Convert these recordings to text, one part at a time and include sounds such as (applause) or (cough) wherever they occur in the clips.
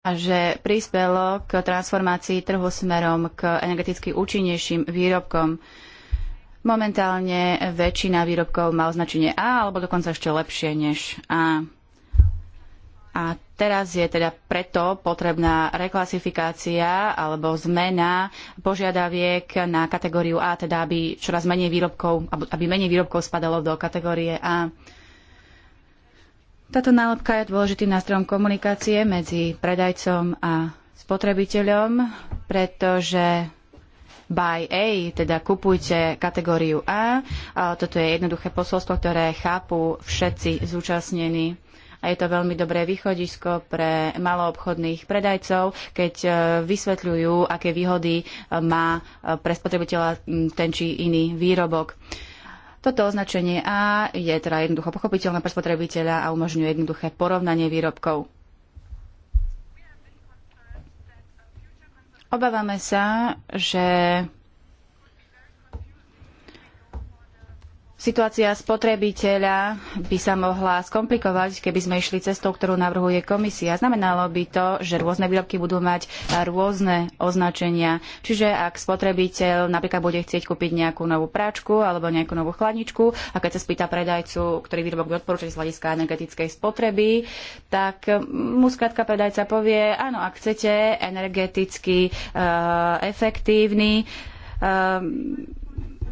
že prispelo k transformácii trhu smerom k energeticky účinnejším výrobkom. Momentálne väčšina výrobkov má označenie A, alebo dokonca ešte lepšie než A. A teraz je teda preto potrebná reklasifikácia alebo zmena požiadaviek na kategóriu A, teda aby čoraz menej výrobkov, aby menej výrobkov spadalo do kategórie A. Táto nálepka je dôležitým nástrojom komunikácie medzi predajcom a spotrebiteľom, pretože buy A, teda kupujte kategóriu A. A toto je jednoduché posolstvo, ktoré chápu všetci zúčastnení. A je to veľmi dobré východisko pre maloobchodných predajcov, keď e, vysvetľujú, aké výhody e, má e, pre spotrebiteľa ten či iný výrobok. Toto označenie A je teda jednoducho pochopiteľné pre spotrebiteľa a umožňuje jednoduché porovnanie výrobkov. Obávame sa, že Situácia spotrebiteľa by sa mohla skomplikovať, keby sme išli cestou, ktorú navrhuje komisia. Znamenalo by to, že rôzne výrobky budú mať rôzne označenia. Čiže ak spotrebiteľ napríklad bude chcieť kúpiť nejakú novú práčku alebo nejakú novú chladničku a keď sa spýta predajcu, ktorý výrobok by odporúčať z hľadiska energetickej spotreby, tak mu skrátka predajca povie, áno, ak chcete energeticky uh, efektívny, uh,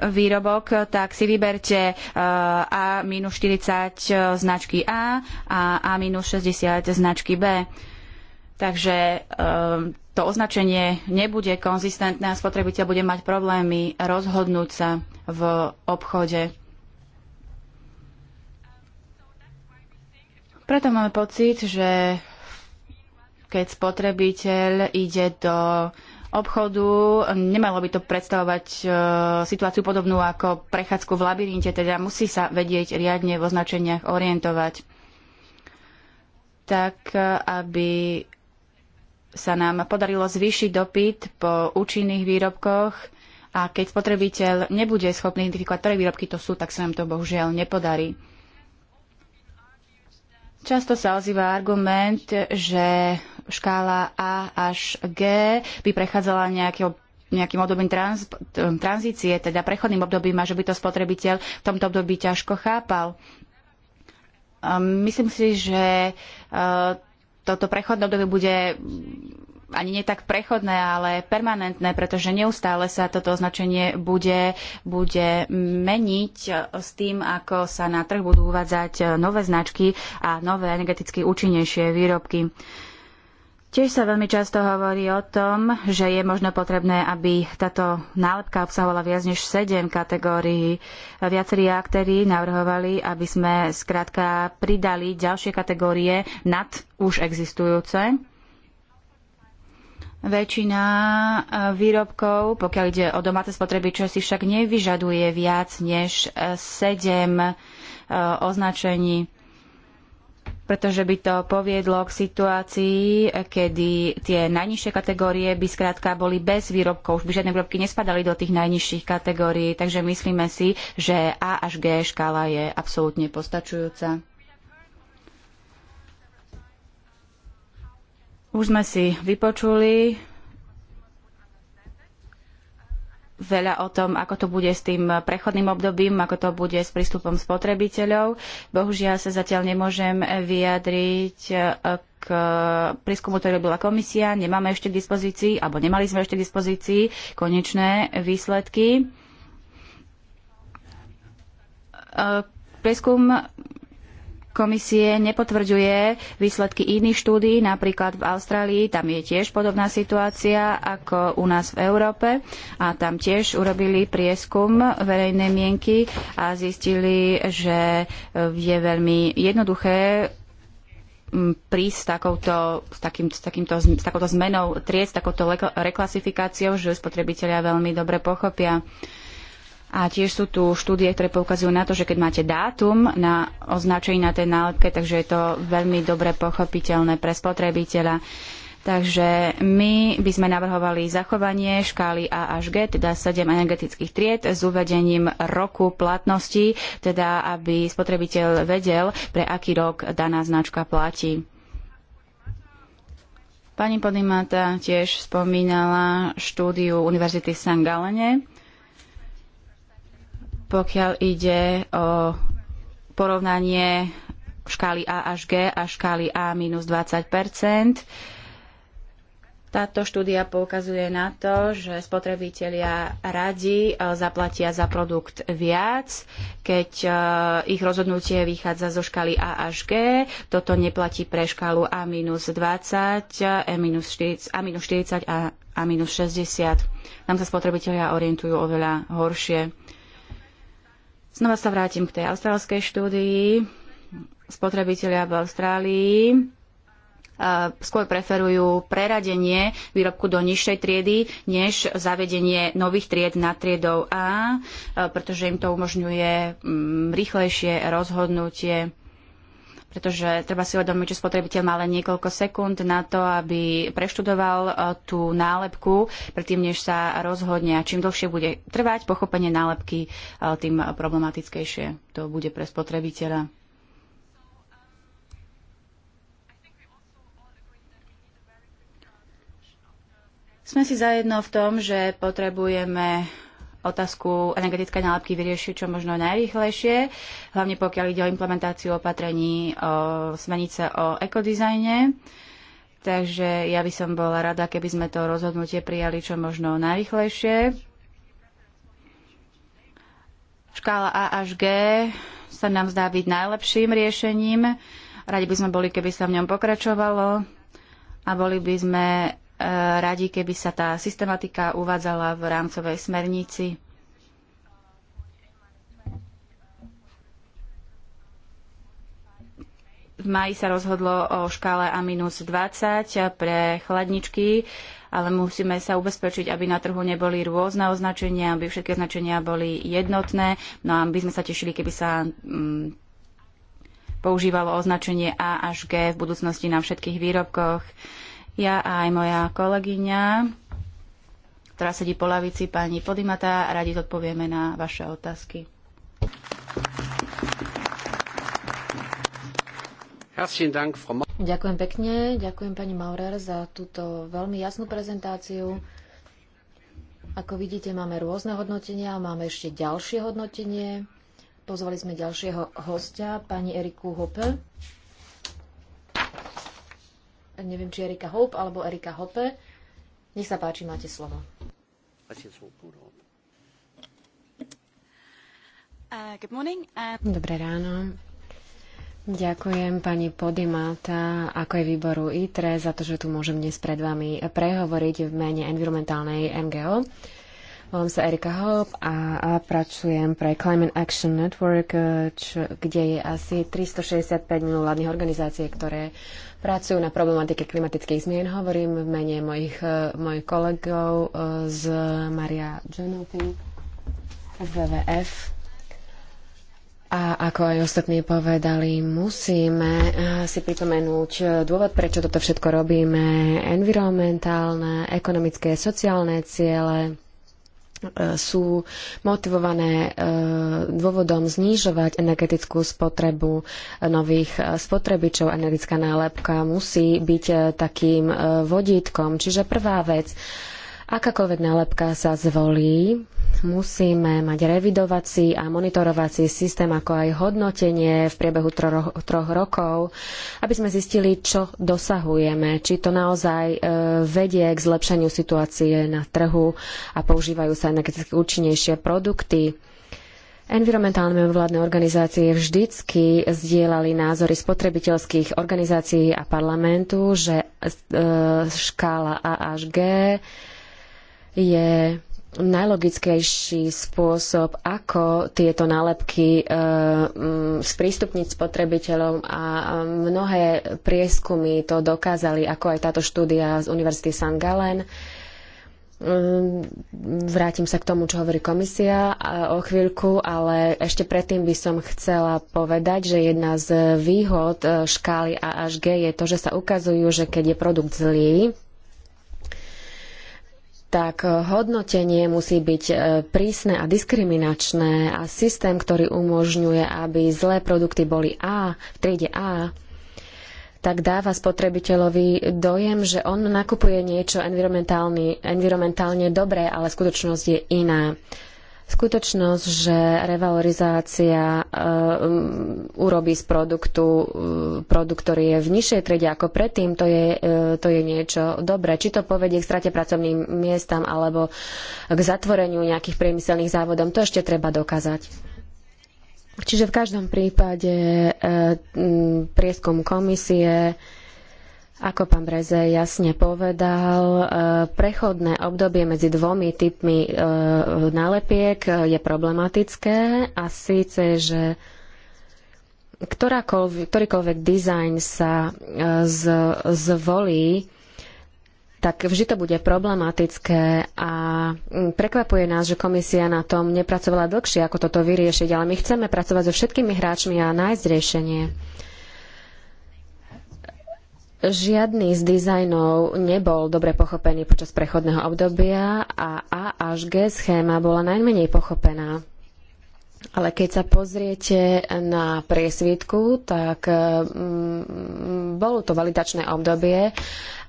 výrobok, tak si vyberte e, A-40 značky A a A-60 značky B. Takže e, to označenie nebude konzistentné a spotrebiteľ bude mať problémy rozhodnúť sa v obchode. Preto máme pocit, že keď spotrebiteľ ide do obchodu, nemalo by to predstavovať e, situáciu podobnú ako prechádzku v labyrinte, teda musí sa vedieť riadne v označeniach orientovať, tak e, aby sa nám podarilo zvýšiť dopyt po účinných výrobkoch a keď spotrebiteľ nebude schopný identifikovať, ktoré výrobky to sú, tak sa nám to bohužiaľ nepodarí. Často sa ozýva argument, že škála A až G by prechádzala nejakého nejakým obdobím trans, tranzície, teda prechodným obdobím a že by to spotrebiteľ v tomto období ťažko chápal. Myslím si, že e, toto prechodné obdobie bude ani nie tak prechodné, ale permanentné, pretože neustále sa toto označenie bude, bude meniť s tým, ako sa na trh budú uvádzať nové značky a nové energeticky účinnejšie výrobky. Tiež sa veľmi často hovorí o tom, že je možno potrebné, aby táto nálepka obsahovala viac než 7 kategórií. Viacerí aktéri navrhovali, aby sme skrátka pridali ďalšie kategórie nad už existujúce Väčšina e, výrobkov, pokiaľ ide o domáce spotrebiče, si však nevyžaduje viac než 7 e, e, označení, pretože by to poviedlo k situácii, kedy tie najnižšie kategórie by skrátka boli bez výrobkov, už by žiadne výrobky nespadali do tých najnižších kategórií, takže myslíme si, že A až G škála je absolútne postačujúca. Už sme si vypočuli veľa o tom, ako to bude s tým prechodným obdobím, ako to bude s prístupom spotrebiteľov. Bohužiaľ sa zatiaľ nemôžem vyjadriť e, k prískumu, ktorý robila komisia. Nemáme ešte k dispozícii, alebo nemali sme ešte k dispozícii konečné výsledky. E, Prieskum komisie nepotvrďuje výsledky iných štúdií, napríklad v Austrálii, tam je tiež podobná situácia ako u nás v Európe a tam tiež urobili prieskum verejnej mienky a zistili, že je veľmi jednoduché prísť s takouto, s, takým, s, takýmto, s takouto zmenou triec, s takouto reklasifikáciou, že spotrebitelia veľmi dobre pochopia. Uh, a tiež sú tu štúdie, ktoré poukazujú na to, že keď máte dátum na označení na tej nálepke, takže je to veľmi dobre pochopiteľné pre spotrebiteľa. Takže my by sme navrhovali zachovanie škály A až G, teda 7 energetických tried s uvedením roku platnosti, teda aby spotrebiteľ vedel, pre aký rok daná značka platí. Pani Podimata tiež spomínala štúdiu Univerzity St. Galene pokiaľ ide o porovnanie škály A až G a škály A minus 20 táto štúdia poukazuje na to, že spotrebitelia radi e, zaplatia za produkt viac, keď e, ich rozhodnutie vychádza zo škály A až G. Toto neplatí pre škálu A-20, A-40 a A-60. E, Tam sa spotrebitelia orientujú oveľa horšie. Znova sa vrátim k tej austrálskej štúdii. Spotrebitelia v Austrálii eh, skôr preferujú preradenie výrobku do nižšej triedy, než zavedenie nových tried nad triedou A, eh, pretože im to umožňuje mm, rýchlejšie rozhodnutie pretože treba si uvedomiť, že spotrebiteľ má len niekoľko sekúnd na to, aby preštudoval e, tú nálepku, predtým než sa rozhodne. A čím dlhšie bude trvať pochopenie nálepky, e, tým problematickejšie to bude pre spotrebiteľa. Sme si zajedno v tom, že potrebujeme otázku energetické nálepky vyriešiť čo možno najrýchlejšie, hlavne pokiaľ ide o implementáciu opatrení o smenice o ekodizajne. Takže ja by som bola rada, keby sme to rozhodnutie prijali čo možno najrychlejšie. Škála A až G sa nám zdá byť najlepším riešením. Radi by sme boli, keby sa v ňom pokračovalo a boli by sme radi, keby sa tá systematika uvádzala v rámcovej smernici. V maji sa rozhodlo o škále A-20 pre chladničky, ale musíme sa ubezpečiť, aby na trhu neboli rôzne označenia, aby všetky označenia boli jednotné. No a by sme sa tešili, keby sa mm, používalo označenie A až G v budúcnosti na všetkých výrobkoch. Uh, ja a aj moja kolegyňa, ktorá sedí po lavici pani Podimata, radi zodpovieme na vaše otázky. Ďakujem pekne, ďakujem pani Maurer za túto veľmi jasnú prezentáciu. Ako vidíte, máme rôzne hodnotenia, máme ešte ďalšie hodnotenie. Pozvali sme ďalšieho hostia, pani Eriku Hoppe neviem, či Erika Hope alebo Erika Hope. Nech sa páči, máte slovo. Uh, uh, Dobré ráno. Ďakujem pani Podimata, ako je výboru ITRE, za to, že tu môžem dnes pred vami prehovoriť v mene environmentálnej NGO. Volám sa Erika Hope a, a pracujem pre Climate Action Network, čo, kde je asi 365 mimovládnych organizácií, ktoré pracujú na problematike klimatických zmien. Hovorím v mene mojich, e, mojich kolegov e, z Maria Genovi, z WWF. A ako aj ostatní povedali, musíme e, si pripomenúť dôvod, prečo toto všetko robíme. Environmentálne, ekonomické, sociálne ciele E, sú motivované e, dôvodom znižovať energetickú spotrebu e, nových spotrebičov. Energická nálepka musí byť takým vodítkom. Čiže prvá vec, Akákoľvek nálepka sa zvolí, musíme mať revidovací a monitorovací systém, ako aj hodnotenie v priebehu troch, troch rokov, aby sme zistili, čo dosahujeme, či to naozaj e, vedie k zlepšeniu situácie na trhu a používajú sa energeticky účinnejšie produkty. Environmentálne vládne organizácie vždycky zdieľali názory spotrebiteľských organizácií a parlamentu, že e, škála A až G je najlogickejší spôsob, ako tieto nálepky e, sprístupniť spotrebiteľom a mnohé prieskumy to dokázali, ako aj táto štúdia z Univerzity St. Gallen. Mm, vrátim sa k tomu, čo hovorí komisia e, o chvíľku, ale ešte predtým by som chcela povedať, že jedna z výhod e, škály A až G je to, že sa ukazujú, že keď je produkt zlý, tak hodnotenie musí byť e, prísne a diskriminačné a systém, ktorý umožňuje, aby zlé produkty boli A, v triede A, tak dáva spotrebiteľovi dojem, že on nakupuje niečo environmentálne dobré, ale skutočnosť je iná. Skutočnosť, že revalorizácia e, um, urobí z produktu e, produkt, ktorý je v nižšej triede ako predtým, to je, e, to je niečo dobré. Či to povedie k strate pracovným miestam alebo k zatvoreniu nejakých priemyselných závodov, to ešte treba dokázať. Čiže v každom prípade prieskum komisie ako pán Breze jasne povedal, e, prechodné obdobie medzi dvomi typmi e, nálepiek e, je problematické a síce, že ktorýkoľvek dizajn sa z, zvolí, tak vždy to bude problematické a prekvapuje nás, že komisia na tom nepracovala dlhšie, ako toto vyriešiť, ale my chceme pracovať so všetkými hráčmi a nájsť riešenie. Žiadny z dizajnov nebol dobre pochopený počas prechodného obdobia a A až G schéma bola najmenej pochopená. Ale keď sa pozriete na priesvitku, tak mm, bolo to validačné obdobie,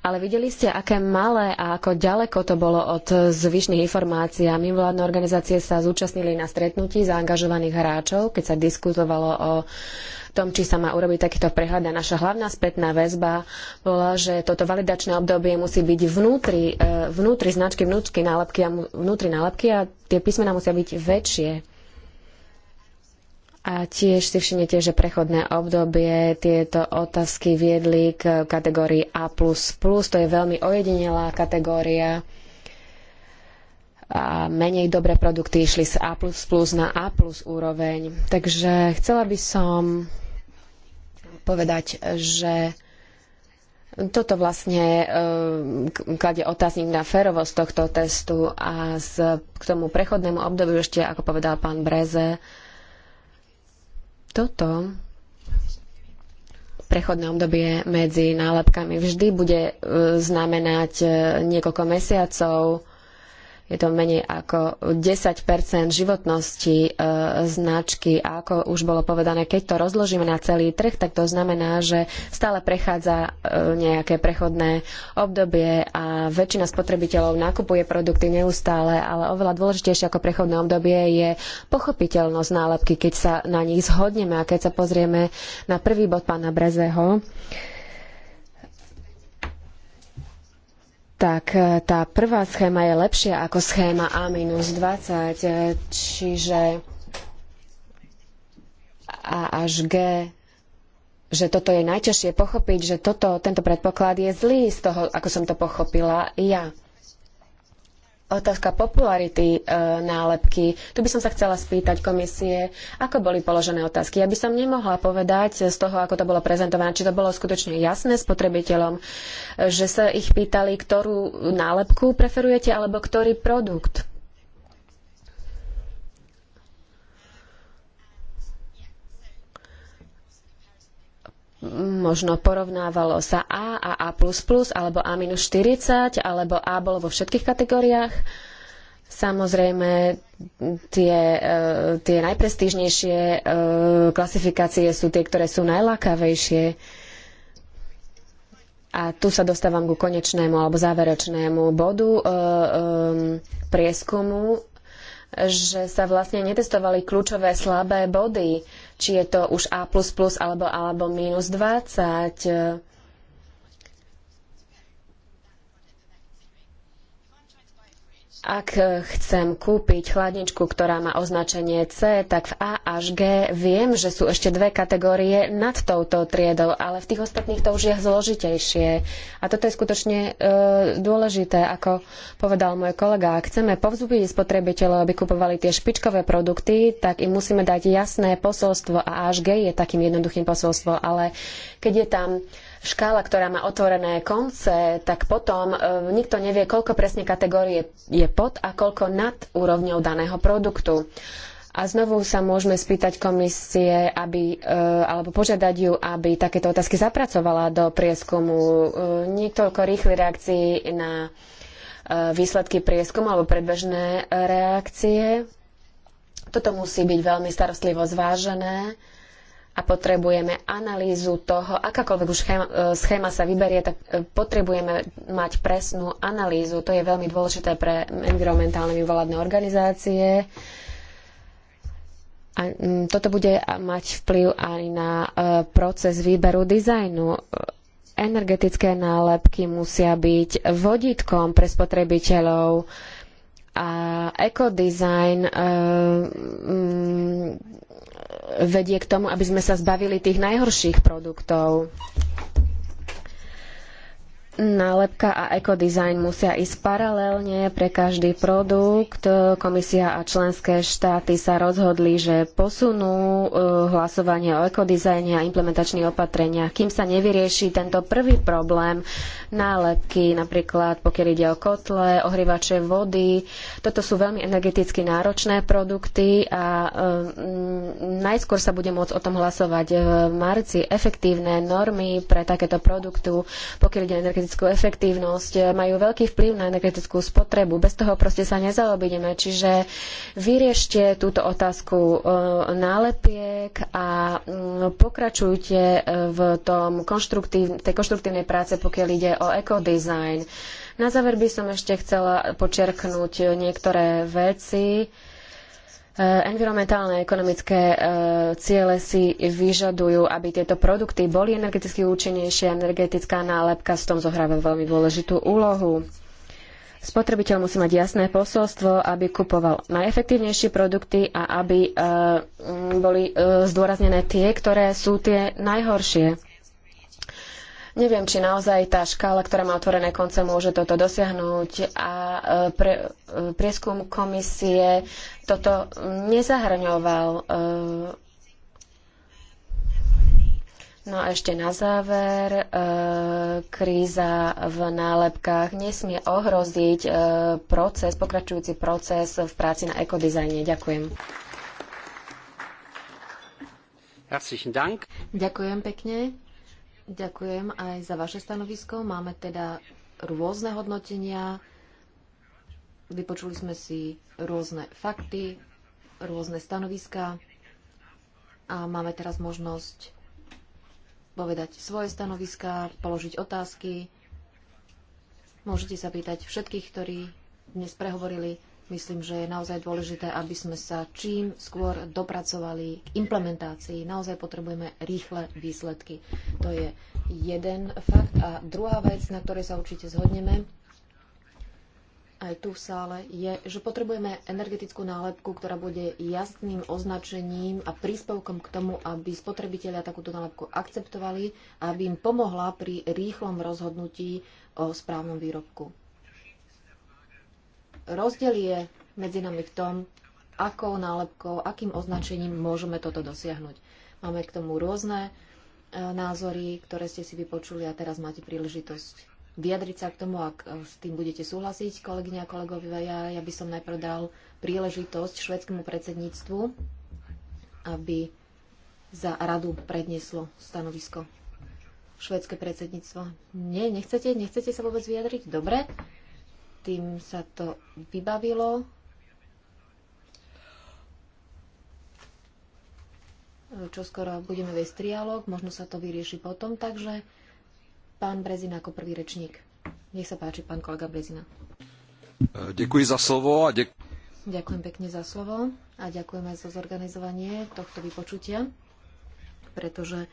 ale videli ste, aké malé a ako ďaleko to bolo od zvyšných informácií. A mimovládne organizácie sa zúčastnili na stretnutí zaangažovaných hráčov, keď sa diskutovalo o tom, či sa má urobiť takýto prehľad. A naša hlavná spätná väzba bola, že toto validačné obdobie musí byť vnútri, e, vnútri značky, vnútri nálepky a, vnútri nálepky a tie písmená musia byť väčšie a tiež si všimnete, že prechodné obdobie tieto otázky viedli k kategórii A++. To je veľmi ojedinelá kategória. A menej dobré produkty išli z A++ na A++ úroveň. Takže chcela by som povedať, že toto vlastne e, kladie otáznik na férovosť tohto testu a z, k tomu prechodnému obdobiu ešte, ako povedal pán Breze, toto prechodné obdobie medzi nálepkami vždy bude e, znamenať e, niekoľko mesiacov je to menej ako 10 životnosti e, značky a ako už bolo povedané, keď to rozložíme na celý trh, tak to znamená, že stále prechádza e, nejaké prechodné obdobie a väčšina spotrebiteľov nakupuje produkty neustále, ale oveľa dôležitejšie ako prechodné obdobie je pochopiteľnosť nálepky, keď sa na nich zhodneme a keď sa pozrieme na prvý bod pána Brezeho. tak e, tá prvá schéma je lepšia ako schéma A-20, e, čiže A až G, že toto je najťažšie pochopiť, že toto, tento predpoklad je zlý z toho, ako som to pochopila ja otázka popularity e, nálepky. Tu by som sa chcela spýtať komisie, ako boli položené otázky. Ja by som nemohla povedať z toho, ako to bolo prezentované, či to bolo skutočne jasné spotrebiteľom, e, že sa ich pýtali, ktorú nálepku preferujete alebo ktorý produkt. možno porovnávalo sa A a A++, alebo A-40, alebo A bolo vo všetkých kategóriách. Samozrejme, tie, e, tie najprestížnejšie e, klasifikácie sú tie, ktoré sú najlákavejšie. A tu sa dostávam ku konečnému alebo záverečnému bodu e, prieskumu, že sa vlastne netestovali kľúčové slabé body či je to už A++ alebo, alebo minus 20. Ak chcem kúpiť chladničku, ktorá má označenie C, tak v A až G viem, že sú ešte dve kategórie nad touto triedou, ale v tých ostatných to už je zložitejšie. A toto je skutočne e, dôležité, ako povedal môj kolega. Ak chceme povzbudiť spotrebiteľov, aby kupovali tie špičkové produkty, tak im musíme dať jasné posolstvo a až G je takým jednoduchým posolstvom, ale keď je tam škála, ktorá má otvorené konce, tak potom e, nikto nevie, koľko presne kategórie je pod a koľko nad úrovňou daného produktu. A znovu sa môžeme spýtať komisie, aby, e, alebo požiadať ju, aby takéto otázky zapracovala do prieskumu. E, niekoľko rýchlych reakcií na výsledky prieskumu alebo predbežné reakcie. Toto musí byť veľmi starostlivo zvážené a potrebujeme analýzu toho, akákoľvek už schéma, e, schéma sa vyberie, tak e, potrebujeme mať presnú analýzu. To je veľmi dôležité pre environmentálne vyvoladné organizácie. A toto bude mať vplyv aj na e, proces výberu dizajnu. Energetické nálepky musia byť vodítkom pre spotrebiteľov a ekodizajn vedie k tomu, aby sme sa zbavili tých najhorších produktov. Nálepka a ekodizajn musia ísť paralelne pre každý produkt. Komisia a členské štáty sa rozhodli, že posunú e, hlasovanie o ekodizajne a implementačných opatreniach, kým sa nevyrieši tento prvý problém nálepky, napríklad pokiaľ ide o kotle, ohrievače vody. Toto sú veľmi energeticky náročné produkty a um, najskôr sa bude môcť o tom hlasovať v marci. Efektívne normy pre takéto produkty, pokiaľ ide o energetické energetickú efektívnosť, e, majú veľký vplyv na energetickú spotrebu. Bez toho proste sa nezaobídeme. Čiže vyriešte túto otázku e, nálepiek a mm, pokračujte e, v tom tej konštruktívnej práce, pokiaľ ide o ekodizajn. Na záver by som ešte chcela počerknúť niektoré veci E, environmentálne a ekonomické e, ciele si vyžadujú, aby tieto produkty boli energeticky účinnejšie. Energetická nálepka v tom zohráva veľmi dôležitú úlohu. Spotrebiteľ musí mať jasné posolstvo, aby kupoval najefektívnejšie produkty a aby e, boli zdôraznené tie, ktoré sú tie najhoršie. Neviem, či naozaj tá škála, ktorá má otvorené konce, môže toto dosiahnuť a pre, prieskum komisie toto nezahrňoval. Eh, no a ešte na záver, eh, kríza v nálepkách nesmie ohroziť eh, proces, pokračujúci proces v práci na ekodizajne. Ďakujem. Ďakujem pekne. Ďakujem aj za vaše stanovisko. Máme teda rôzne hodnotenia Vypočuli sme si rôzne fakty, rôzne stanoviská a máme teraz možnosť povedať svoje stanoviská, položiť otázky. Môžete sa pýtať všetkých, ktorí dnes prehovorili. Myslím, že je naozaj dôležité, aby sme sa čím skôr dopracovali k implementácii. Naozaj potrebujeme rýchle výsledky. To je jeden fakt. A druhá vec, na ktorej sa určite zhodneme, aj tu v sále, je, že potrebujeme energetickú nálepku, ktorá bude jasným označením a príspevkom k tomu, aby spotrebitelia takúto nálepku akceptovali a aby im pomohla pri rýchlom rozhodnutí o správnom výrobku. Rozdiel je medzi nami v tom, akou nálepkou, akým označením môžeme toto dosiahnuť. Máme k tomu rôzne e, názory, ktoré ste si vypočuli a teraz máte príležitosť vyjadriť sa k tomu, ak e, s tým budete súhlasiť, kolegyňa a kolegovia. Ja, ja by som najprv dal príležitosť švedskému predsedníctvu, aby za radu prednieslo stanovisko. Švedské predsedníctvo. Nie, nechcete, nechcete sa vôbec vyjadriť? Dobre. Tým sa to vybavilo. E, čo skoro budeme viesť trialog, možno sa to vyrieši potom, takže Pán Brezina ako prvý rečník. Nech sa páči, pán kolega Brezina. Ďakujem e, za slovo a dek- Ďakujem pekne za slovo a ďakujem aj za zorganizovanie tohto vypočutia, pretože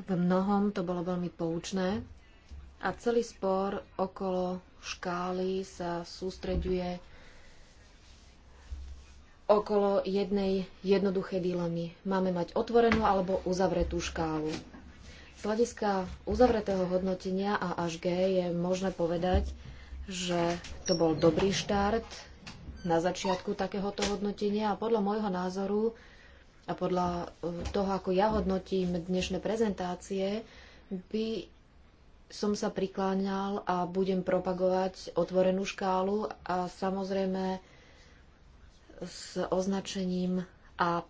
v mnohom to bolo veľmi poučné a celý spor okolo škály sa sústreďuje okolo jednej jednoduchej dilemy. Máme mať otvorenú alebo uzavretú škálu. Z hľadiska uzavretého hodnotenia a až G je možné povedať, že to bol dobrý štart na začiatku takéhoto hodnotenia a podľa môjho názoru a podľa e, toho, ako ja hodnotím dnešné prezentácie, by som sa prikláňal a budem propagovať otvorenú škálu a samozrejme s označením A+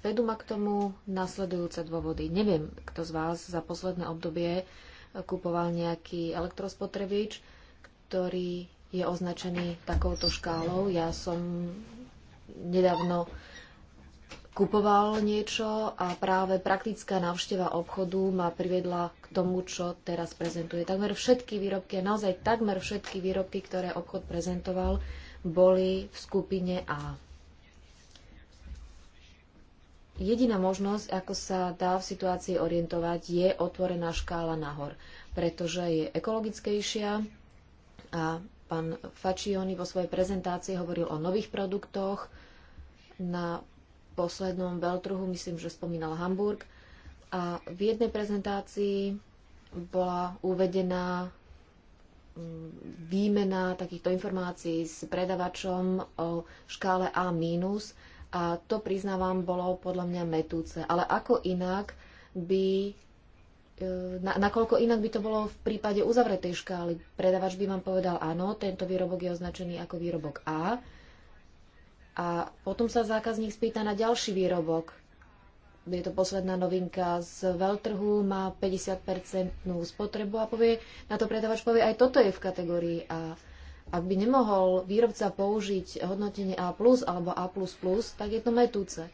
vedú ma k tomu nasledujúce dôvody. Neviem, kto z vás za posledné obdobie kupoval nejaký elektrospotrebič, ktorý je označený takouto škálou. Ja som nedávno kupoval niečo a práve praktická návšteva obchodu ma priviedla k tomu, čo teraz prezentuje. Takmer všetky výrobky, naozaj takmer všetky výrobky, ktoré obchod prezentoval, boli v skupine A. Jediná možnosť, ako sa dá v situácii orientovať, je otvorená škála nahor, pretože je ekologickejšia a pán Faccioni vo svojej prezentácii hovoril o nových produktoch. Na poslednom veľtruhu, myslím, že spomínal Hamburg. A v jednej prezentácii bola uvedená mm, výmena takýchto informácií s predavačom o škále A-, a to, priznávam, bolo podľa mňa metúce. Ale ako inak by e, na, nakoľko inak by to bolo v prípade uzavretej škály. Predavač by vám povedal, áno, tento výrobok je označený ako výrobok A a potom sa zákazník spýta na ďalší výrobok. Je to posledná novinka z veľtrhu, má 50% spotrebu a povie, na to predávač povie, aj toto je v kategórii A. Ak by nemohol výrobca použiť hodnotenie A+, alebo A++, tak je to metúce.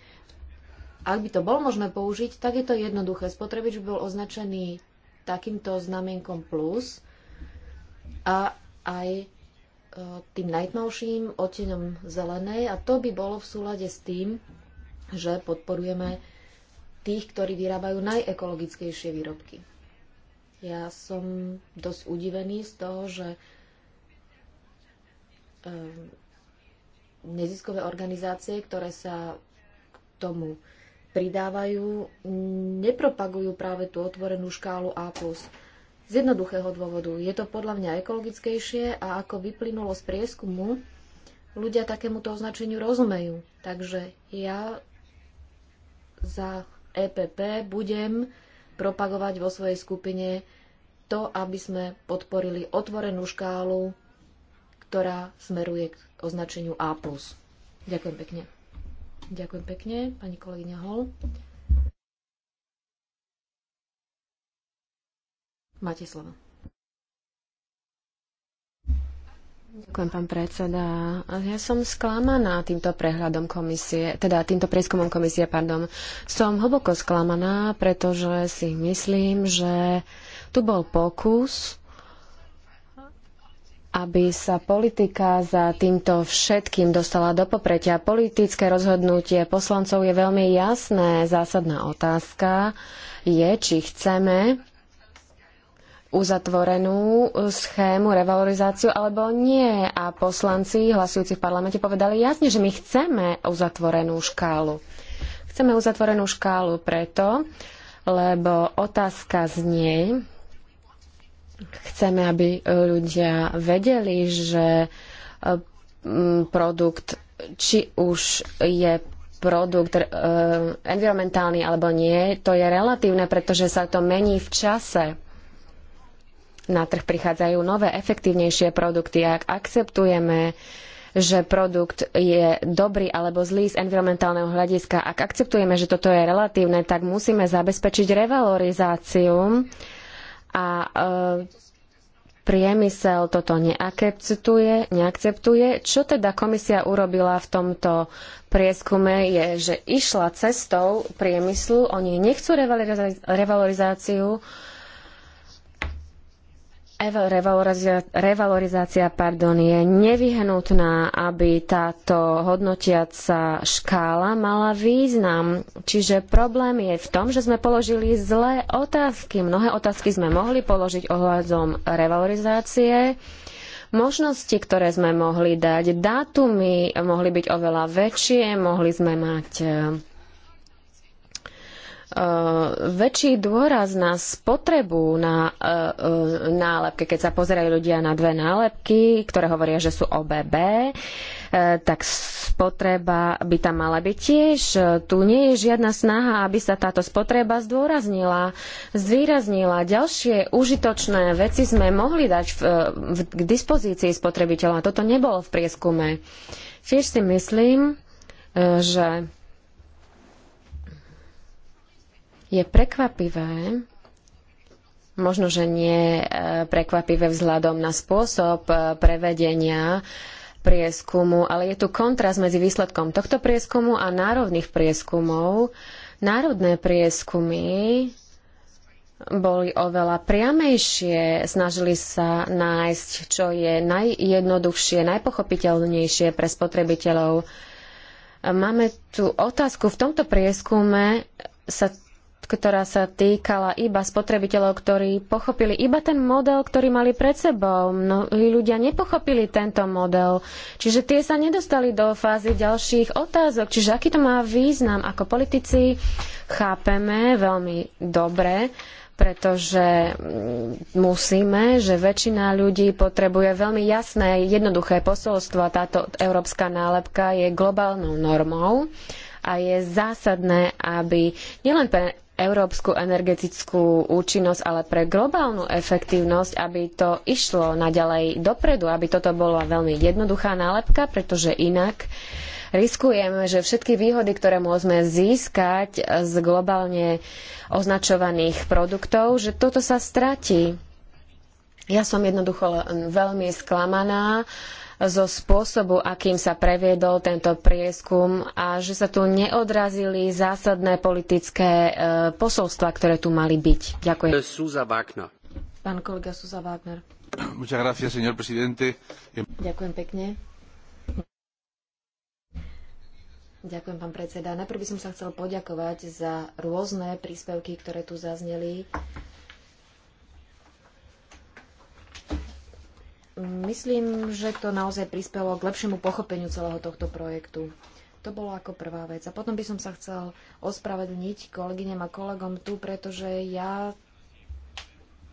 Ak by to bol možné použiť, tak je to jednoduché. Spotrebič by bol označený takýmto znamienkom plus a aj e, tým najtmavším oteňom zelenej a to by bolo v súlade s tým, že podporujeme tých, ktorí vyrábajú najekologickejšie výrobky. Ja som dosť udivený z toho, že Ehm, neziskové organizácie, ktoré sa k tomu pridávajú, nepropagujú práve tú otvorenú škálu A+. Z jednoduchého dôvodu. Je to podľa mňa ekologickejšie a ako vyplynulo z prieskumu, ľudia takémuto označeniu rozumejú. Takže ja za EPP budem propagovať vo svojej skupine to, aby sme podporili otvorenú škálu ktorá smeruje k označeniu A+. Ďakujem pekne. Ďakujem pekne, pani kolegyňa Hol. Máte slovo. Ďakujem, pán predseda. Ja som sklamaná týmto prehľadom komisie, teda týmto prieskumom komisie, pardon. Som hlboko sklamaná, pretože si myslím, že tu bol pokus aby sa politika za týmto všetkým dostala do popretia. Politické rozhodnutie poslancov je veľmi jasné. Zásadná otázka je, či chceme uzatvorenú schému revalorizáciu alebo nie. A poslanci hlasujúci v parlamente povedali jasne, že my chceme uzatvorenú škálu. Chceme uzatvorenú škálu preto, lebo otázka znie, Chceme, aby e, ľudia vedeli, že e, produkt, či už je produkt e, environmentálny alebo nie, to je relatívne, pretože sa to mení v čase. Na trh prichádzajú nové, efektívnejšie produkty. Ak akceptujeme, že produkt je dobrý alebo zlý z environmentálneho hľadiska, ak akceptujeme, že toto je relatívne, tak musíme zabezpečiť revalorizáciu a e, priemysel toto neakceptuje, neakceptuje. Čo teda komisia urobila v tomto prieskume je, že išla cestou priemyslu, oni nechcú revalorizáciu, revalorizácia, revalorizácia pardon, je nevyhnutná, aby táto hodnotiaca škála mala význam. Čiže problém je v tom, že sme položili zlé otázky. Mnohé otázky sme mohli položiť ohľadom revalorizácie. Možnosti, ktoré sme mohli dať, dátumy mohli byť oveľa väčšie, mohli sme mať Eh, väčší dôraz na spotrebu na eh, eh, nálepke. Keď sa pozerajú ľudia na dve nálepky, ktoré hovoria, že sú OBB, tak spotreba by tam mala byť tiež. Tu nie je žiadna snaha, aby sa táto spotreba zdôraznila, zvýraznila. Ďalšie užitočné veci sme mohli dať v, v, k dispozícii spotrebiteľa. Toto nebolo v prieskume. Tiež si myslím, že Je prekvapivé, možno, že nie e, prekvapivé vzhľadom na spôsob e, prevedenia prieskumu, ale je tu kontrast medzi výsledkom tohto prieskumu a národných prieskumov. Národné prieskumy boli oveľa priamejšie, snažili sa nájsť, čo je najjednoduchšie, najpochopiteľnejšie pre spotrebiteľov. Máme tu otázku, v tomto prieskume sa ktorá sa týkala iba spotrebiteľov, ktorí pochopili iba ten model, ktorý mali pred sebou. Mnohí ľudia nepochopili tento model, čiže tie sa nedostali do fázy ďalších otázok. Čiže aký to má význam ako politici, chápeme veľmi dobre, pretože musíme, že väčšina ľudí potrebuje veľmi jasné, jednoduché posolstvo. Táto európska nálepka je globálnou normou a je zásadné, aby nielen pre európsku energetickú účinnosť, ale pre globálnu efektívnosť, aby to išlo naďalej dopredu, aby toto bola veľmi jednoduchá nálepka, pretože inak riskujeme, že všetky výhody, ktoré môžeme získať z globálne označovaných produktov, že toto sa stratí. Ja som jednoducho veľmi sklamaná zo spôsobu, akým sa previedol tento prieskum a že sa tu neodrazili zásadné politické e, posolstva, ktoré tu mali byť. Ďakujem. Pán kolega Wagner. Gracias, Ďakujem pekne. Ďakujem, pán predseda. Najprv by som sa chcel poďakovať za rôzne príspevky, ktoré tu zazneli myslím, že to naozaj prispelo k lepšiemu pochopeniu celého tohto projektu. To bolo ako prvá vec. A potom by som sa chcel ospravedlniť kolegyňam a kolegom tu, pretože ja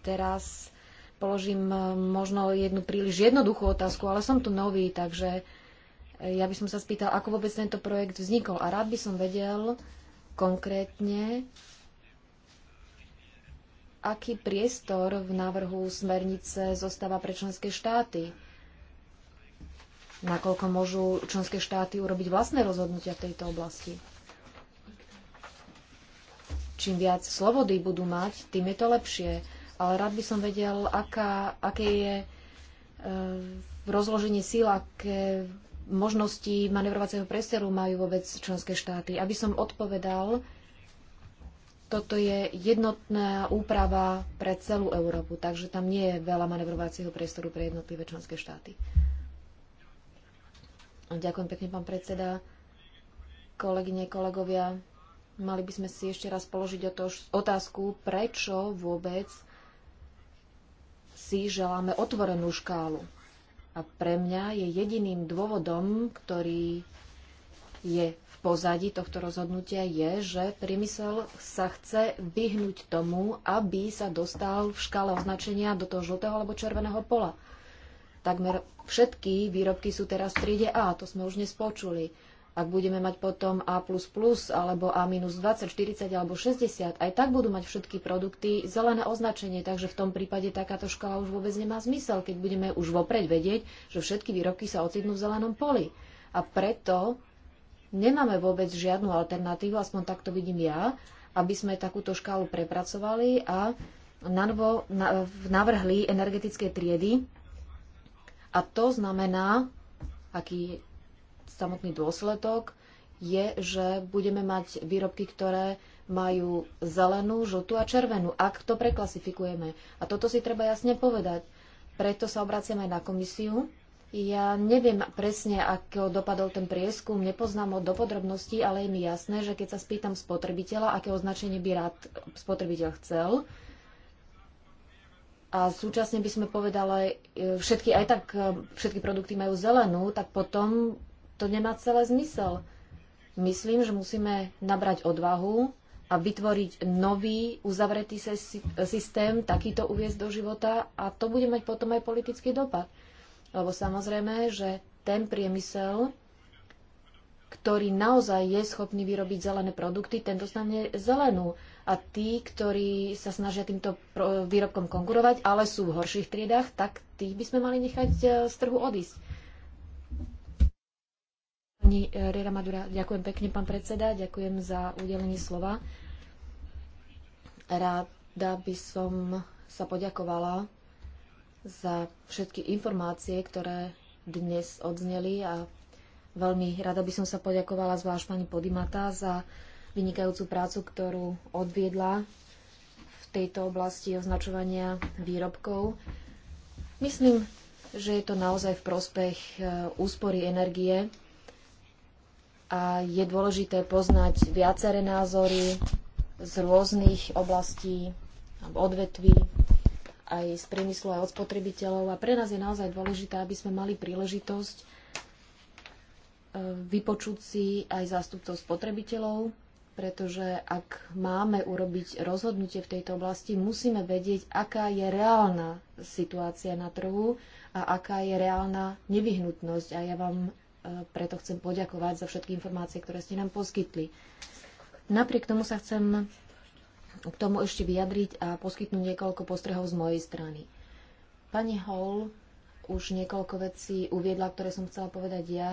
teraz položím e, možno jednu príliš jednoduchú otázku, ale som tu nový, takže e, ja by som sa spýtal, ako vôbec tento projekt vznikol. A rád by som vedel konkrétne, aký priestor v návrhu smernice zostáva pre členské štáty? Nakoľko môžu členské štáty urobiť vlastné rozhodnutia v tejto oblasti? Čím viac slobody budú mať, tým je to lepšie. Ale rád by som vedel, aká, aké je e, rozloženie síl, aké možnosti manevrovacieho priestoru majú vôbec členské štáty. Aby som odpovedal, toto je jednotná úprava pre celú Európu, takže tam nie je veľa manevrovacieho priestoru pre jednotlivé členské štáty. Ďakujem pekne, pán predseda. Kolegyne, kolegovia, mali by sme si ešte raz položiť otázku, prečo vôbec si želáme otvorenú škálu. A pre mňa je jediným dôvodom, ktorý je pozadí tohto rozhodnutia je, že priemysel sa chce vyhnúť tomu, aby sa dostal v škále označenia do toho žltého alebo červeného pola. Takmer všetky výrobky sú teraz v triede A, to sme už nespočuli. Ak budeme mať potom A++ alebo A-20, 40 alebo 60, aj tak budú mať všetky produkty zelené označenie, takže v tom prípade takáto škala už vôbec nemá zmysel, keď budeme už vopred vedieť, že všetky výrobky sa ocitnú v zelenom poli. A preto nemáme vôbec žiadnu alternatívu, aspoň tak to vidím ja, aby sme takúto škálu prepracovali a nanovo navrhli energetické triedy. A to znamená, aký samotný dôsledok je, že budeme mať výrobky, ktoré majú zelenú, žltú a červenú, ak to preklasifikujeme. A toto si treba jasne povedať. Preto sa obraciame aj na komisiu, ja neviem presne, ako dopadol ten prieskum, nepoznám ho do podrobností, ale je mi jasné, že keď sa spýtam spotrebiteľa, aké označenie by rád spotrebiteľ chcel, a súčasne by sme povedali, e, všetky, aj tak e, všetky produkty majú zelenú, tak potom to nemá celé zmysel. Myslím, že musíme nabrať odvahu a vytvoriť nový uzavretý systém, takýto uviezť do života a to bude mať potom aj politický dopad. Lebo samozrejme, že ten priemysel, ktorý naozaj je schopný vyrobiť zelené produkty, ten dostane zelenú. A tí, ktorí sa snažia týmto výrobkom konkurovať, ale sú v horších triedách, tak tých by sme mali nechať e, z trhu odísť. Pani e, Riera Madura, ďakujem pekne, pán predseda, ďakujem za udelenie slova. Ráda by som sa poďakovala za všetky informácie, ktoré dnes odzneli a veľmi rada by som sa poďakovala zvlášť pani Podimata za vynikajúcu prácu, ktorú odviedla v tejto oblasti označovania výrobkov. Myslím, že je to naozaj v prospech e, úspory energie a je dôležité poznať viaceré názory z rôznych oblastí alebo odvetví aj z priemyslu, aj od spotrebiteľov. A pre nás je naozaj dôležité, aby sme mali príležitosť e, vypočuť si aj zástupcov spotrebiteľov, pretože ak máme urobiť rozhodnutie v tejto oblasti, musíme vedieť, aká je reálna situácia na trhu a aká je reálna nevyhnutnosť. A ja vám e, preto chcem poďakovať za všetky informácie, ktoré ste nám poskytli. Napriek tomu sa chcem k tomu ešte vyjadriť a poskytnúť niekoľko postrehov z mojej strany. Pani Hall už niekoľko vecí uviedla, ktoré som chcela povedať ja.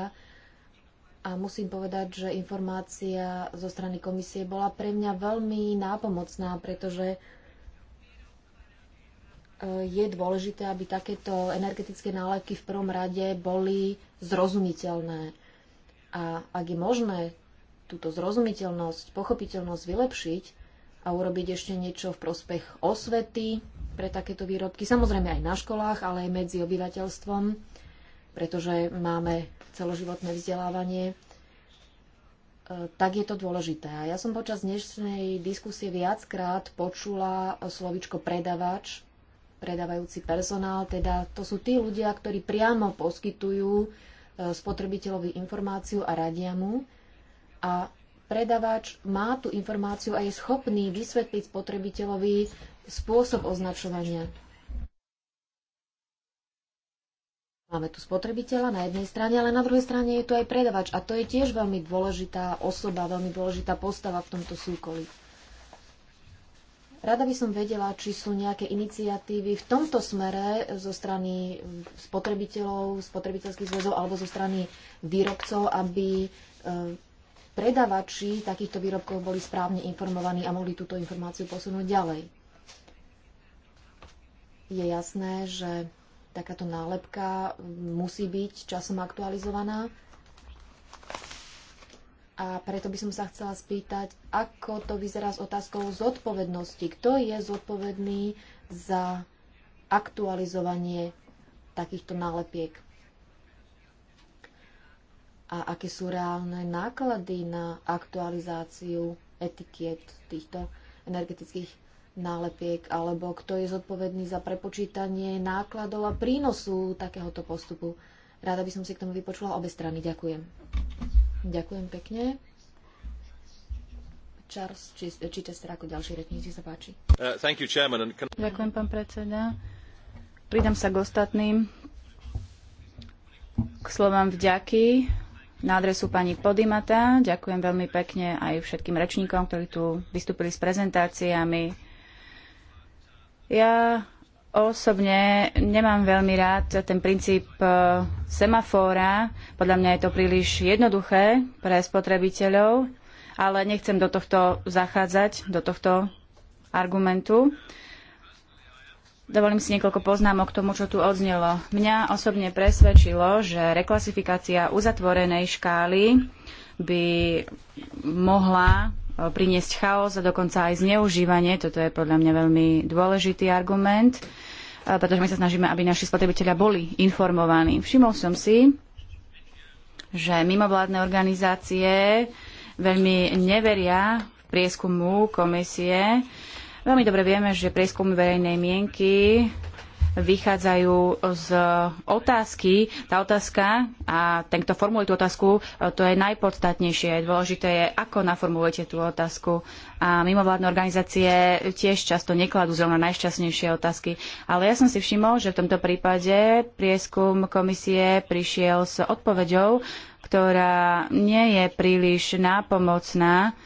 A musím povedať, že informácia zo strany komisie bola pre mňa veľmi nápomocná, pretože e, je dôležité, aby takéto energetické nálepky v prvom rade boli zrozumiteľné. A ak je možné túto zrozumiteľnosť, pochopiteľnosť vylepšiť, a urobiť ešte niečo v prospech osvety pre takéto výrobky. Samozrejme aj na školách, ale aj medzi obyvateľstvom, pretože máme celoživotné vzdelávanie, e, tak je to dôležité. A ja som počas dnešnej diskusie viackrát počula slovičko predavač, predávajúci personál, teda to sú tí ľudia, ktorí priamo poskytujú e, spotrebiteľovi informáciu a radia mu. A predavač má tú informáciu a je schopný vysvetliť spotrebiteľovi spôsob označovania. Máme tu spotrebiteľa na jednej strane, ale na druhej strane je tu aj predavač a to je tiež veľmi dôležitá osoba, veľmi dôležitá postava v tomto súkoli. Rada by som vedela, či sú nejaké iniciatívy v tomto smere zo strany spotrebiteľov, spotrebiteľských zväzov alebo zo strany výrobcov, aby e, predavači takýchto výrobkov boli správne informovaní a mohli túto informáciu posunúť ďalej. Je jasné, že takáto nálepka musí byť časom aktualizovaná. A preto by som sa chcela spýtať, ako to vyzerá s otázkou zodpovednosti. Kto je zodpovedný za aktualizovanie takýchto nálepiek? a aké sú reálne náklady na aktualizáciu etikiet týchto energetických nálepiek, alebo kto je zodpovedný za prepočítanie nákladov a prínosu takéhoto postupu. Rada by som si k tomu vypočula obe strany. Ďakujem. Ďakujem pekne. Charles Chester, ako ďalší rečníci sa páči. Uh, you, can... Ďakujem, pán predseda. Pridám sa k ostatným k slovám vďaky na adresu pani Podimata. Ďakujem veľmi pekne aj všetkým rečníkom, ktorí tu vystúpili s prezentáciami. Ja osobne nemám veľmi rád ten princíp e, semafóra. Podľa mňa je to príliš jednoduché pre spotrebiteľov, ale nechcem do tohto zachádzať, do tohto argumentu. Dovolím si niekoľko poznámok k tomu, čo tu odznelo. Mňa osobne presvedčilo, že reklasifikácia uzatvorenej škály by mohla e, priniesť chaos a dokonca aj zneužívanie. Toto je podľa mňa veľmi dôležitý argument, e, pretože my sa snažíme, aby naši spotrebitelia boli informovaní. Všimol som si, že mimovládne organizácie veľmi neveria v prieskumu komisie, Veľmi dobre vieme, že prieskumy verejnej mienky vychádzajú z otázky. Tá otázka a ten, kto formuluje tú otázku, e, to je najpodstatnejšie. Dôležité je, ako naformulujete tú otázku. A mimovládne organizácie tiež často nekladú zrovna najšťastnejšie otázky. Ale ja som si všimol, že v tomto prípade prieskum komisie prišiel s odpoveďou, ktorá nie je príliš nápomocná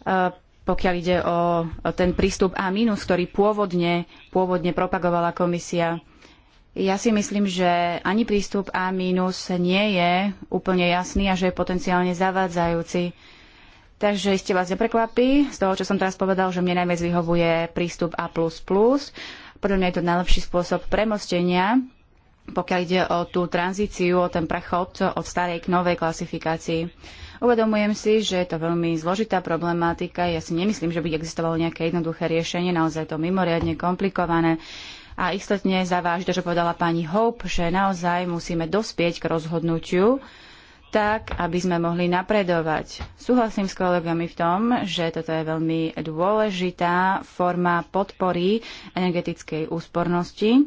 e, pokiaľ ide o ten prístup A-, ktorý pôvodne, pôvodne propagovala komisia. Ja si myslím, že ani prístup A- nie je úplne jasný a že je potenciálne zavádzajúci. Takže iste vás neprekvapí z toho, čo som teraz povedal, že mne najviac vyhovuje prístup A++. Podľa mňa je to najlepší spôsob premostenia pokiaľ ide o tú tranzíciu, o ten prechod od starej k novej klasifikácii. Uvedomujem si, že je to veľmi zložitá problematika. Ja si nemyslím, že by existovalo nejaké jednoduché riešenie, naozaj to mimoriadne komplikované. A istotne zaváži že povedala pani Hope, že naozaj musíme dospieť k rozhodnutiu, tak, aby sme mohli napredovať. Súhlasím s kolegami v tom, že toto je veľmi dôležitá forma podpory energetickej úspornosti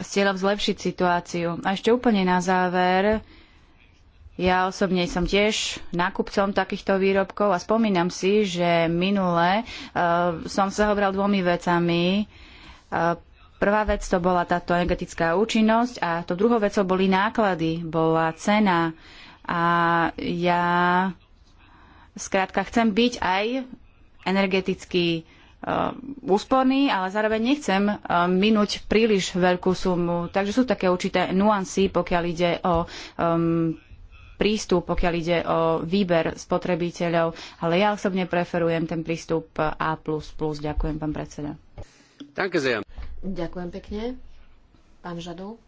s cieľom zlepšiť situáciu. A ešte úplne na záver, ja osobne som tiež nákupcom takýchto výrobkov a spomínam si, že minule uh, som sa hovoril dvomi vecami. Uh, prvá vec to bola táto energetická účinnosť a to druhou vecou boli náklady, bola cena. A ja skrátka chcem byť aj energeticky Eh, úsporný, ale zároveň nechcem eh, minúť príliš veľkú sumu. Takže sú také určité nuancy, pokiaľ ide o um, prístup, pokiaľ ide o výber spotrebiteľov, ale ja osobne preferujem ten prístup A++. Ďakujem, pán predseda. Ďakujem pekne. Pán žadu.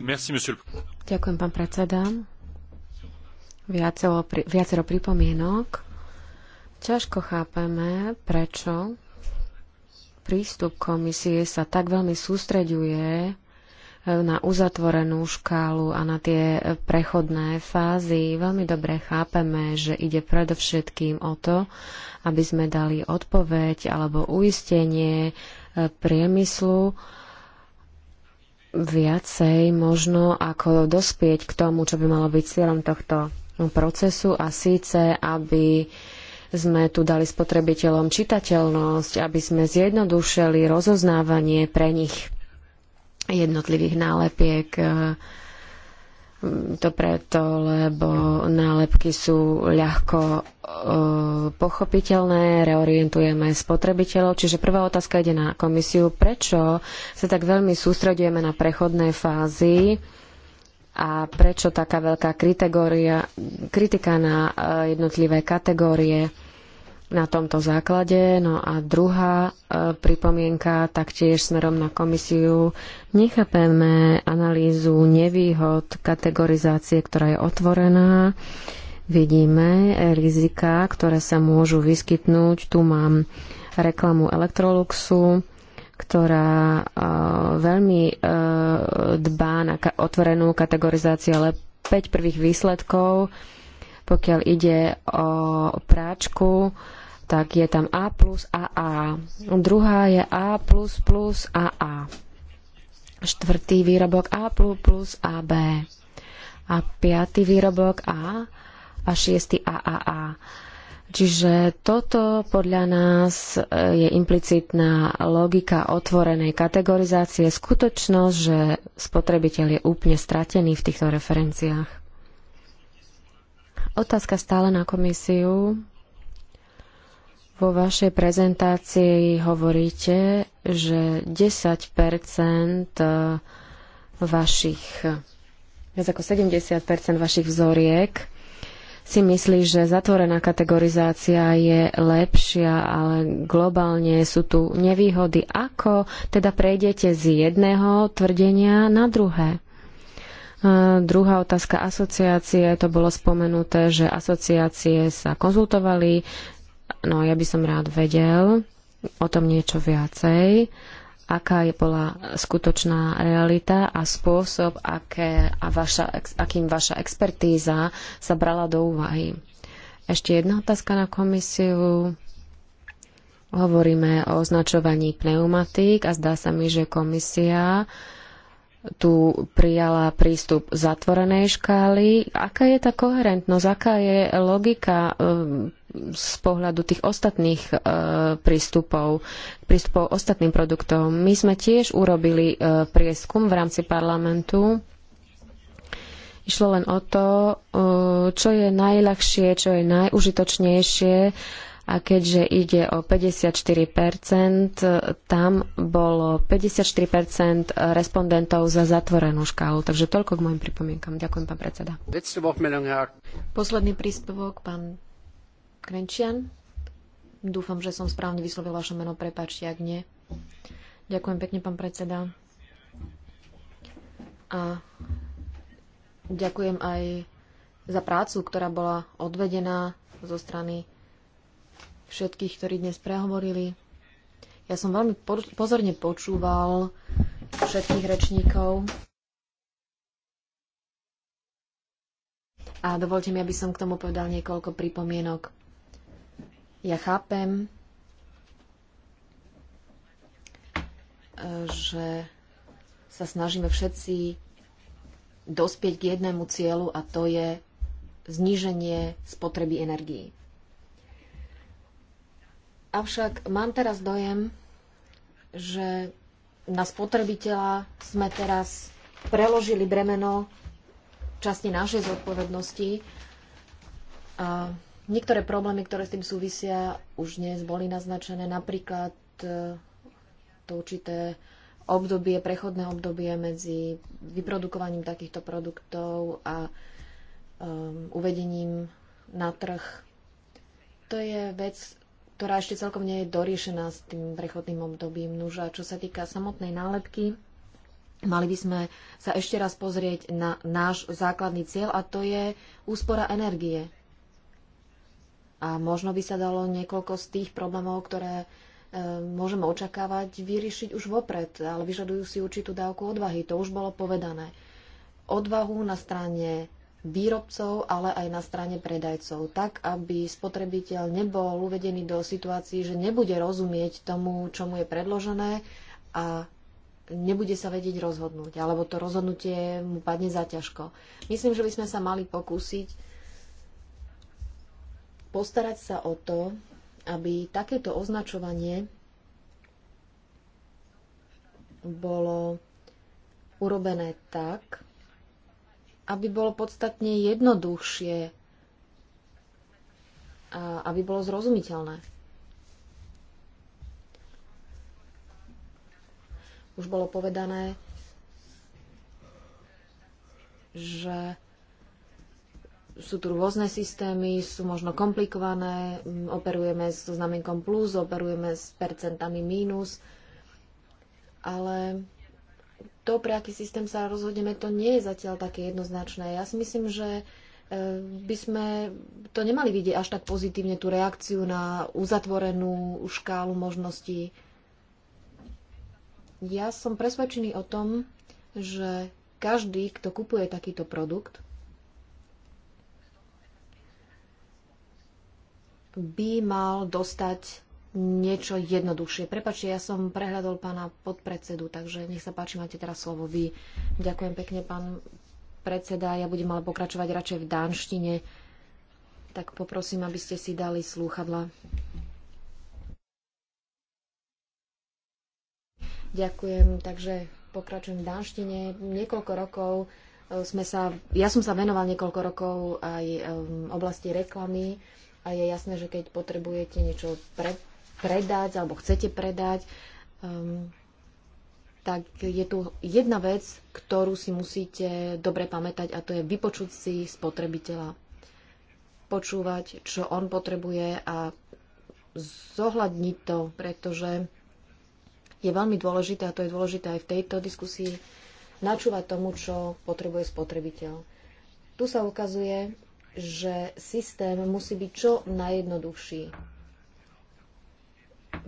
Merci, monsieur. Ďakujem, pán predseda. Viacero, viacero pripomienok. Ťažko chápeme, prečo prístup komisie sa tak veľmi sústreďuje e, na uzatvorenú škálu a na tie prechodné fázy. Veľmi dobre chápeme, že ide predovšetkým o to, aby sme dali odpoveď alebo uistenie e, priemyslu, viacej možno, ako dospieť k tomu, čo by malo byť cieľom tohto procesu a síce, aby sme tu dali spotrebiteľom čitateľnosť, aby sme zjednodušili rozoznávanie pre nich jednotlivých nálepiek. To preto, lebo nálepky sú ľahko e, pochopiteľné, reorientujeme spotrebiteľov. Čiže prvá otázka ide na komisiu. Prečo sa tak veľmi sústredujeme na prechodné fázy? a prečo taká veľká kritika na e, jednotlivé kategórie na tomto základe. No a druhá e, pripomienka taktiež smerom na komisiu. Nechápeme analýzu nevýhod kategorizácie, ktorá je otvorená. Vidíme rizika, ktoré sa môžu vyskytnúť. Tu mám reklamu Electroluxu ktorá e, veľmi e, dbá na otvorenú kategorizáciu, ale 5 prvých výsledkov, pokiaľ ide o práčku, tak je tam A plus AA. Druhá je A plus plus AA. Štvrtý výrobok A plus plus AB. A piatý výrobok A a šiestý AAA. Čiže toto podľa nás e, je implicitná logika otvorenej kategorizácie, skutočnosť, že spotrebiteľ je úplne stratený v týchto referenciách. Otázka stále na komisiu. Vo vašej prezentácii hovoríte, že 10 e, vašich, viac ako 70 vašich vzoriek si myslí, že zatvorená kategorizácia je lepšia, ale globálne sú tu nevýhody. Ako teda prejdete z jedného tvrdenia na druhé? E, druhá otázka asociácie, to bolo spomenuté, že asociácie sa konzultovali. No ja by som rád vedel o tom niečo viacej. Uh, aká je bola skutočná realita a spôsob, aké, a vaša, akým vaša expertíza sa brala do úvahy. Ešte jedna otázka na komisiu. Hovoríme o označovaní pneumatík a zdá sa mi, že komisia uh, tu prijala prístup zatvorenej škály. Aká je tá koherentnosť, aká je logika ehm, z pohľadu tých ostatných ehm, prístupov, prístupov ostatným produktom? My sme tiež urobili ehm, prieskum v rámci parlamentu. Išlo len o to, čo je najľahšie, čo je najužitočnejšie a keďže ide o 54%, tam bolo 54% respondentov za zatvorenú škálu. Takže toľko k mojim pripomienkam. Ďakujem, pán predseda. Posledný príspevok, pán Krenčian. Dúfam, že som správne vyslovil vaše meno. Prepačte, ak nie. Ďakujem pekne, pán predseda. A ďakujem aj za prácu, ktorá bola odvedená zo strany všetkých, ktorí dnes prehovorili. Ja som veľmi pozorne počúval všetkých rečníkov. A dovolte mi, aby som k tomu povedal niekoľko pripomienok. Ja chápem, že sa snažíme všetci dospieť k jednému cieľu a to je zníženie spotreby energií. Avšak mám teraz dojem, že na spotrebiteľa sme teraz preložili bremeno časti našej zodpovednosti. A niektoré problémy, ktoré s tým súvisia, už dnes boli naznačené. Napríklad e, to určité obdobie, prechodné obdobie medzi vyprodukovaním takýchto produktov a um, uvedením na trh. To je vec, ktorá ešte celkom nie je doriešená s tým prechodným obdobím. Nuža, čo sa týka samotnej nálepky, mali by sme sa ešte raz pozrieť na náš základný cieľ a to je úspora energie. A možno by sa dalo niekoľko z tých problémov, ktoré e, môžeme očakávať, vyriešiť už vopred, ale vyžadujú si určitú dávku odvahy. To už bolo povedané. Odvahu na strane výrobcov, ale aj na strane predajcov, tak aby spotrebiteľ nebol uvedený do situácií, že nebude rozumieť tomu, čo mu je predložené a nebude sa vedieť rozhodnúť, alebo to rozhodnutie mu padne za ťažko. Myslím, že by sme sa mali pokúsiť postarať sa o to, aby takéto označovanie bolo urobené tak, aby bolo podstatne jednoduchšie, aby bolo zrozumiteľné. Už bolo povedané, že sú tu rôzne systémy, sú možno komplikované, operujeme so znamenkom plus, operujeme s percentami mínus, ale to, pre aký systém sa rozhodneme, to nie je zatiaľ také jednoznačné. Ja si myslím, že e, by sme to nemali vidieť až tak pozitívne, tú reakciu na uzatvorenú škálu možností. Ja som presvedčený o tom, že každý, kto kupuje takýto produkt, by mal dostať niečo jednoduchšie. Prepačte, ja som prehľadol pána podpredsedu, takže nech sa páči, máte teraz slovo vy. Ďakujem pekne, pán predseda. Ja budem ale pokračovať radšej v dánštine. Tak poprosím, aby ste si dali slúchadla. Ďakujem, takže pokračujem v dánštine. Niekoľko rokov eh, sme sa, ja som sa venoval niekoľko rokov aj v oblasti reklamy a je jasné, že keď potrebujete niečo pre, predať alebo chcete predať, um, tak je tu jedna vec, ktorú si musíte dobre pamätať a to je vypočuť si spotrebiteľa. Počúvať, čo on potrebuje a zohľadniť to, pretože je veľmi dôležité, a to je dôležité aj v tejto diskusii, načúvať tomu, čo potrebuje spotrebiteľ. Tu sa ukazuje, že systém musí byť čo najjednoduchší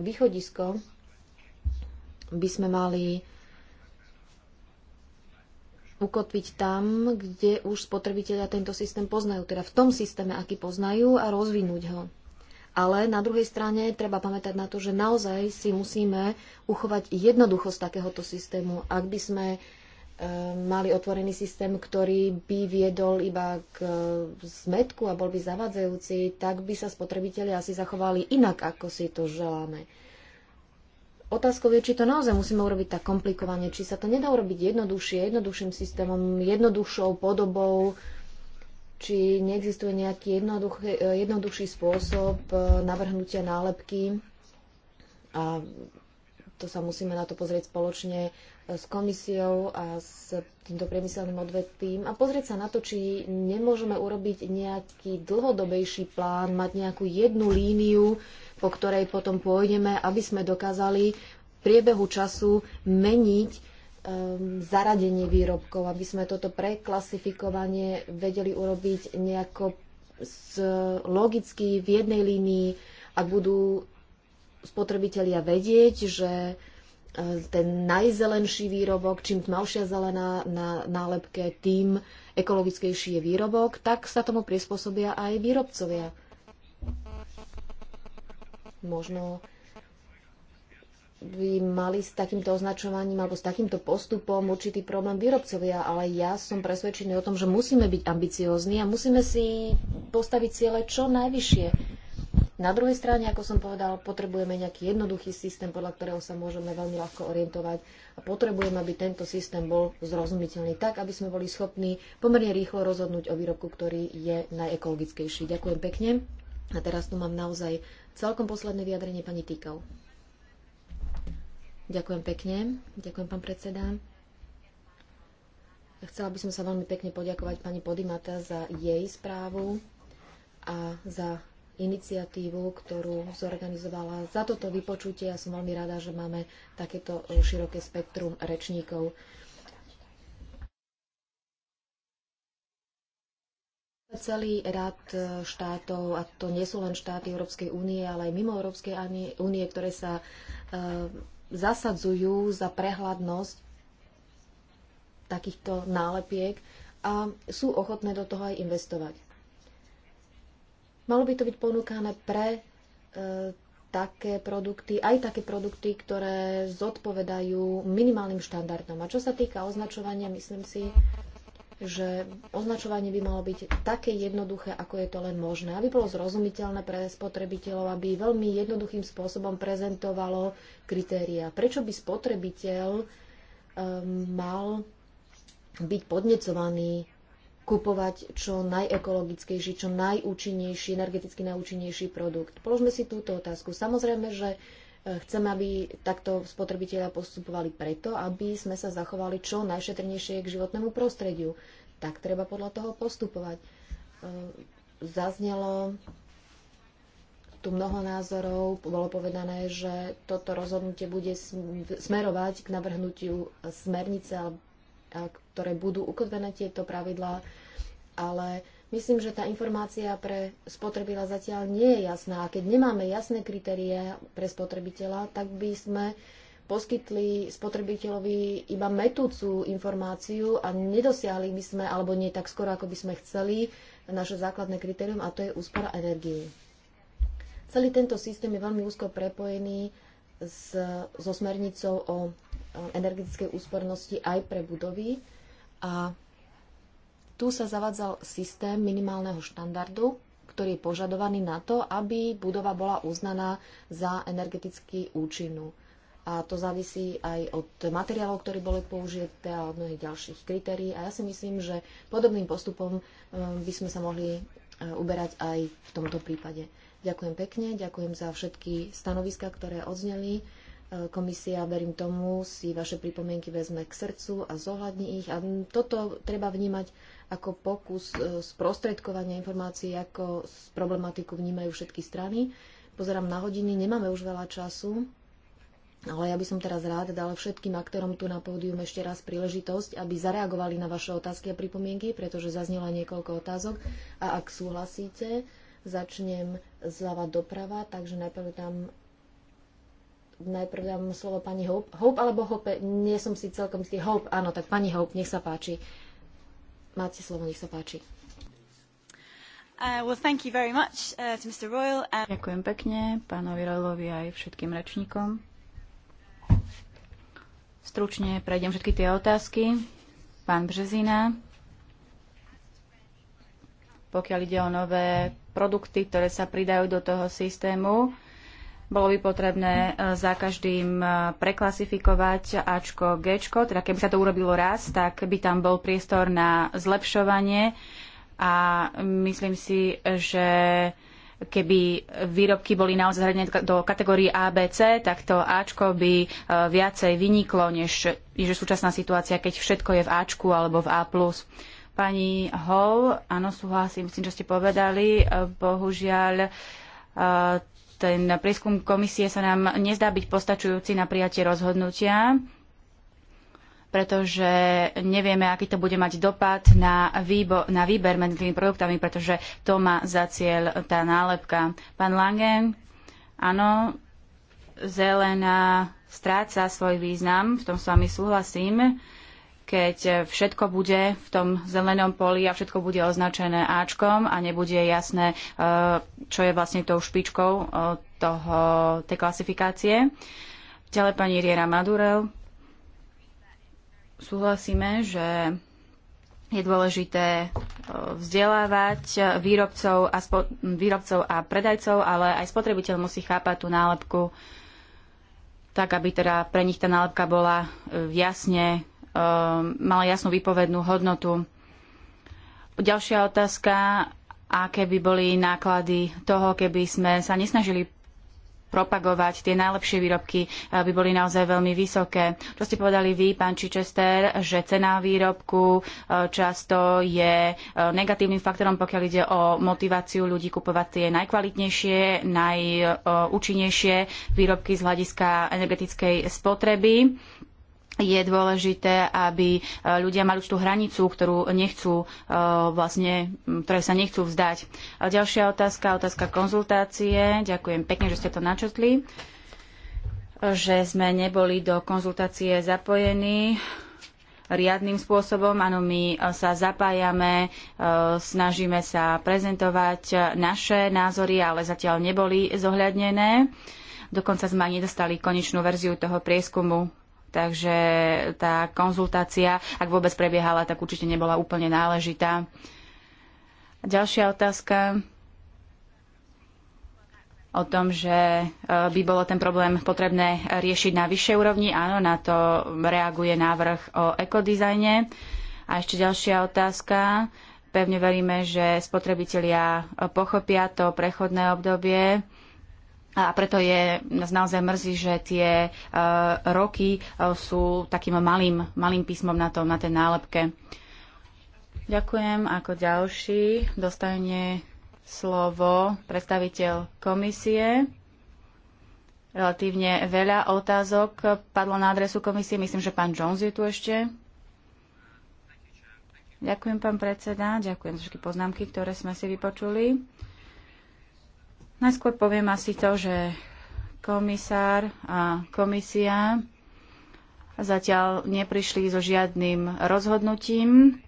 východisko by sme mali ukotviť tam, kde už spotrebitelia tento systém poznajú, teda v tom systéme, aký poznajú a rozvinúť ho. Ale na druhej strane treba pamätať na to, že naozaj si musíme uchovať jednoduchosť takéhoto systému. Ak by sme uh, mali otvorený systém, ktorý by viedol iba k e, zmetku a bol by zavadzajúci, tak by sa spotrebitelia asi zachovali inak, ako si to želáme. Otázkou je, či to naozaj musíme urobiť tak komplikovane, či sa to nedá urobiť jednoduchšie, jednoduchším systémom, jednoduchšou podobou, či neexistuje nejaký jednoduchý, e, spôsob e, navrhnutia nálepky a to sa musíme na to pozrieť spoločne e, s komisiou a s týmto priemyselným odvetvím a pozrieť sa na to, či nemôžeme urobiť nejaký dlhodobejší plán, mať nejakú jednu líniu, po ktorej potom pôjdeme, aby sme dokázali v priebehu času meniť um, zaradenie výrobkov, aby sme toto preklasifikovanie vedeli urobiť nejako z logicky v jednej línii, ak budú spotrebitelia vedieť, že e, ten najzelenší výrobok, čím tmavšia zelená na nálepke, tým ekologickejší je výrobok, tak sa tomu prispôsobia aj výrobcovia. Možno by mali s takýmto označovaním alebo s takýmto postupom určitý problém výrobcovia, ale ja som presvedčený o tom, že musíme byť ambiciózni a musíme si postaviť ciele čo najvyššie na druhej strane, ako som povedal, potrebujeme nejaký jednoduchý systém, podľa ktorého sa môžeme veľmi ľahko orientovať a potrebujeme, aby tento systém bol zrozumiteľný tak, aby sme boli schopní pomerne rýchlo rozhodnúť o výrobku, ktorý je najekologickejší. Ďakujem pekne. A teraz tu mám naozaj celkom posledné vyjadrenie pani Týkal. Ďakujem pekne. Ďakujem, pán predseda. Chcela by som sa veľmi pekne poďakovať pani Podimata za jej správu a za iniciatívu, ktorú zorganizovala za toto vypočutie. Ja som veľmi rada, že máme takéto e, široké spektrum rečníkov. Celý rad e, štátov, a to nie sú len štáty Európskej únie, ale aj mimo Európskej únie, ktoré sa e, zasadzujú za prehľadnosť takýchto nálepiek a sú ochotné do toho aj investovať. Malo by to byť ponúkané pre e, také produkty, aj také produkty, ktoré zodpovedajú minimálnym štandardom. A čo sa týka označovania, myslím si, že označovanie by malo byť také jednoduché, ako je to len možné, aby bolo zrozumiteľné pre spotrebiteľov, aby veľmi jednoduchým spôsobom prezentovalo kritéria. Prečo by spotrebiteľ um, mal byť podnecovaný kupovať čo najekologickejší, čo najúčinnejší, energeticky najúčinnejší produkt. Položme si túto otázku. Samozrejme, že e, chceme, aby takto spotrebitelia postupovali preto, aby sme sa zachovali čo najšetrnejšie k životnému prostrediu. Tak treba podľa toho postupovať. E, zaznelo tu mnoho názorov, bolo povedané, že toto rozhodnutie bude smerovať k navrhnutiu smernice alebo ktoré budú ukotvené tieto pravidlá, ale myslím, že tá informácia pre spotrebiteľa zatiaľ nie je jasná. A keď nemáme jasné kritérie pre spotrebiteľa, tak by sme poskytli spotrebiteľovi iba metúcu informáciu a nedosiahli by sme, alebo nie tak skoro, ako by sme chceli, naše základné kritérium a to je úspora energie. Celý tento systém je veľmi úzko prepojený s, so smernicou o energetickej úspornosti aj pre budovy. A tu sa zavadzal systém minimálneho štandardu, ktorý je požadovaný na to, aby budova bola uznaná za energetický účinnú. A to závisí aj od materiálov, ktoré boli použité a od mnohých ďalších kritérií. A ja si myslím, že podobným postupom e, by sme sa mohli e, uberať aj v tomto prípade. Ďakujem pekne, ďakujem za všetky stanoviska, ktoré odzneli. Komisia, verím tomu, si vaše pripomienky vezme k srdcu a zohľadní ich. A toto treba vnímať ako pokus e, sprostredkovania informácií, ako problematiku vnímajú všetky strany. Pozerám na hodiny, nemáme už veľa času, ale ja by som teraz rád dal všetkým aktérom tu na pódium ešte raz príležitosť, aby zareagovali na vaše otázky a pripomienky, pretože zaznela niekoľko otázok. A ak súhlasíte, začnem zľava doprava, takže najprv tam najprv dám slovo pani Hope. Hope alebo Hope? Nie som si celkom istý. Hope, áno, tak pani Hope, nech sa páči. Máte slovo, nech sa páči. Uh, well, much, uh, Royal, and... Ďakujem pekne pánovi Royalovi aj všetkým rečníkom. Stručne prejdem všetky tie otázky. Pán Březina, pokiaľ ide o nové produkty, ktoré sa pridajú do toho systému, bolo by potrebné e, za každým e, preklasifikovať Ačko, Gčko. Teda keby sa to urobilo raz, tak by tam bol priestor na zlepšovanie a myslím si, že keby výrobky boli naozaj zhradené do kategórie ABC, tak to Ačko by e, viacej vyniklo, než je súčasná situácia, keď všetko je v Ačku alebo v A+. Pani Hall, áno, súhlasím s tým, čo ste povedali. Bohužiaľ, ten prieskum komisie sa nám nezdá byť postačujúci na prijatie rozhodnutia pretože nevieme, aký to bude mať dopad na, výbo- na výber medzi tými produktami, pretože to má za cieľ tá nálepka. Pán Langen, áno, zelená stráca svoj význam, v tom s vami súhlasím keď všetko bude v tom zelenom poli a všetko bude označené Ačkom a nebude jasné, e, čo je vlastne tou špičkou e, toho, tej klasifikácie. Ďalej pani Riera Madurel. Súhlasíme, že je dôležité e, vzdelávať výrobcov a, spo- výrobcov a predajcov, ale aj spotrebiteľ musí chápať tú nálepku tak, aby teda pre nich tá nálepka bola jasne Eh, mala jasnú výpovednú hodnotu. Ďalšia otázka, aké by boli náklady toho, keby sme sa nesnažili propagovať tie najlepšie výrobky eh, by boli naozaj veľmi vysoké. Čo ste povedali vy, pán Čičester, že cena výrobku eh, často je negatívnym faktorom, pokiaľ ide o motiváciu ľudí kupovať tie najkvalitnejšie, najúčinnejšie výrobky z hľadiska energetickej spotreby je dôležité, aby e, ľudia mali už tú hranicu, ktorú nechcú e, vlastne, ktoré sa nechcú vzdať. A ďalšia otázka, otázka konzultácie. Ďakujem pekne, že ste to načetli že sme neboli do konzultácie zapojení riadnym spôsobom. Áno, my e, sa zapájame, snažíme sa prezentovať naše názory, ale zatiaľ neboli zohľadnené. Dokonca sme ani nedostali konečnú verziu toho prieskumu. Takže tá konzultácia, ak vôbec prebiehala, tak určite nebola úplne náležitá. Ďalšia otázka o tom, že e, by bolo ten problém potrebné riešiť na vyššej úrovni. Áno, na to reaguje návrh o ekodizajne. A ešte ďalšia otázka. Pevne veríme, že spotrebitelia pochopia to prechodné obdobie a preto je, nás naozaj mrzí, že tie uh, roky uh, sú takým malým, malým písmom na, tom, na tej nálepke. Ďakujem. Ako ďalší dostane slovo predstaviteľ komisie. Relatívne veľa otázok padlo na adresu komisie. Myslím, že pán Jones je tu ešte. Ďakujem, pán predseda. Ďakujem za všetky poznámky, ktoré sme si vypočuli. Najskôr poviem asi to, že komisár a komisia zatiaľ neprišli so žiadnym rozhodnutím.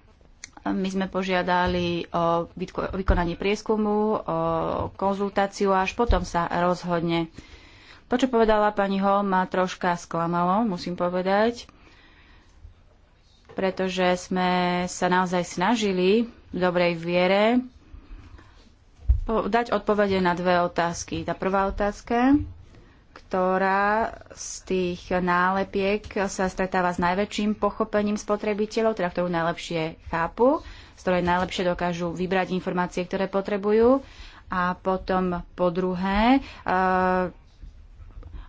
My sme požiadali o vykonanie prieskumu, o konzultáciu a až potom sa rozhodne. To, čo povedala pani Hol, ma troška sklamalo, musím povedať, pretože sme sa naozaj snažili v dobrej viere dať odpovede na dve otázky. Tá prvá otázka, ktorá z tých nálepiek sa stretáva s najväčším pochopením spotrebiteľov, teda ktorú najlepšie chápu, z ktorej najlepšie dokážu vybrať informácie, ktoré potrebujú. A potom po druhé, eh,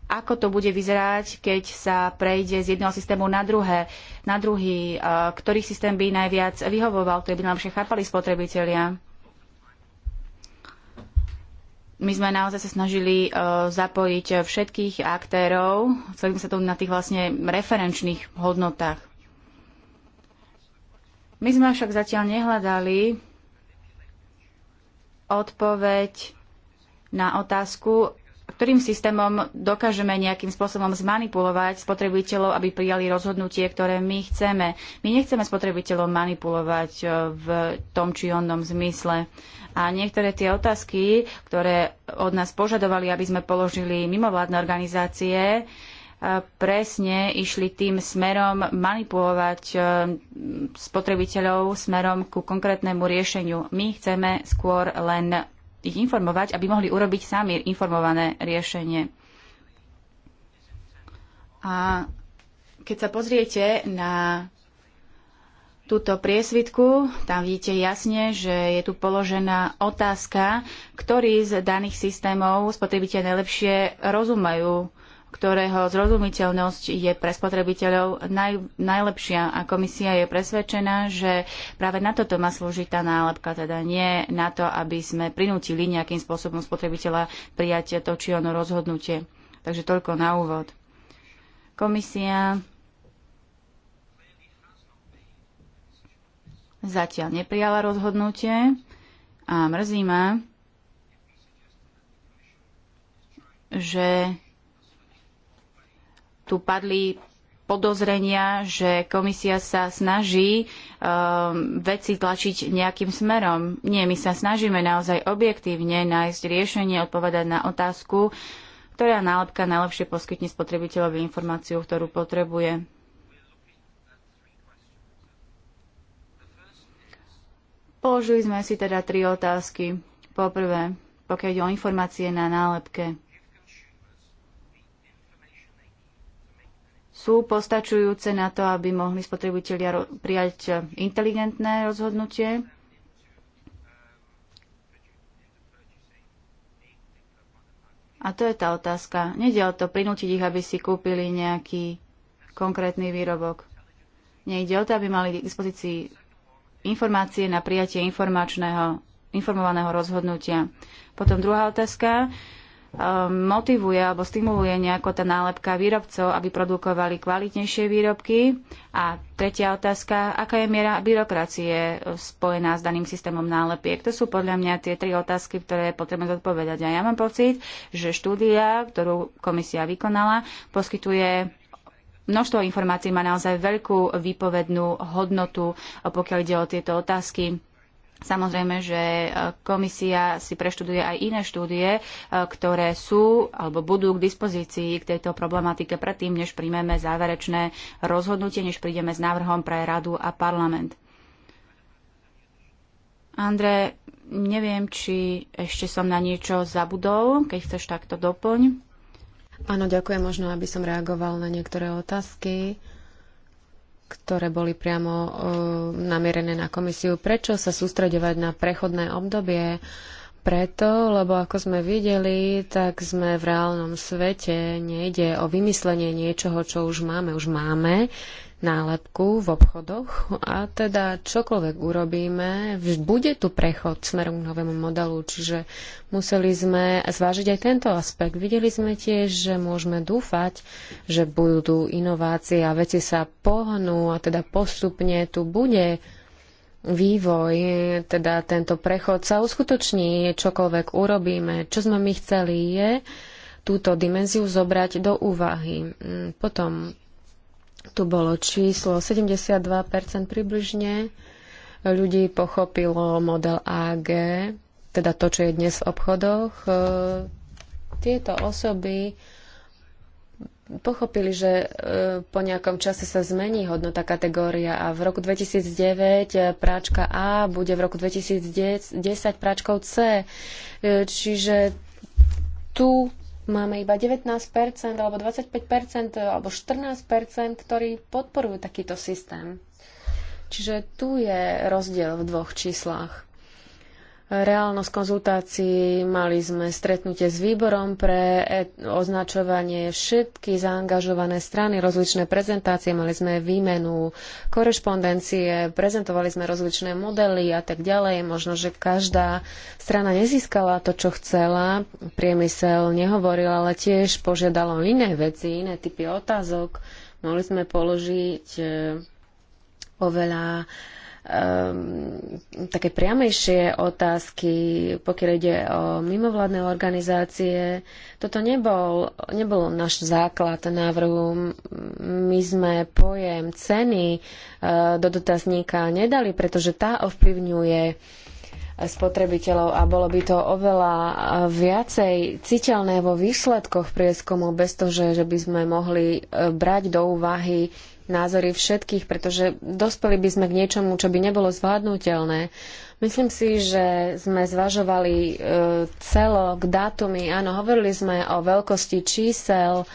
ako to bude vyzerať, keď sa prejde z jedného systému na, druhé, na druhý, eh, ktorý systém by najviac vyhovoval, ktorý by najlepšie chápali spotrebitelia my sme naozaj sa snažili e, zapojiť všetkých aktérov. Chceli sme sa tu na tých vlastne referenčných hodnotách. My sme však zatiaľ nehľadali odpoveď na otázku, ktorým systémom dokážeme nejakým spôsobom zmanipulovať spotrebiteľov, aby prijali rozhodnutie, ktoré my chceme. My nechceme spotrebiteľov manipulovať e, v tom či onom zmysle. A niektoré tie otázky, ktoré od nás požadovali, aby sme položili mimovládne organizácie, e, presne išli tým smerom manipulovať e, spotrebiteľov smerom ku konkrétnemu riešeniu. My chceme skôr len ich informovať, aby mohli urobiť sami informované riešenie. A keď sa pozriete na túto priesvitku. Tam vidíte jasne, že je tu položená otázka, ktorý z daných systémov spotrebiteľ najlepšie rozumajú, ktorého zrozumiteľnosť je pre spotrebiteľov naj, najlepšia a komisia je presvedčená, že práve na toto má slúžiť tá nálepka, teda nie na to, aby sme prinútili nejakým spôsobom spotrebiteľa prijať to či ono rozhodnutie. Takže toľko na úvod. Komisia zatiaľ neprijala rozhodnutie a mrzí ma, že tu padli podozrenia, že komisia sa snaží um, veci tlačiť nejakým smerom. Nie, my sa snažíme naozaj objektívne nájsť riešenie, odpovedať na otázku, ktorá nálepka najlepšie poskytne spotrebiteľovi informáciu, ktorú potrebuje. Položili sme si teda tri otázky. Poprvé, pokiaľ ide o informácie na nálepke. Sú postačujúce na to, aby mohli spotrebitelia prijať inteligentné rozhodnutie? A to je tá otázka. Nede o to prinútiť ich, aby si kúpili nejaký konkrétny výrobok. Nejde o to, aby mali k dispozícii informácie na prijatie informačného, informovaného rozhodnutia. Potom druhá otázka ehm, motivuje alebo stimuluje nejako tá nálepka výrobcov, aby produkovali kvalitnejšie výrobky? A tretia otázka, aká je miera byrokracie eh, spojená s daným systémom nálepiek? To sú podľa mňa tie tri otázky, ktoré je potrebné zodpovedať. A ja mám pocit, že štúdia, ktorú komisia vykonala, poskytuje množstvo informácií má naozaj veľkú výpovednú hodnotu, pokiaľ ide o tieto otázky. Samozrejme, že e, komisia si preštuduje aj iné štúdie, e, ktoré sú alebo budú k dispozícii k tejto problematike predtým, než príjmeme záverečné rozhodnutie, než prídeme s návrhom pre radu a parlament. Andre, neviem, či ešte som na niečo zabudol, keď chceš takto doplň. Áno, ďakujem. Možno, aby som reagoval na niektoré otázky, ktoré boli priamo e, namierené na komisiu. Prečo sa sústredovať na prechodné obdobie? Preto, lebo ako sme videli, tak sme v reálnom svete. Nejde o vymyslenie niečoho, čo už máme. Už máme nálepku v obchodoch a teda čokoľvek urobíme, bude tu prechod smerom k novému modelu, čiže museli sme zvážiť aj tento aspekt. Videli sme tiež, že môžeme dúfať, že budú tu inovácie a veci sa pohnú a teda postupne tu bude vývoj, teda tento prechod sa uskutoční, čokoľvek urobíme. Čo sme my chceli je túto dimenziu zobrať do úvahy. Mm, potom tu bolo číslo 72% približne ľudí pochopilo model AG, teda to, čo je dnes v obchodoch. E, tieto osoby pochopili, že e, po nejakom čase sa zmení hodnota kategória a v roku 2009 práčka A bude v roku 2010 práčkou C. E, čiže tu máme iba 19% alebo 25% alebo 14%, ktorí podporujú takýto systém. Čiže tu je rozdiel v dvoch číslach reálnosť konzultácií. Mali sme stretnutie s výborom pre označovanie všetky zaangažované strany, rozličné prezentácie, mali sme výmenu korešpondencie, prezentovali sme rozličné modely a tak ďalej. Možno, že každá strana nezískala to, čo chcela. Priemysel nehovoril, ale tiež požiadalo iné veci, iné typy otázok. Mohli sme položiť e, oveľa Ehm, také priamejšie otázky, pokiaľ ide o mimovládne organizácie. Toto nebol, nebol náš základ návrhu. My sme pojem ceny eh, do dotazníka nedali, pretože tá ovplyvňuje spotrebiteľov a bolo by to oveľa viacej citeľné vo výsledkoch prieskumu bez toho, že, že by sme mohli eh, brať do úvahy názory všetkých, pretože dospeli by sme k niečomu, čo by nebolo zvládnutelné. Myslím si, že sme zvažovali e, celok, dátumy, áno, hovorili sme o veľkosti čísel,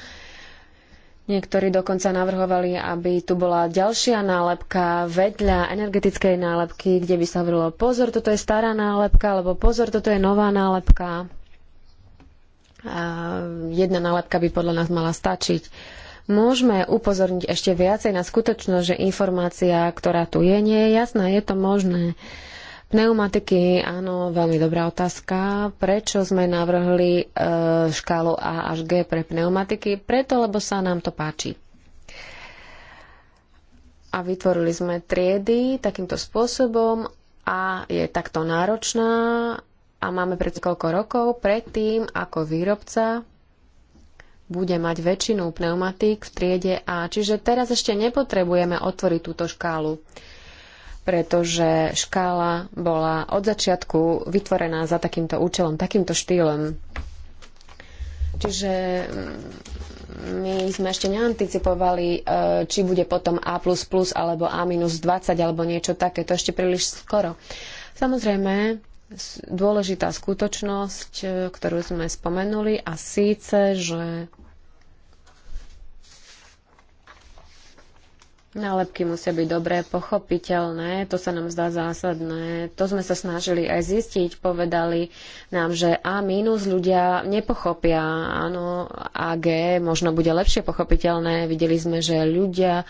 Niektorí dokonca navrhovali, aby tu bola ďalšia nálepka vedľa energetickej nálepky, kde by sa hovorilo pozor, toto je stará nálepka, alebo pozor, toto je nová nálepka. A jedna nálepka by podľa nás mala stačiť. Môžeme upozorniť ešte viacej na skutočnosť, že informácia, ktorá tu je, nie je jasná. Je to možné. Pneumatiky, áno, veľmi dobrá otázka. Prečo sme navrhli e, škálu A až G pre pneumatiky? Preto, lebo sa nám to páči. A vytvorili sme triedy takýmto spôsobom a je takto náročná a máme pred koľko rokov predtým ako výrobca bude mať väčšinu pneumatík v triede A, čiže teraz ešte nepotrebujeme otvoriť túto škálu pretože škála bola od začiatku vytvorená za takýmto účelom, takýmto štýlom. Čiže mm, my sme ešte neanticipovali, e, či bude potom A++ alebo A-20 alebo niečo také. To ešte príliš skoro. Samozrejme, dôležitá skutočnosť, e, ktorú sme spomenuli, a síce, že Nálepky musia byť dobré, pochopiteľné, to sa nám zdá zásadné. To sme sa snažili aj zistiť, povedali nám, že A minus ľudia nepochopia, áno, a G možno bude lepšie pochopiteľné. Videli sme, že ľudia uh,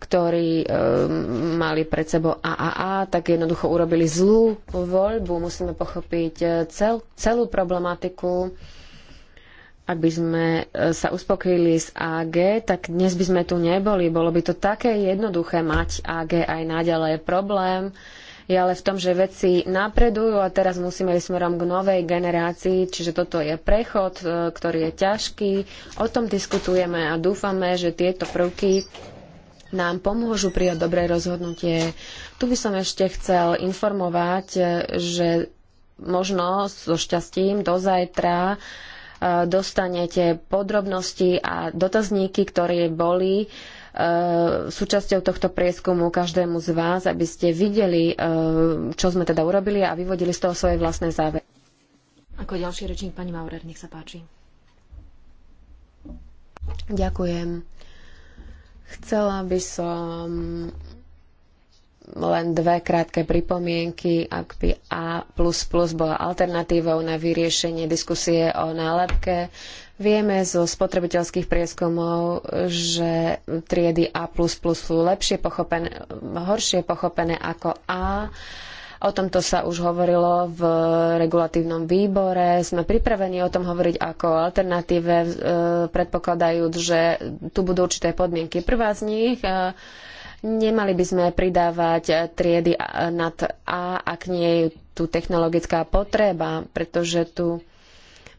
ktorí e, mali pred sebou AAA, tak jednoducho urobili zlú voľbu. Musíme pochopiť e, cel, celú problematiku. Ak by sme e, sa uspokojili s AG, tak dnes by sme tu neboli. Bolo by to také jednoduché mať AG aj naďalej. Problém je ale v tom, že veci napredujú a teraz musíme ísť smerom k novej generácii, čiže toto je prechod, e, ktorý je ťažký. O tom diskutujeme a dúfame, že tieto prvky nám pomôžu prijať dobré rozhodnutie. Tu by som ešte chcel informovať, e, že možno so šťastím do zajtra e, dostanete podrobnosti a dotazníky, ktoré boli e, súčasťou tohto prieskumu každému z vás, aby ste videli, čo sme teda urobili a vyvodili z toho svoje vlastné závery. Ako ďalší rečník, pani Maurer, nech sa páči. Ďakujem. Chcela by som len dve krátke pripomienky, ak by A++ bola alternatívou na vyriešenie diskusie o nálepke. Vieme zo spotrebiteľských prieskumov, že triedy A++ sú lepšie pochopené, horšie pochopené ako A. O tomto sa už hovorilo v regulatívnom výbore. Sme pripravení o tom hovoriť ako alternatíve, e, predpokladajúc, že tu budú určité podmienky. Prvá z nich e, Nemali by sme pridávať triedy nad A, ak nie je tu technologická potreba, pretože tu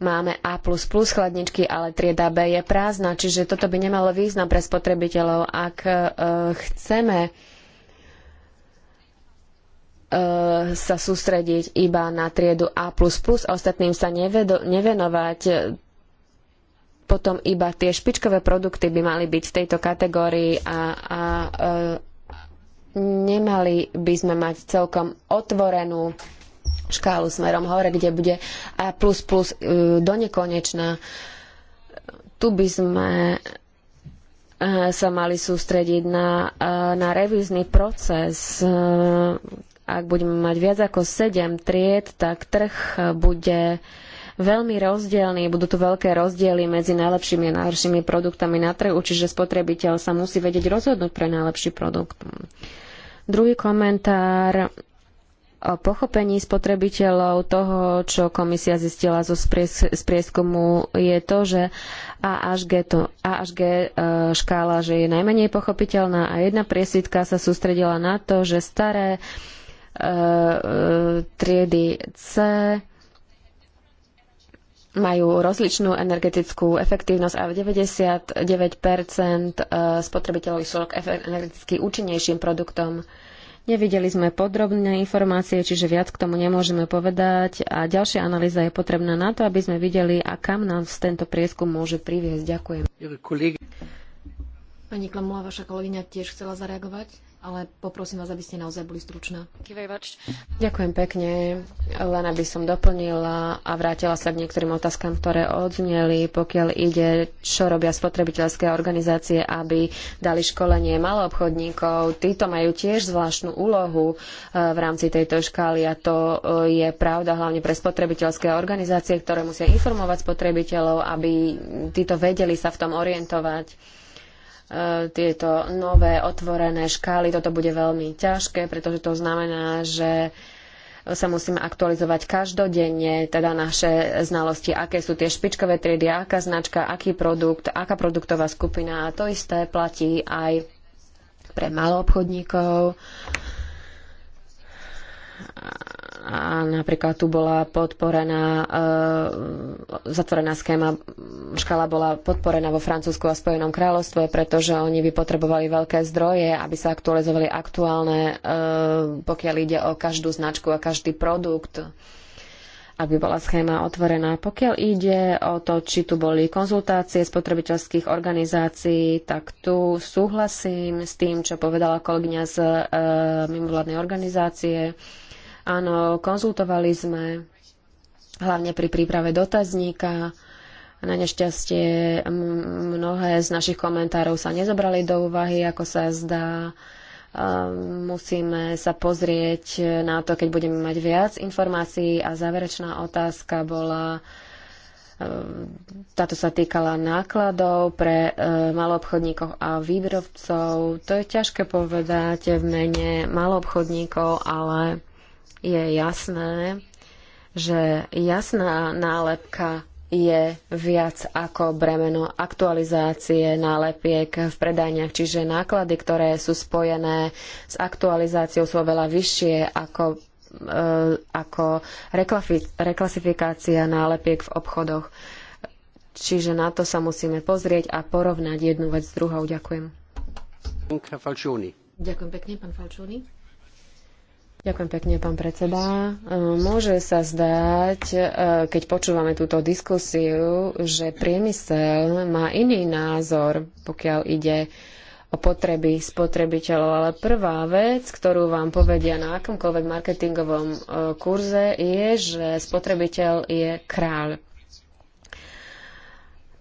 máme A++ chladničky, ale trieda B je prázdna, čiže toto by nemalo význam pre spotrebiteľov. Ak e, chceme Eh, sa sústrediť iba na triedu A++ a ostatným sa nevedo, nevenovať. Eh, potom iba tie špičkové produkty by mali byť v tejto kategórii a, a e, nemali by sme mať celkom otvorenú škálu smerom hore, kde bude A++ do nekonečna. Tu by sme sa mali sústrediť na, na revízny proces, ak budeme mať viac ako 7 tried, tak trh bude veľmi rozdielny, budú tu veľké rozdiely medzi najlepšími a najhoršími produktami na trhu, čiže spotrebiteľ sa musí vedieť rozhodnúť pre najlepší produkt. Druhý komentár o pochopení spotrebiteľov toho, čo komisia zistila zo z prieskumu, je to, že A až G, to, A až G e, škála že je najmenej pochopiteľná a jedna priesvitka sa sústredila na to, že staré E, e, triedy C majú rozličnú energetickú efektívnosť a 99 spotrebiteľov išlo k energeticky účinnejším produktom. Nevideli sme podrobné informácie, čiže viac k tomu nemôžeme povedať a ďalšia analýza je potrebná na to, aby sme videli, a kam nás tento prieskum môže priviesť. Ďakujem. Pani Klamová, vaša kolegyňa tiež chcela zareagovať ale poprosím vás, aby ste naozaj boli stručná. Ďakujem pekne. Len aby som doplnila a vrátila sa k niektorým otázkam, ktoré odzneli, pokiaľ ide, čo robia spotrebiteľské organizácie, aby dali školenie maloobchodníkov. Títo majú tiež zvláštnu úlohu eh, v rámci tejto škály a to eh, je pravda hlavne pre spotrebiteľské organizácie, ktoré musia informovať spotrebiteľov, aby títo vedeli sa v tom orientovať tieto nové otvorené škály. Toto bude veľmi ťažké, pretože to znamená, že sa musíme aktualizovať každodenne, teda naše znalosti, aké sú tie špičkové triedy, aká značka, aký produkt, aká produktová skupina. A to isté platí aj pre maloobchodníkov a napríklad tu bola podporená, e, zatvorená schéma, škala bola podporená vo Francúzsku a Spojenom kráľovstve, pretože oni by potrebovali veľké zdroje, aby sa aktualizovali aktuálne, e, pokiaľ ide o každú značku a každý produkt aby bola schéma otvorená. Pokiaľ ide o to, či tu boli konzultácie spotrebiteľských organizácií, tak tu súhlasím s tým, čo povedala kolegyňa z e, mimovládnej organizácie. E, Áno, konzultovali sme, hlavne pri príprave dotazníka. Na nešťastie mnohé z našich komentárov sa nezobrali do úvahy, ako sa zdá. Musíme sa pozrieť na to, keď budeme mať viac informácií. A záverečná otázka bola, e, táto sa týkala nákladov pre e, maloobchodníkov a výrobcov. To je ťažké povedať v mene maloobchodníkov, ale je jasné, že jasná nálepka je viac ako bremeno aktualizácie nálepiek v predajniach, čiže náklady, ktoré sú spojené s aktualizáciou, sú oveľa vyššie ako, e, ako reklasifikácia nálepiek v obchodoch. Čiže na to sa musíme pozrieť a porovnať jednu vec s druhou. Ďakujem. Ďakujem pekne, pán Falčúny. Ďakujem pekne, pán predseda. E, môže sa zdať, e, keď počúvame túto diskusiu, že priemysel má iný názor, pokiaľ ide o potreby spotrebiteľov, ale prvá vec, ktorú vám povedia na akomkoľvek marketingovom e, kurze, je, že spotrebiteľ je kráľ.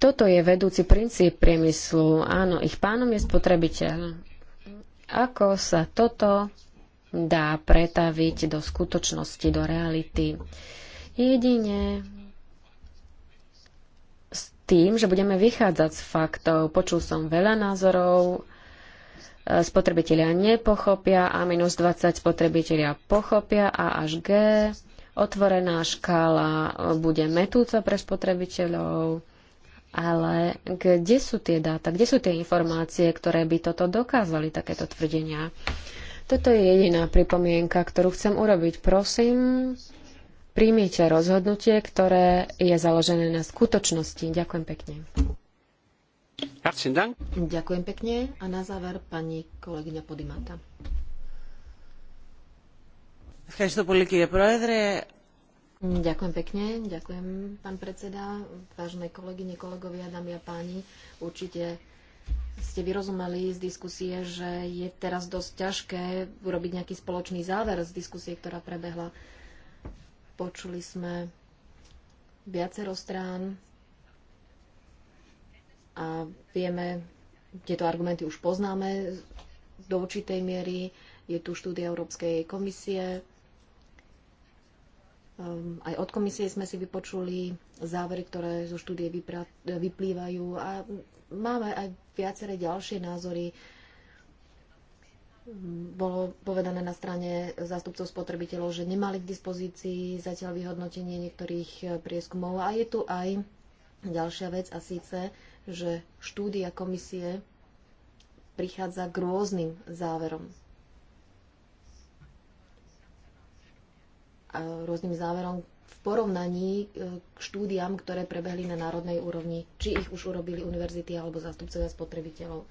Toto je vedúci princíp priemyslu. Áno, ich pánom je spotrebiteľ. Ako sa toto dá pretaviť do skutočnosti, do reality. Jedine s tým, že budeme vychádzať z faktov. Počul som veľa názorov, e, spotrebitelia nepochopia, a minus 20 spotrebitelia pochopia, a až G. Otvorená škála e, bude metúca pre spotrebiteľov, ale kde sú tie dáta, kde sú tie informácie, ktoré by toto dokázali, takéto tvrdenia? Toto je jediná pripomienka, ktorú chcem urobiť. Prosím, príjmite rozhodnutie, ktoré je založené na skutočnosti. Ďakujem pekne. Ďakujem pekne. A na záver pani kolegyňa Podimata. Ďakujem pekne, ďakujem pán predseda, vážne kolegyne, kolegovia, dámy a páni. Určite ste vyrozumeli z diskusie, že je teraz dosť ťažké urobiť nejaký spoločný záver z diskusie, ktorá prebehla. Počuli sme viacero strán a vieme, tieto argumenty už poznáme do určitej miery. Je tu štúdia Európskej komisie. Um, aj od komisie sme si vypočuli závery, ktoré zo štúdie vyplývajú a máme aj viaceré ďalšie názory. Bolo povedané na strane zástupcov spotrebiteľov, že nemali k dispozícii zatiaľ vyhodnotenie niektorých prieskumov. A je tu aj ďalšia vec a síce, že štúdia komisie prichádza k rôznym záverom. A rôznym záverom, porovnaní e, k štúdiám, ktoré prebehli na národnej úrovni, či ich už urobili univerzity alebo zástupcovia spotrebiteľov.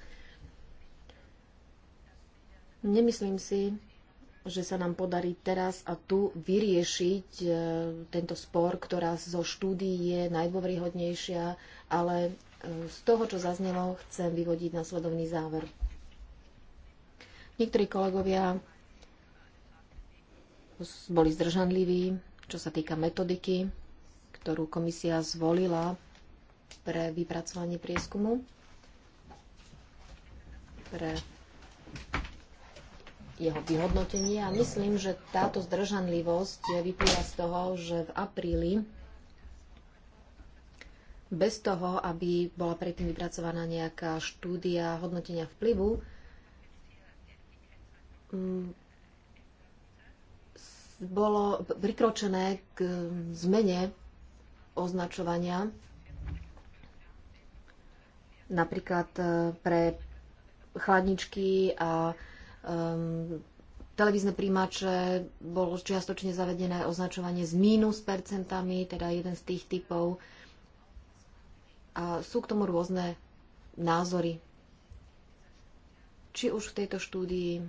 Nemyslím si, že sa nám podarí teraz a tu vyriešiť e, tento spor, ktorá zo štúdií je najdôveryhodnejšia, ale e, z toho, čo zaznelo, chcem vyvodiť nasledovný záver. Niektorí kolegovia boli zdržanliví, čo sa týka metodiky, ktorú komisia zvolila pre vypracovanie prieskumu, pre jeho vyhodnotenie a myslím, že táto zdržanlivosť vyplýva z toho, že v apríli bez toho, aby bola predtým vypracovaná nejaká štúdia hodnotenia vplyvu, bolo prikročené k zmene označovania napríklad e, pre chladničky a um, televízne príjimače bolo čiastočne zavedené označovanie s mínus percentami, teda jeden z tých typov. A sú k tomu rôzne názory. Či už v tejto štúdii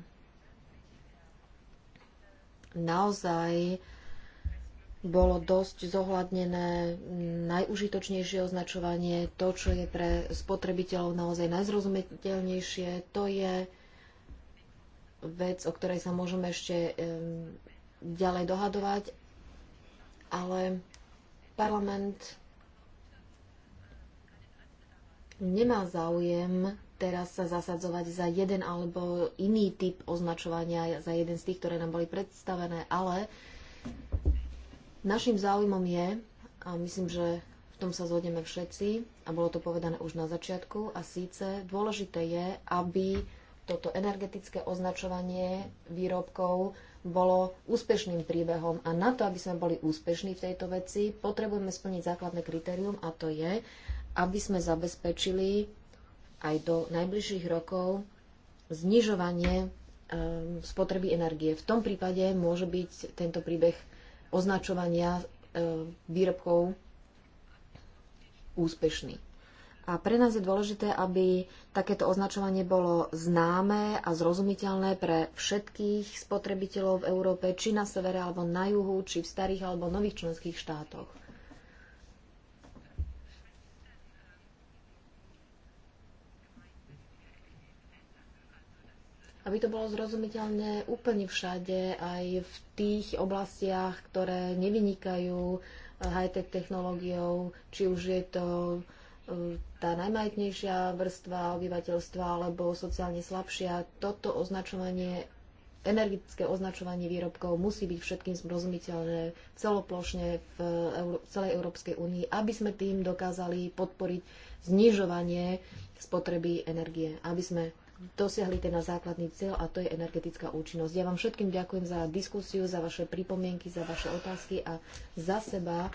naozaj bolo dosť zohľadnené najužitočnejšie označovanie, to, čo je pre spotrebiteľov naozaj najzrozumiteľnejšie, to je vec, o ktorej sa môžeme ešte ďalej dohadovať, ale parlament nemá záujem teraz sa zasadzovať za jeden alebo iný typ označovania, za jeden z tých, ktoré nám boli predstavené, ale našim záujmom je, a myslím, že v tom sa zhodneme všetci, a bolo to povedané už na začiatku, a síce dôležité je, aby toto energetické označovanie výrobkov bolo úspešným príbehom. A na to, aby sme boli úspešní v tejto veci, potrebujeme splniť základné kritérium a to je, aby sme zabezpečili aj do najbližších rokov znižovanie um, spotreby energie. V tom prípade môže byť tento príbeh označovania um, výrobkov úspešný. A pre nás je dôležité, aby takéto označovanie bolo známe a zrozumiteľné pre všetkých spotrebiteľov v Európe, či na severe, alebo na juhu, či v starých alebo nových členských štátoch. aby to bolo zrozumiteľné úplne všade, aj v tých oblastiach, ktoré nevynikajú eh, high-tech technológiou, či už je to eh, tá najmajetnejšia vrstva obyvateľstva alebo sociálne slabšia. Toto označovanie, energetické označovanie výrobkov musí byť všetkým zrozumiteľné celoplošne v celej Európskej únii, aby sme tým dokázali podporiť znižovanie spotreby energie, aby sme dosiahli ten na základný cieľ a to je energetická účinnosť. Ja vám všetkým ďakujem za diskusiu, za vaše pripomienky, za vaše otázky a za seba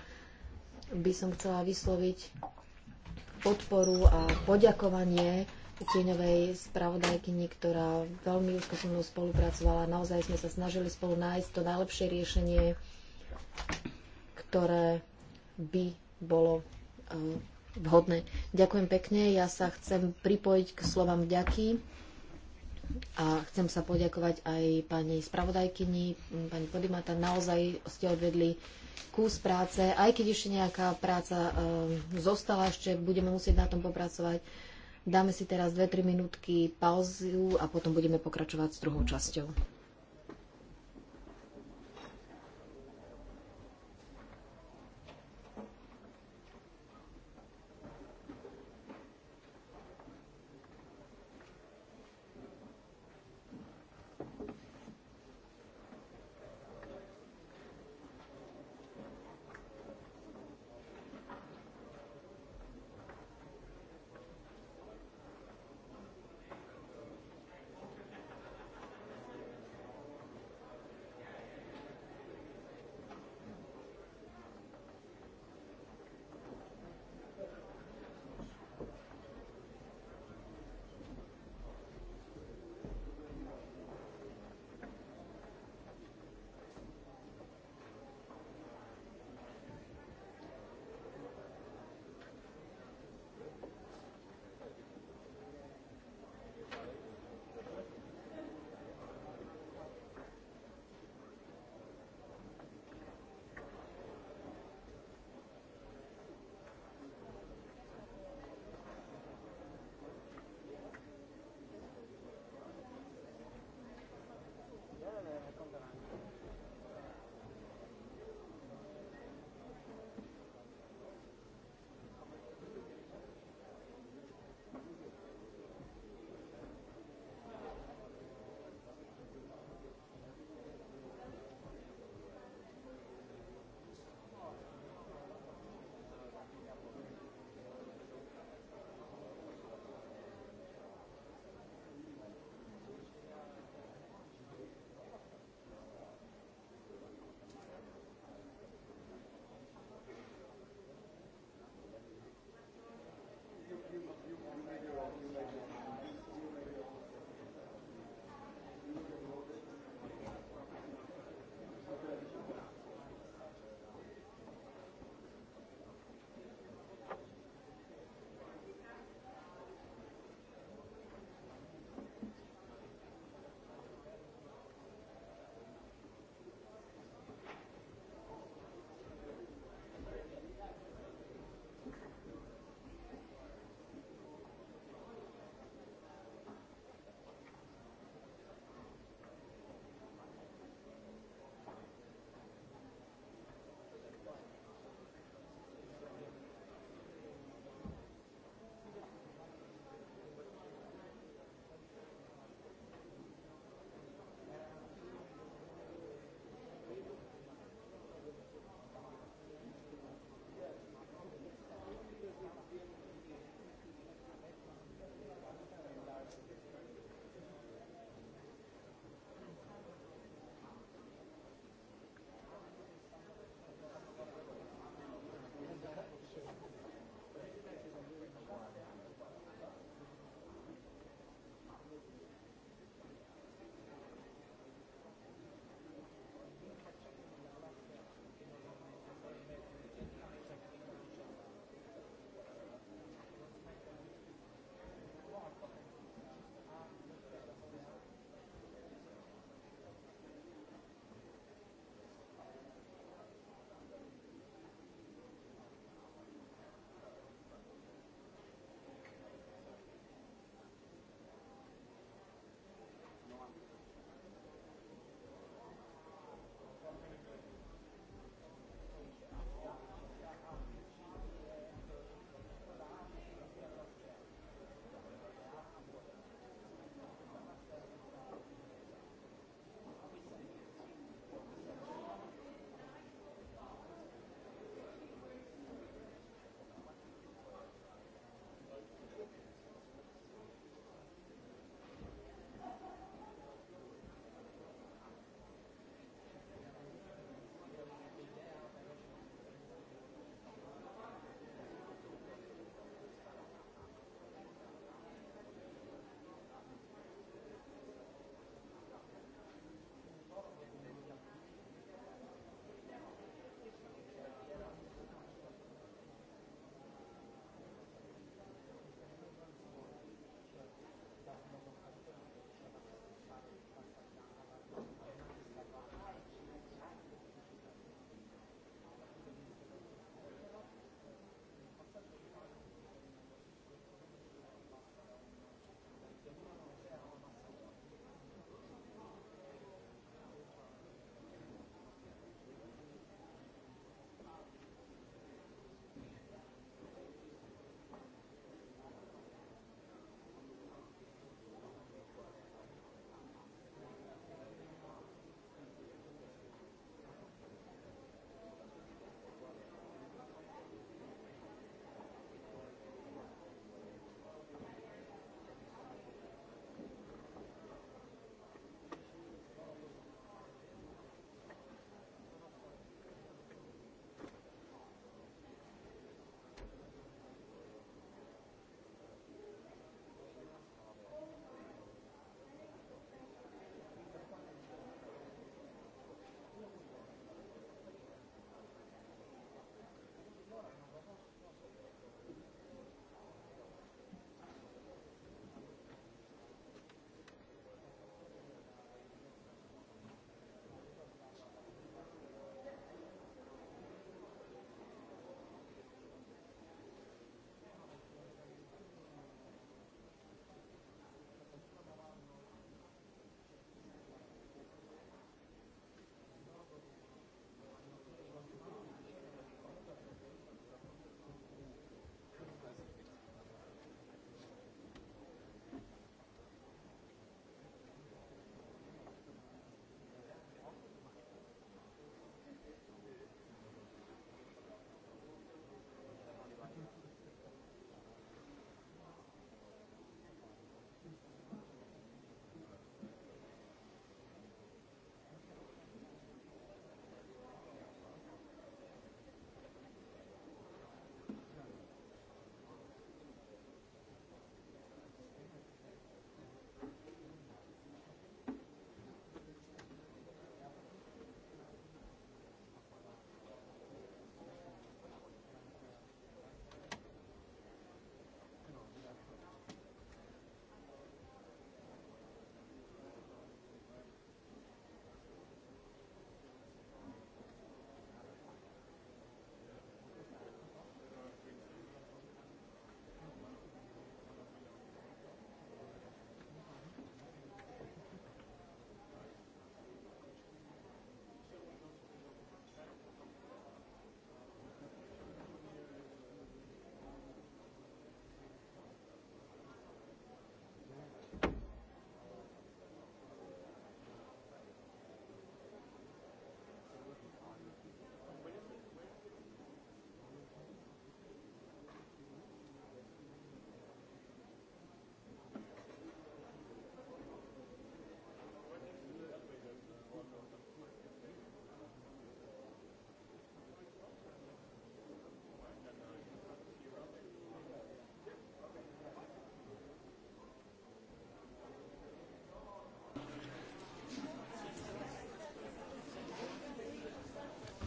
by som chcela vysloviť podporu a poďakovanie tieňovej spravodajkyni, ktorá veľmi úzko so mnou spolupracovala. Naozaj sme sa snažili spolu nájsť to najlepšie riešenie, ktoré by bolo eh, vhodné. Ďakujem pekne. Ja sa chcem pripojiť k slovám vďaky a chcem sa poďakovať aj pani spravodajkyni, pani Podimata. Naozaj ste odvedli kus práce, aj keď ešte nejaká práca e, zostala, ešte budeme musieť na tom popracovať. Dáme si teraz 2-3 minútky pauzu a potom budeme pokračovať s druhou časťou.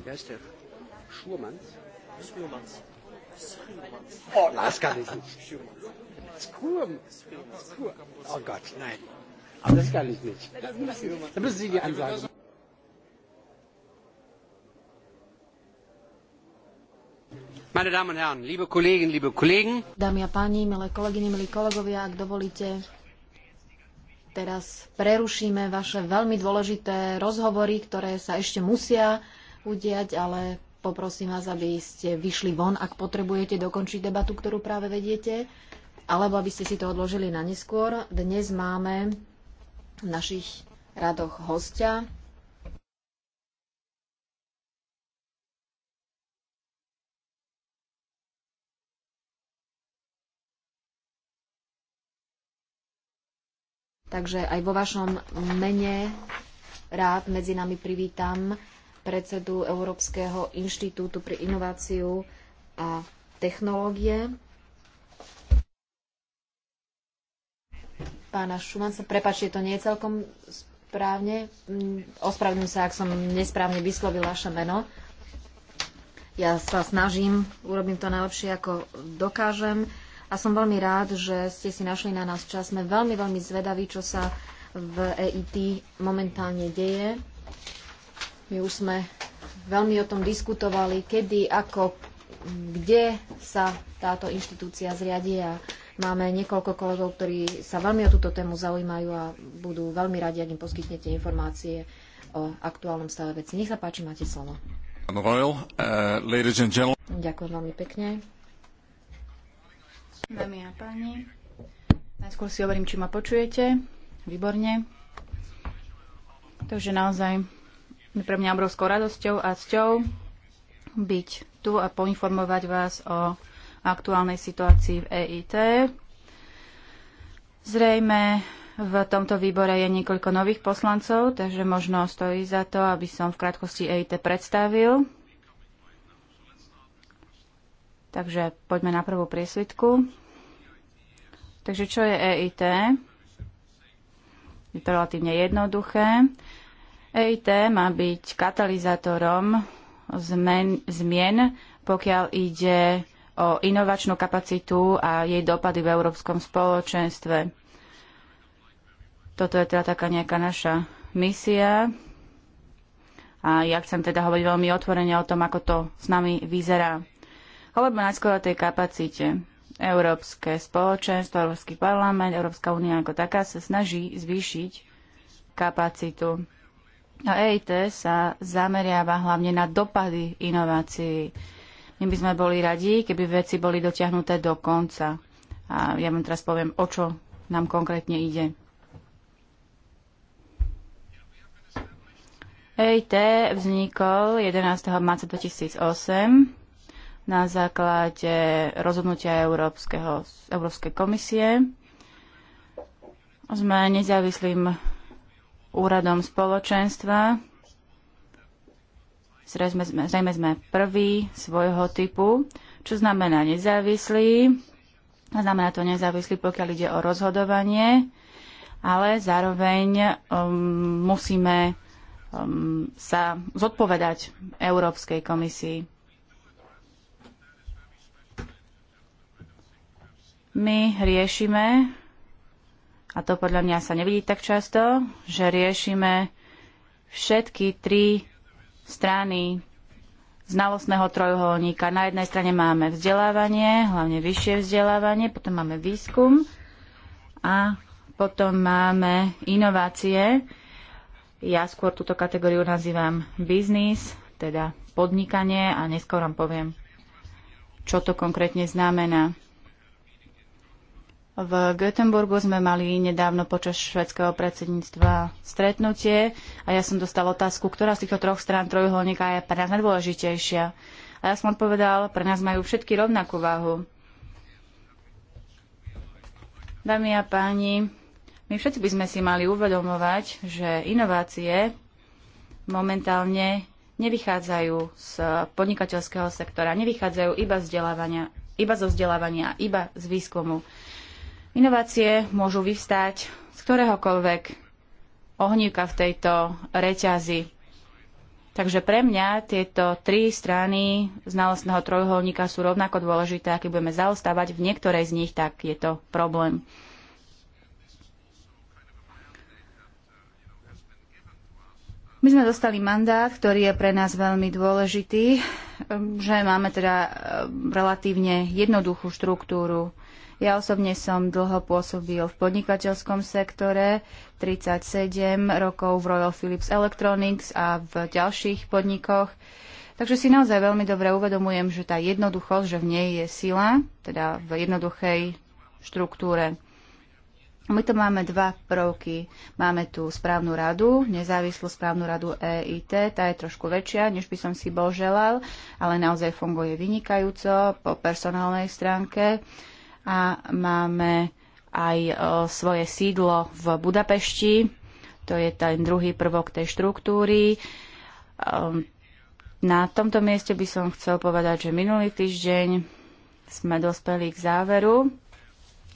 wer ist der? Oh, das kann ich nicht. Schurmanns. Oh Gott, nein. Aber das kann ich nicht. Da müssen, da müssen Sie die Ansage machen. Meine Damen und Herren, liebe Kolleginnen, liebe Kollegen. Dámy a páni, milé kolegyne, milí kolegovia, ak dovolíte, teraz prerušíme vaše veľmi dôležité rozhovory, ktoré sa ešte musia udiať, ale poprosím vás, aby ste vyšli von, ak potrebujete dokončiť debatu, ktorú práve vediete, alebo aby ste si to odložili na neskôr. Dnes máme v našich radoch hostia. Takže aj vo vašom mene rád medzi nami privítam predsedu Európskeho inštitútu pre inováciu a technológie. Pána Šumanca, prepáčte, to nie je celkom správne. Ospravedlňujem sa, ak som nesprávne vyslovil vaše meno. Ja sa snažím, urobím to najlepšie, ako dokážem. A som veľmi rád, že ste si našli na nás čas. Sme veľmi, veľmi zvedaví, čo sa v EIT momentálne deje my už sme veľmi o tom diskutovali, kedy, ako, kde sa táto inštitúcia zriadi a máme niekoľko kolegov, ktorí sa veľmi o túto tému zaujímajú a budú veľmi radi, ak im poskytnete informácie o aktuálnom stave veci. Nech sa páči, máte slovo. Uh, Ďakujem veľmi pekne. Dámy a páni, najskôr si hovorím, či ma počujete. Výborne. Takže naozaj je pre mňa obrovskou radosťou a cťou byť tu a poinformovať vás o aktuálnej situácii v EIT. Zrejme v tomto výbore je niekoľko nových poslancov, takže možno stojí za to, aby som v krátkosti EIT predstavil. Takže poďme na prvú priesvitku. Takže čo je EIT? Je to relatívne jednoduché. EIT má byť katalizátorom zmen, zmien, pokiaľ ide o inovačnú kapacitu a jej dopady v európskom spoločenstve. Toto je teda taká nejaká naša misia. A ja chcem teda hovoriť veľmi otvorene o tom, ako to s nami vyzerá. Hovoríme najskôr o tej kapacite. Európske spoločenstvo, Európsky parlament, Európska únia ako taká sa snaží zvýšiť kapacitu a EIT sa zameriava hlavne na dopady inovácií. My by sme boli radi, keby veci boli dotiahnuté do konca. A ja vám teraz poviem, o čo nám konkrétne ide. EIT vznikol 11. marca 2008 na základe rozhodnutia Európskeho, Európskej komisie. Sme nezávislým úradom spoločenstva. Zrejme sme, zrejme sme prvý svojho typu, čo znamená nezávislý. Znamená to nezávislý, pokiaľ ide o rozhodovanie, ale zároveň um, musíme um, sa zodpovedať Európskej komisii. My riešime a to podľa mňa sa nevidí tak často, že riešime všetky tri strany znalostného trojuholníka. Na jednej strane máme vzdelávanie, hlavne vyššie vzdelávanie, potom máme výskum a potom máme inovácie. Ja skôr túto kategóriu nazývam biznis, teda podnikanie a neskôr vám poviem, čo to konkrétne znamená. V Göteborgu sme mali nedávno počas švedského predsedníctva stretnutie a ja som dostal otázku, ktorá z týchto troch strán trojuholníka je pre nás najdôležitejšia. A ja som odpovedal, pre nás majú všetky rovnakú váhu. Dámy a páni, my všetci by sme si mali uvedomovať, že inovácie momentálne nevychádzajú z podnikateľského sektora, nevychádzajú iba, iba zo vzdelávania, iba z výskumu. Inovácie môžu vyvstať z ktoréhokoľvek ohníka v tejto reťazi. Takže pre mňa tieto tri strany znalostného trojuholníka sú rovnako dôležité. Ak budeme zaostávať v niektorej z nich, tak je to problém. My sme dostali mandát, ktorý je pre nás veľmi dôležitý, že máme teda eh, relatívne jednoduchú štruktúru ja osobne som dlho pôsobil v podnikateľskom sektore, 37 rokov v Royal Philips Electronics a v ďalších podnikoch. Takže si naozaj veľmi dobre uvedomujem, že tá jednoduchosť, že v nej je sila, teda v jednoduchej štruktúre. My tu máme dva prvky. Máme tu správnu radu, nezávislú správnu radu EIT, tá je trošku väčšia, než by som si bol želal, ale naozaj funguje vynikajúco po personálnej stránke a máme aj e, svoje sídlo v Budapešti. To je ten druhý prvok tej štruktúry. Ehm, na tomto mieste by som chcel povedať, že minulý týždeň sme dospeli k záveru,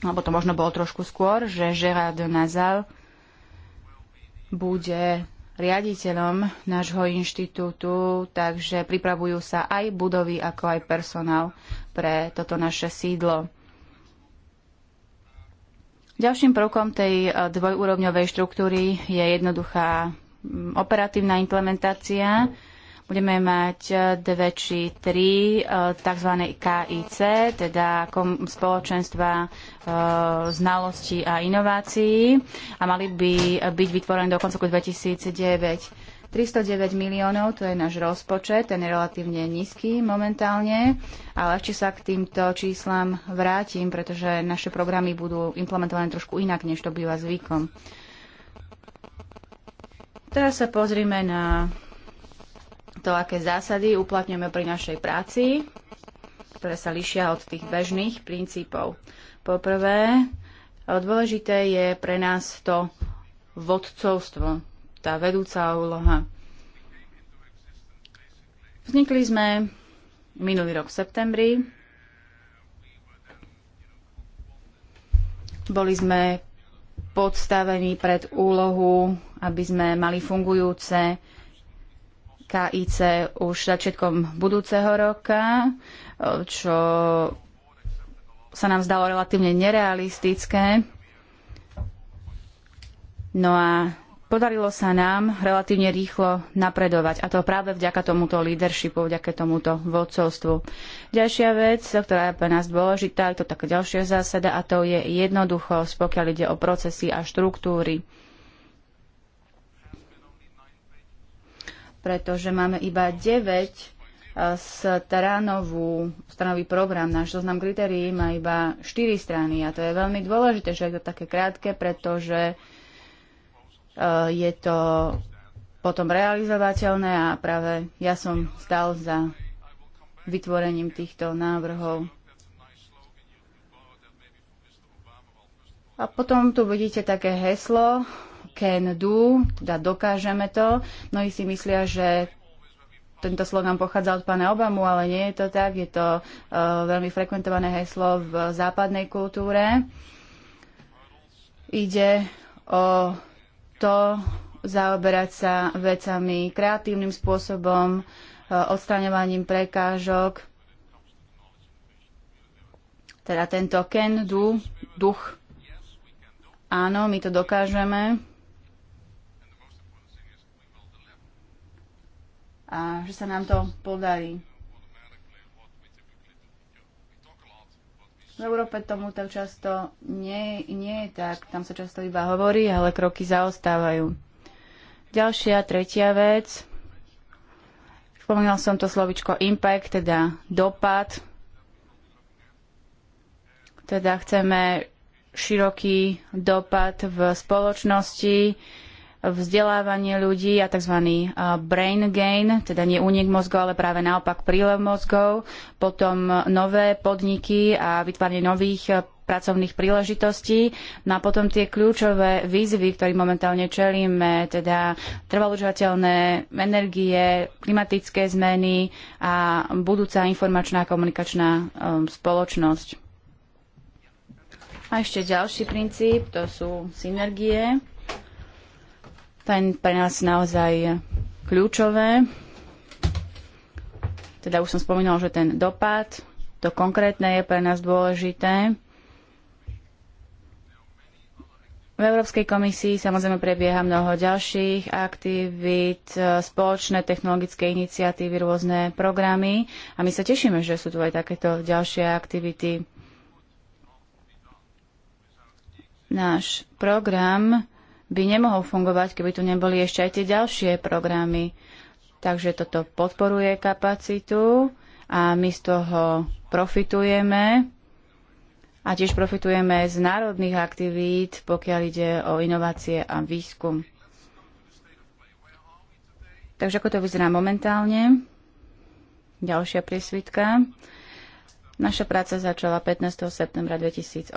alebo to možno bolo trošku skôr, že Gerard Nazal bude riaditeľom nášho inštitútu, takže pripravujú sa aj budovy, ako aj personál pre toto naše sídlo. Ďalším prvkom tej e, dvojúrovňovej štruktúry je jednoduchá operatívna implementácia. Budeme mať e, dve či tri e, tzv. KIC, teda spoločenstva znalostí a inovácií a mali by byť vytvorené do konca roku 2009. 309 miliónov, to je náš rozpočet, ten je relatívne nízky momentálne, ale ešte sa k týmto číslam vrátim, pretože naše programy budú implementované trošku inak, než to býva zvykom. Teraz sa pozrime na to, aké zásady uplatňujeme pri našej práci, ktoré sa lišia od tých bežných princípov. Poprvé, dôležité je pre nás to vodcovstvo, tá vedúca úloha. Vznikli sme minulý rok v septembri. Boli sme podstavení pred úlohu, aby sme mali fungujúce KIC už začiatkom budúceho roka, čo sa nám zdalo relatívne nerealistické. No a Podarilo sa nám relatívne rýchlo napredovať a to práve vďaka tomuto leadershipu, vďaka tomuto vodcovstvu. Ďalšia vec, ktorá je pre nás dôležitá, je to taká ďalšia zásada a to je jednoduchosť, pokiaľ ide o procesy a štruktúry. pretože máme iba 9 e, stranovú, stranový program. Náš zoznam kritérií má iba 4 strany a to je veľmi dôležité, že je to také krátke, pretože Eh, je to potom realizovateľné a práve ja som stal za vytvorením týchto návrhov. A potom tu vidíte také heslo can do, teda dokážeme to. Mnohí si myslia, že tento slogan pochádza od pána Obamu, ale nie je to tak. Je to uh, veľmi frekventované heslo v západnej kultúre. Ide o to zaoberať sa vecami kreatívnym spôsobom, e, odstraňovaním prekážok. Teda tento ken, du, duch. Áno, my to dokážeme. A že sa nám to podarí. V Európe tomu tak často nie, nie je tak. Tam sa často iba hovorí, ale kroky zaostávajú. Ďalšia, tretia vec. Spomínal som to slovičko impact, teda dopad. Teda chceme široký dopad v spoločnosti, vzdelávanie ľudí a tzv. brain gain, teda nie únik mozgov, ale práve naopak prílev mozgov, potom nové podniky a vytváranie nových e, pracovných príležitostí. No a potom tie kľúčové výzvy, ktorým momentálne čelíme, teda trvalúžateľné energie, klimatické zmeny a budúca informačná a komunikačná e, spoločnosť. A ešte ďalší princíp, to sú synergie ten pre nás naozaj kľúčové. Teda už som spomínal, že ten dopad, to konkrétne je pre nás dôležité. V Európskej komisii samozrejme prebieha mnoho ďalších aktivít, spoločné technologické iniciatívy, rôzne programy a my sa tešíme, že sú tu aj takéto ďalšie aktivity. Náš program by nemohol fungovať, keby tu neboli ešte aj tie ďalšie programy. Takže toto podporuje kapacitu a my z toho profitujeme a tiež profitujeme z národných aktivít, pokiaľ ide o inovácie a výskum. Takže ako to vyzerá momentálne? Ďalšia priesvitka. Naša práca začala 15. septembra 2008.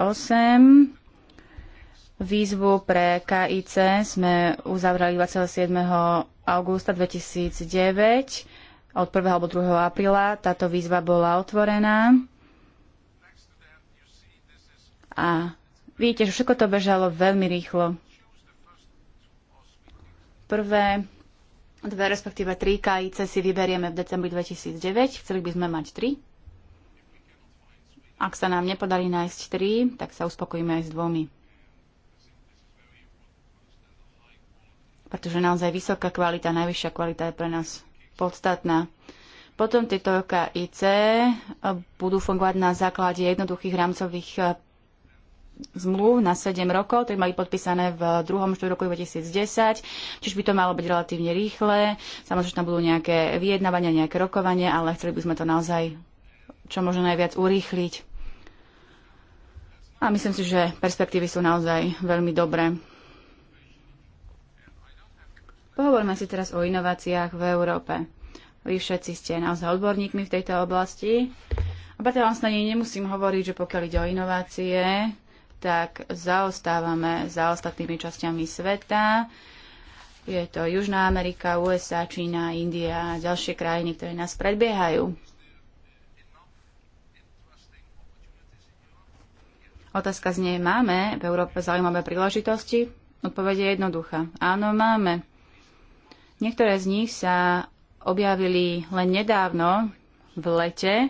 Výzvu pre KIC sme uzavrali 27. augusta 2009 od 1. alebo 2. apríla. Táto výzva bola otvorená. A vidíte, že všetko to bežalo veľmi rýchlo. Prvé dve, respektíve tri KIC si vyberieme v decembri 2009. Chceli by sme mať tri. Ak sa nám nepodarí nájsť tri, tak sa uspokojíme aj s dvomi. pretože naozaj vysoká kvalita, najvyššia kvalita je pre nás podstatná. Potom tieto KIC eh, budú fungovať na základe jednoduchých rámcových eh, zmluv na 7 rokov, ktoré mali podpísané v druhom štvrť roku 2010, čiže by to malo byť relatívne rýchle. Samozrejme, tam budú nejaké vyjednávania, nejaké rokovanie, ale chceli by sme to naozaj čo možno najviac urýchliť. A myslím si, že perspektívy sú naozaj veľmi dobré. Pohovorme si teraz o inováciách v Európe. Vy všetci ste naozaj odborníkmi v tejto oblasti. A preto vám snadne nemusím hovoriť, že pokiaľ ide o inovácie, tak zaostávame za ostatnými časťami sveta. Je to Južná Amerika, USA, Čína, India a ďalšie krajiny, ktoré nás predbiehajú. Otázka znie, máme v Európe zaujímavé príležitosti? Odpovede je jednoduchá. Áno, máme. Niektoré z nich sa objavili len nedávno v lete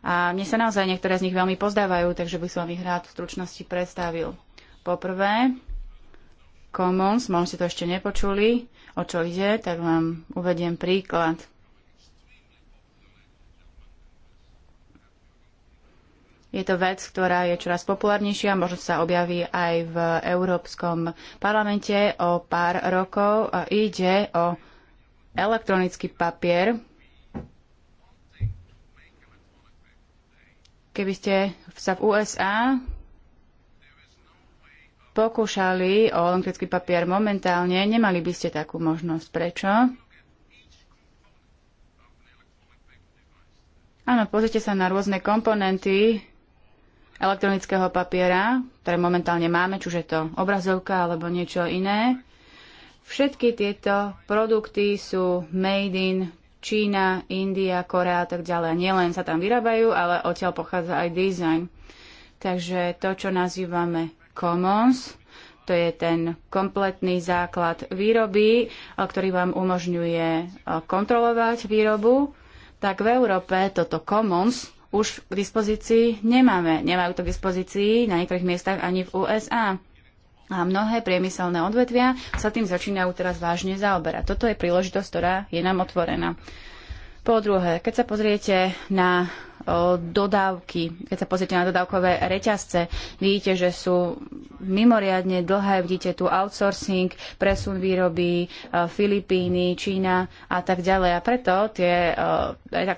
a mne sa naozaj niektoré z nich veľmi pozdávajú, takže by som ich rád v stručnosti predstavil. Poprvé, Commons, možno ste to ešte nepočuli, o čo ide, tak vám uvediem príklad. Je to vec, ktorá je čoraz populárnejšia, možno sa objaví aj v Európskom parlamente o pár rokov. Ide o elektronický papier. Keby ste sa v USA pokúšali o elektronický papier momentálne, nemali by ste takú možnosť. Prečo? Áno, pozrite sa na rôzne komponenty elektronického papiera, ktoré momentálne máme, či už je to obrazovka alebo niečo iné. Všetky tieto produkty sú made in Čína, India, Korea a tak ďalej. Nielen sa tam vyrábajú, ale odtiaľ pochádza aj design. Takže to, čo nazývame commons, to je ten kompletný základ výroby, eh, ktorý vám umožňuje eh, kontrolovať výrobu, tak v Európe toto commons už k dispozícii nemáme. Nemajú to k dispozícii na niektorých miestach ani v USA. A mnohé priemyselné odvetvia sa tým začínajú teraz vážne zaoberať. Toto je príležitosť, ktorá je nám otvorená. Po druhé, keď sa pozriete na dodávky, keď sa pozriete na dodávkové reťazce, vidíte, že sú mimoriadne dlhé, vidíte tu outsourcing, presun výroby, e, Filipíny, Čína a tak ďalej. A preto tie, e, e,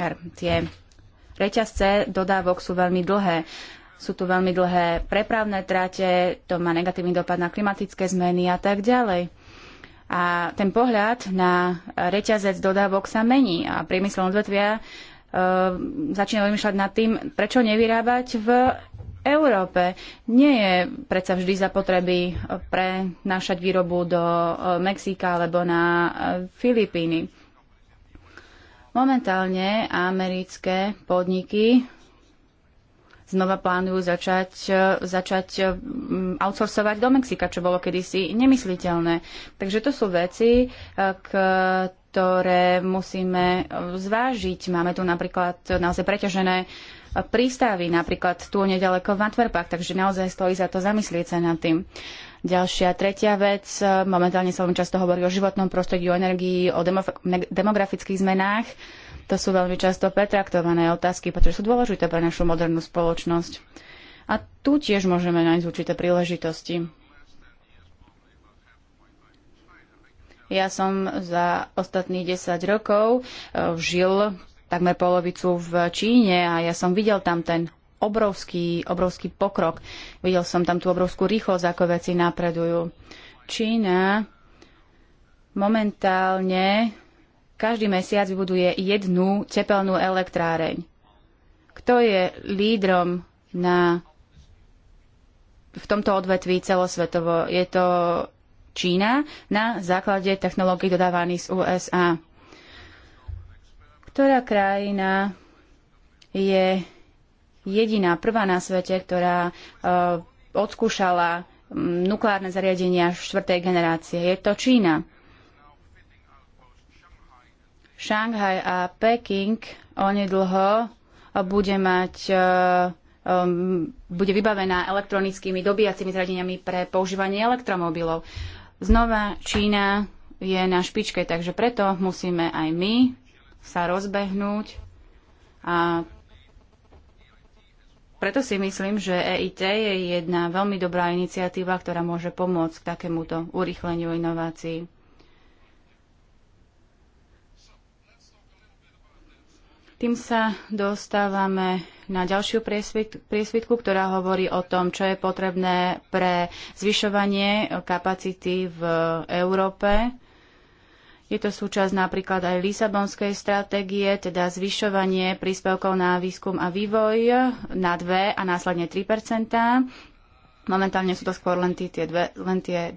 er, tie Reťazce dodávok sú veľmi dlhé. Sú tu veľmi dlhé prepravné trate, to má negatívny dopad na klimatické zmeny a tak ďalej. A ten pohľad na reťazec dodávok sa mení a priemysel odvetvia e, začína vymýšľať nad tým, prečo nevyrábať v Európe. Nie je predsa vždy zapotreby prenášať výrobu do e, Mexika alebo na e, Filipíny. Momentálne americké podniky znova plánujú začať, začať mm, outsourcovať do Mexika, čo bolo kedysi nemysliteľné. Takže to sú veci, e, ktoré musíme e, zvážiť. Máme tu napríklad naozaj preťažené e, prístavy, napríklad tu nedaleko v Antwerpách, takže naozaj stojí za to zamyslieť sa nad tým. Ďalšia, tretia vec, e, momentálne sa veľmi často hovorí o životnom prostredí, o energii, o demografických zmenách. To sú veľmi často pretraktované otázky, pretože sú dôležité pre našu modernú spoločnosť. A tu tiež môžeme nájsť určité príležitosti. Ja som za ostatných 10 rokov e, žil takmer polovicu v Číne a ja som videl tam ten obrovský, obrovský pokrok. Videl som tam tú obrovskú rýchlosť, ako veci napredujú. Čína momentálne každý mesiac vybuduje jednu tepelnú elektráreň. Kto je lídrom na, v tomto odvetví celosvetovo? Je to Čína na základe technológií dodávaných z USA. Ktorá krajina je jediná, prvá na svete, ktorá eh, odskúšala mm, nukleárne zariadenia štvrtej generácie. Je to Čína. Šanghaj a Peking onedlho bude mať eh, bude vybavená elektronickými dobíjacími zariadeniami pre používanie elektromobilov. Znova Čína je na špičke, takže preto musíme aj my sa rozbehnúť a preto si myslím, že EIT je jedna veľmi dobrá iniciatíva, ktorá môže pomôcť k takémuto urýchleniu inovácií. Tým sa dostávame na ďalšiu priesvitku, ktorá hovorí o tom, čo je potrebné pre zvyšovanie kapacity v Európe je to súčasť napríklad aj Lisabonskej stratégie, teda zvyšovanie príspevkov na výskum a vývoj na 2 a následne 3 Momentálne sú to skôr len, tie dve, len tie 2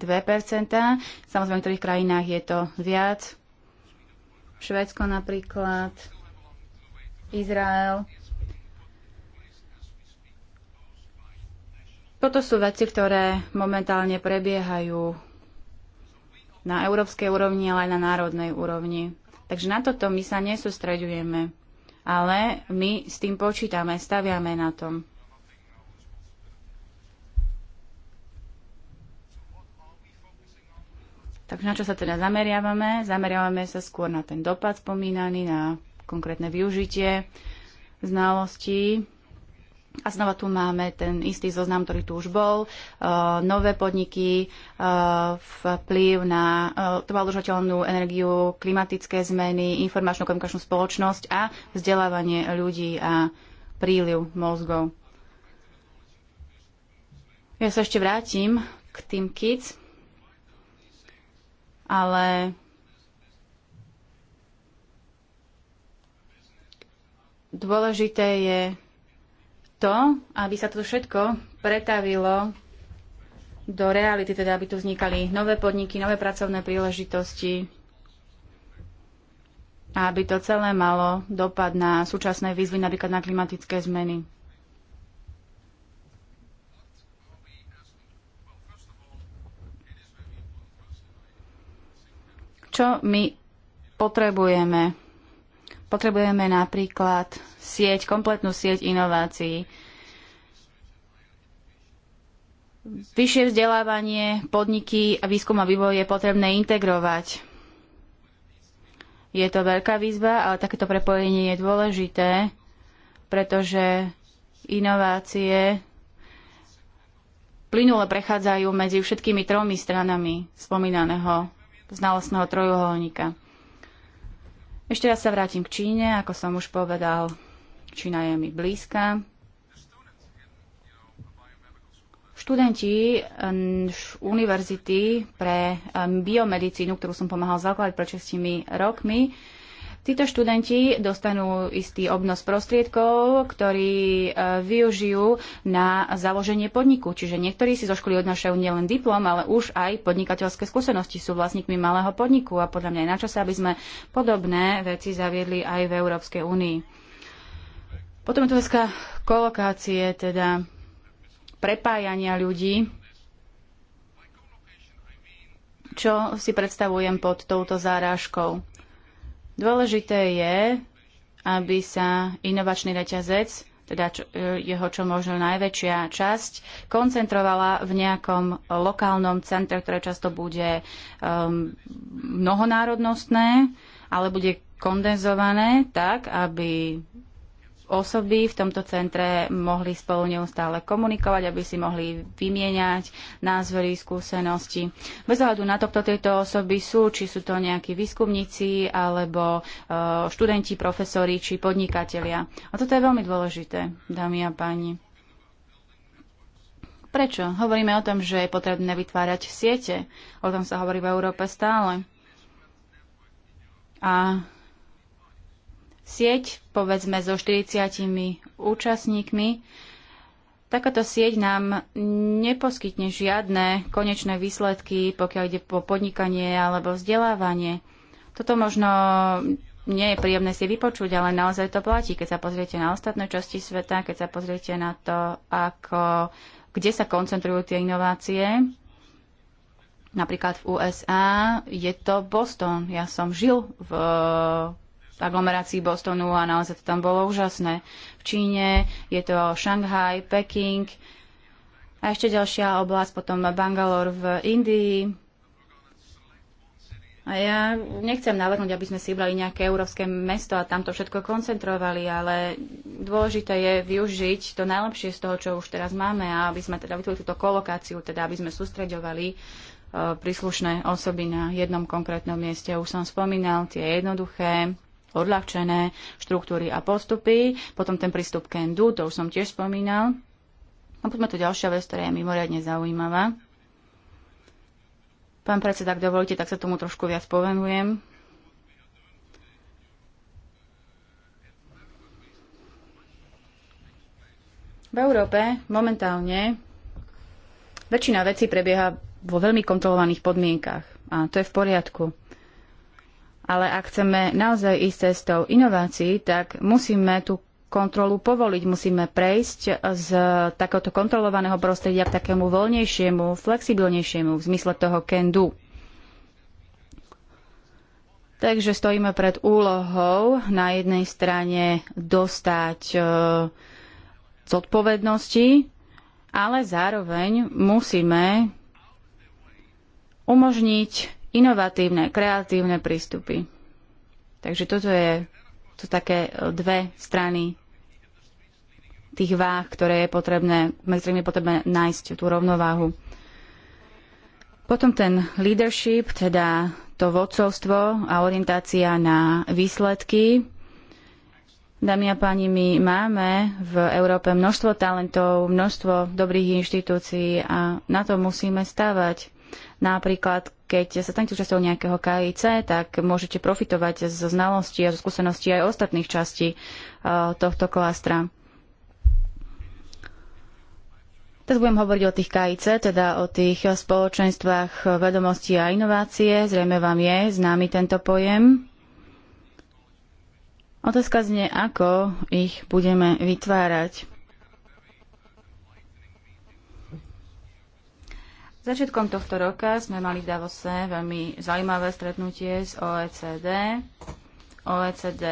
Samozrejme, v niektorých krajinách je to viac. Švédsko napríklad, Izrael. Toto sú veci, ktoré momentálne prebiehajú na európskej úrovni, ale aj na národnej úrovni. Takže na toto my sa nesústreďujeme, ale my s tým počítame, staviame na tom. Takže na čo sa teda zameriavame? Zameriavame sa skôr na ten dopad spomínaný, na konkrétne využitie znalostí a znova tu máme ten istý zoznam, ktorý tu už bol. Uh, nové podniky, uh, vplyv na uh, trvalodržateľnú energiu, klimatické zmeny, informačnú komunikačnú spoločnosť a vzdelávanie ľudí a príliv mozgov. Ja sa ešte vrátim k tým kids, ale dôležité je to, aby sa to všetko pretavilo do reality, teda aby tu vznikali nové podniky, nové pracovné príležitosti a aby to celé malo dopad na súčasné výzvy, napríklad na klimatické zmeny. Čo my potrebujeme? Potrebujeme napríklad sieť, kompletnú sieť inovácií. Vyššie vzdelávanie, podniky a výskum a vývoj je potrebné integrovať. Je to veľká výzva, ale takéto prepojenie je dôležité, pretože inovácie plynule prechádzajú medzi všetkými tromi stranami spomínaného znalostného trojuholníka. Ešte raz sa vrátim k Číne, ako som už povedal. Čína je mi blízka. Študenti univerzity pre biomedicínu, ktorú som pomáhal zakladať pred 6 rokmi, Títo študenti dostanú istý obnos prostriedkov, ktorí e, využijú na založenie podniku. Čiže niektorí si zo školy odnášajú nielen diplom, ale už aj podnikateľské skúsenosti sú vlastníkmi malého podniku a podľa mňa je na čase, aby sme podobné veci zaviedli aj v Európskej únii. Potom je to dneska kolokácie, teda prepájania ľudí. Čo si predstavujem pod touto zárážkou? Dôležité je, aby sa inovačný reťazec, teda čo, e, jeho čo možno najväčšia časť, koncentrovala v nejakom lokálnom centre, ktoré často bude um, mnohonárodnostné, ale bude kondenzované tak, aby osoby v tomto centre mohli spolu neustále komunikovať, aby si mohli vymieňať názory, skúsenosti. Bez ohľadu na to, kto tieto osoby sú, či sú to nejakí výskumníci, alebo e, študenti, profesori, či podnikatelia. A toto je veľmi dôležité, dámy a páni. Prečo? Hovoríme o tom, že je potrebné vytvárať siete. O tom sa hovorí v Európe stále. A sieť, povedzme so 40 účastníkmi. Takáto sieť nám neposkytne žiadne konečné výsledky, pokiaľ ide po podnikanie alebo vzdelávanie. Toto možno nie je príjemné si vypočuť, ale naozaj to platí, keď sa pozriete na ostatné časti sveta, keď sa pozriete na to, ako, kde sa koncentrujú tie inovácie. Napríklad v USA je to Boston. Ja som žil v aglomerácii Bostonu a naozaj to tam bolo úžasné. V Číne je to Šanghaj, Peking a ešte ďalšia oblasť, potom Bangalore v Indii. A ja nechcem navrhnúť, aby sme si vybrali nejaké európske mesto a tam to všetko koncentrovali, ale dôležité je využiť to najlepšie z toho, čo už teraz máme a aby sme teda vytvorili túto kolokáciu, teda aby sme sústreďovali e, príslušné osoby na jednom konkrétnom mieste. Už som spomínal tie jednoduché odľahčené štruktúry a postupy. Potom ten prístup k endu, to už som tiež spomínal. A poďme tu ďalšia vec, ktorá je mimoriadne zaujímavá. Pán predseda, ak dovolíte, tak sa tomu trošku viac povenujem. V Európe momentálne väčšina vecí prebieha vo veľmi kontrolovaných podmienkach. A to je v poriadku. Ale ak chceme naozaj ísť cestou inovácií, tak musíme tú kontrolu povoliť. Musíme prejsť z takéhoto kontrolovaného prostredia k takému voľnejšiemu, flexibilnejšiemu v zmysle toho can do. Takže stojíme pred úlohou na jednej strane dostať e, zodpovednosti, ale zároveň musíme umožniť inovatívne, kreatívne prístupy. Takže toto je to také e, dve strany tých váh, ktoré je potrebné, medzi ktorými je potrebné nájsť tú rovnováhu. Potom ten leadership, teda to vodcovstvo a orientácia na výsledky. Dámy a páni, my máme v Európe množstvo talentov, množstvo dobrých inštitúcií a na to musíme stávať. Napríklad, keď sa stanete súčasťou nejakého KIC, tak môžete profitovať zo znalostí a zo skúseností aj ostatných častí uh, tohto klastra. Teraz budem hovoriť o tých KIC, teda o tých spoločenstvách vedomosti a inovácie. Zrejme vám je známy tento pojem. Otázka znie, ako ich budeme vytvárať. Začiatkom tohto roka sme mali v Davose veľmi zaujímavé stretnutie s OECD. OECD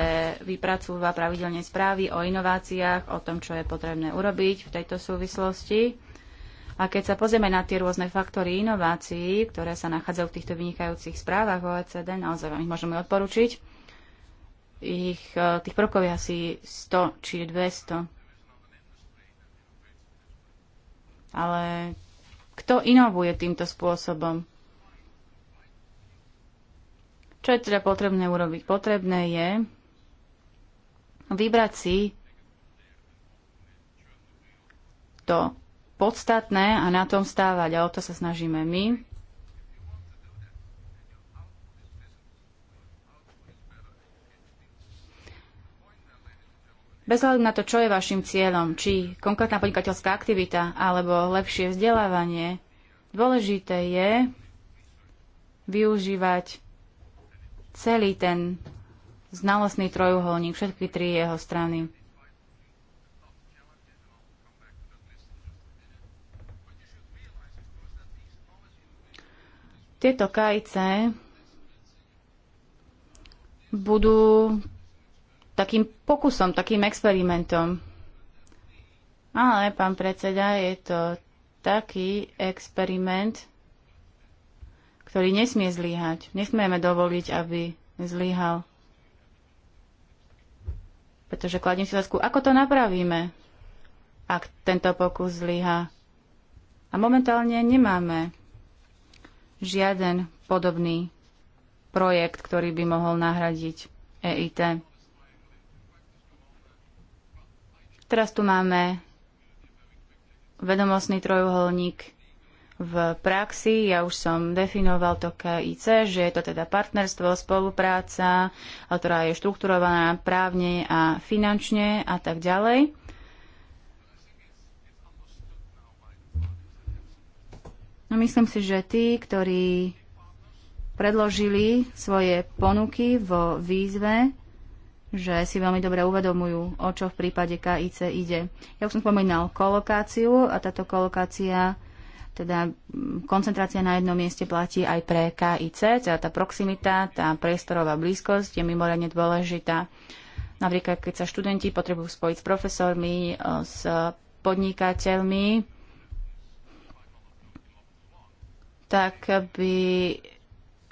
vypracúva pravidelne správy o inováciách, o tom, čo je potrebné urobiť v tejto súvislosti. A keď sa pozrieme na tie rôzne faktory inovácií, ktoré sa nachádzajú v týchto vynikajúcich správach OECD, naozaj vám ich môžeme odporučiť, ich, e, tých prvkov je asi 100 či 200. Ale kto inovuje týmto spôsobom. Čo je teda potrebné urobiť? Potrebné je vybrať si to podstatné a na tom stávať. A o to sa snažíme my. Bez hľadu na to, čo je vašim cieľom, či konkrétna podnikateľská aktivita alebo lepšie vzdelávanie, dôležité je využívať celý ten znalostný trojuholník, všetky tri jeho strany. Tieto kajce budú takým pokusom, takým experimentom. Ale, pán predseda, je to taký experiment, ktorý nesmie zlíhať. Nesmieme dovoliť, aby zlíhal. Pretože kladím si otázku, ako to napravíme, ak tento pokus zlyha. A momentálne nemáme žiaden podobný projekt, ktorý by mohol nahradiť EIT. Teraz tu máme vedomostný trojuholník v praxi. Ja už som definoval to KIC, že je to teda partnerstvo, spolupráca, ktorá je štrukturovaná právne a finančne a tak ďalej. No myslím si, že tí, ktorí predložili svoje ponuky vo výzve, že si veľmi dobre uvedomujú, o čo v prípade KIC ide. Ja už som spomínal kolokáciu a táto kolokácia, teda koncentrácia na jednom mieste platí aj pre KIC, teda tá proximita, tá priestorová blízkosť je mimoriadne dôležitá. Napríklad, keď sa študenti potrebujú spojiť s profesormi, e, s podnikateľmi, tak by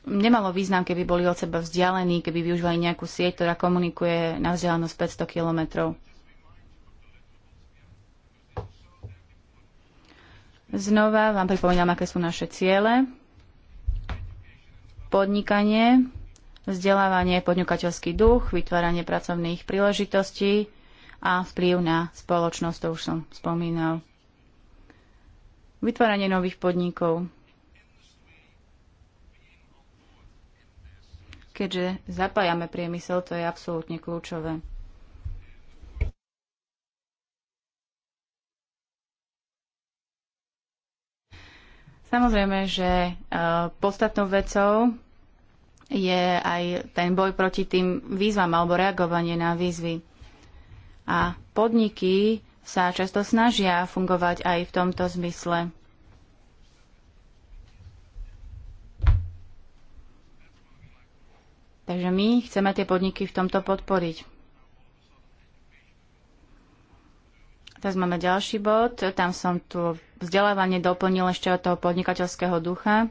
nemalo význam, keby boli od seba vzdialení, keby využívali nejakú sieť, ktorá komunikuje na vzdialenosť 500 kilometrov. Znova vám pripomínam, aké sú naše ciele. Podnikanie, vzdelávanie, podnikateľský duch, vytváranie pracovných príležitostí a vplyv na spoločnosť, to už som spomínal. Vytváranie nových podnikov, keďže zapájame priemysel, to je absolútne kľúčové. Samozrejme, že e, podstatnou vecou je aj ten boj proti tým výzvam alebo reagovanie na výzvy. A podniky sa často snažia fungovať aj v tomto zmysle. Takže my chceme tie podniky v tomto podporiť. Teraz máme ďalší bod. Tam som tu vzdelávanie doplnil ešte od toho podnikateľského ducha.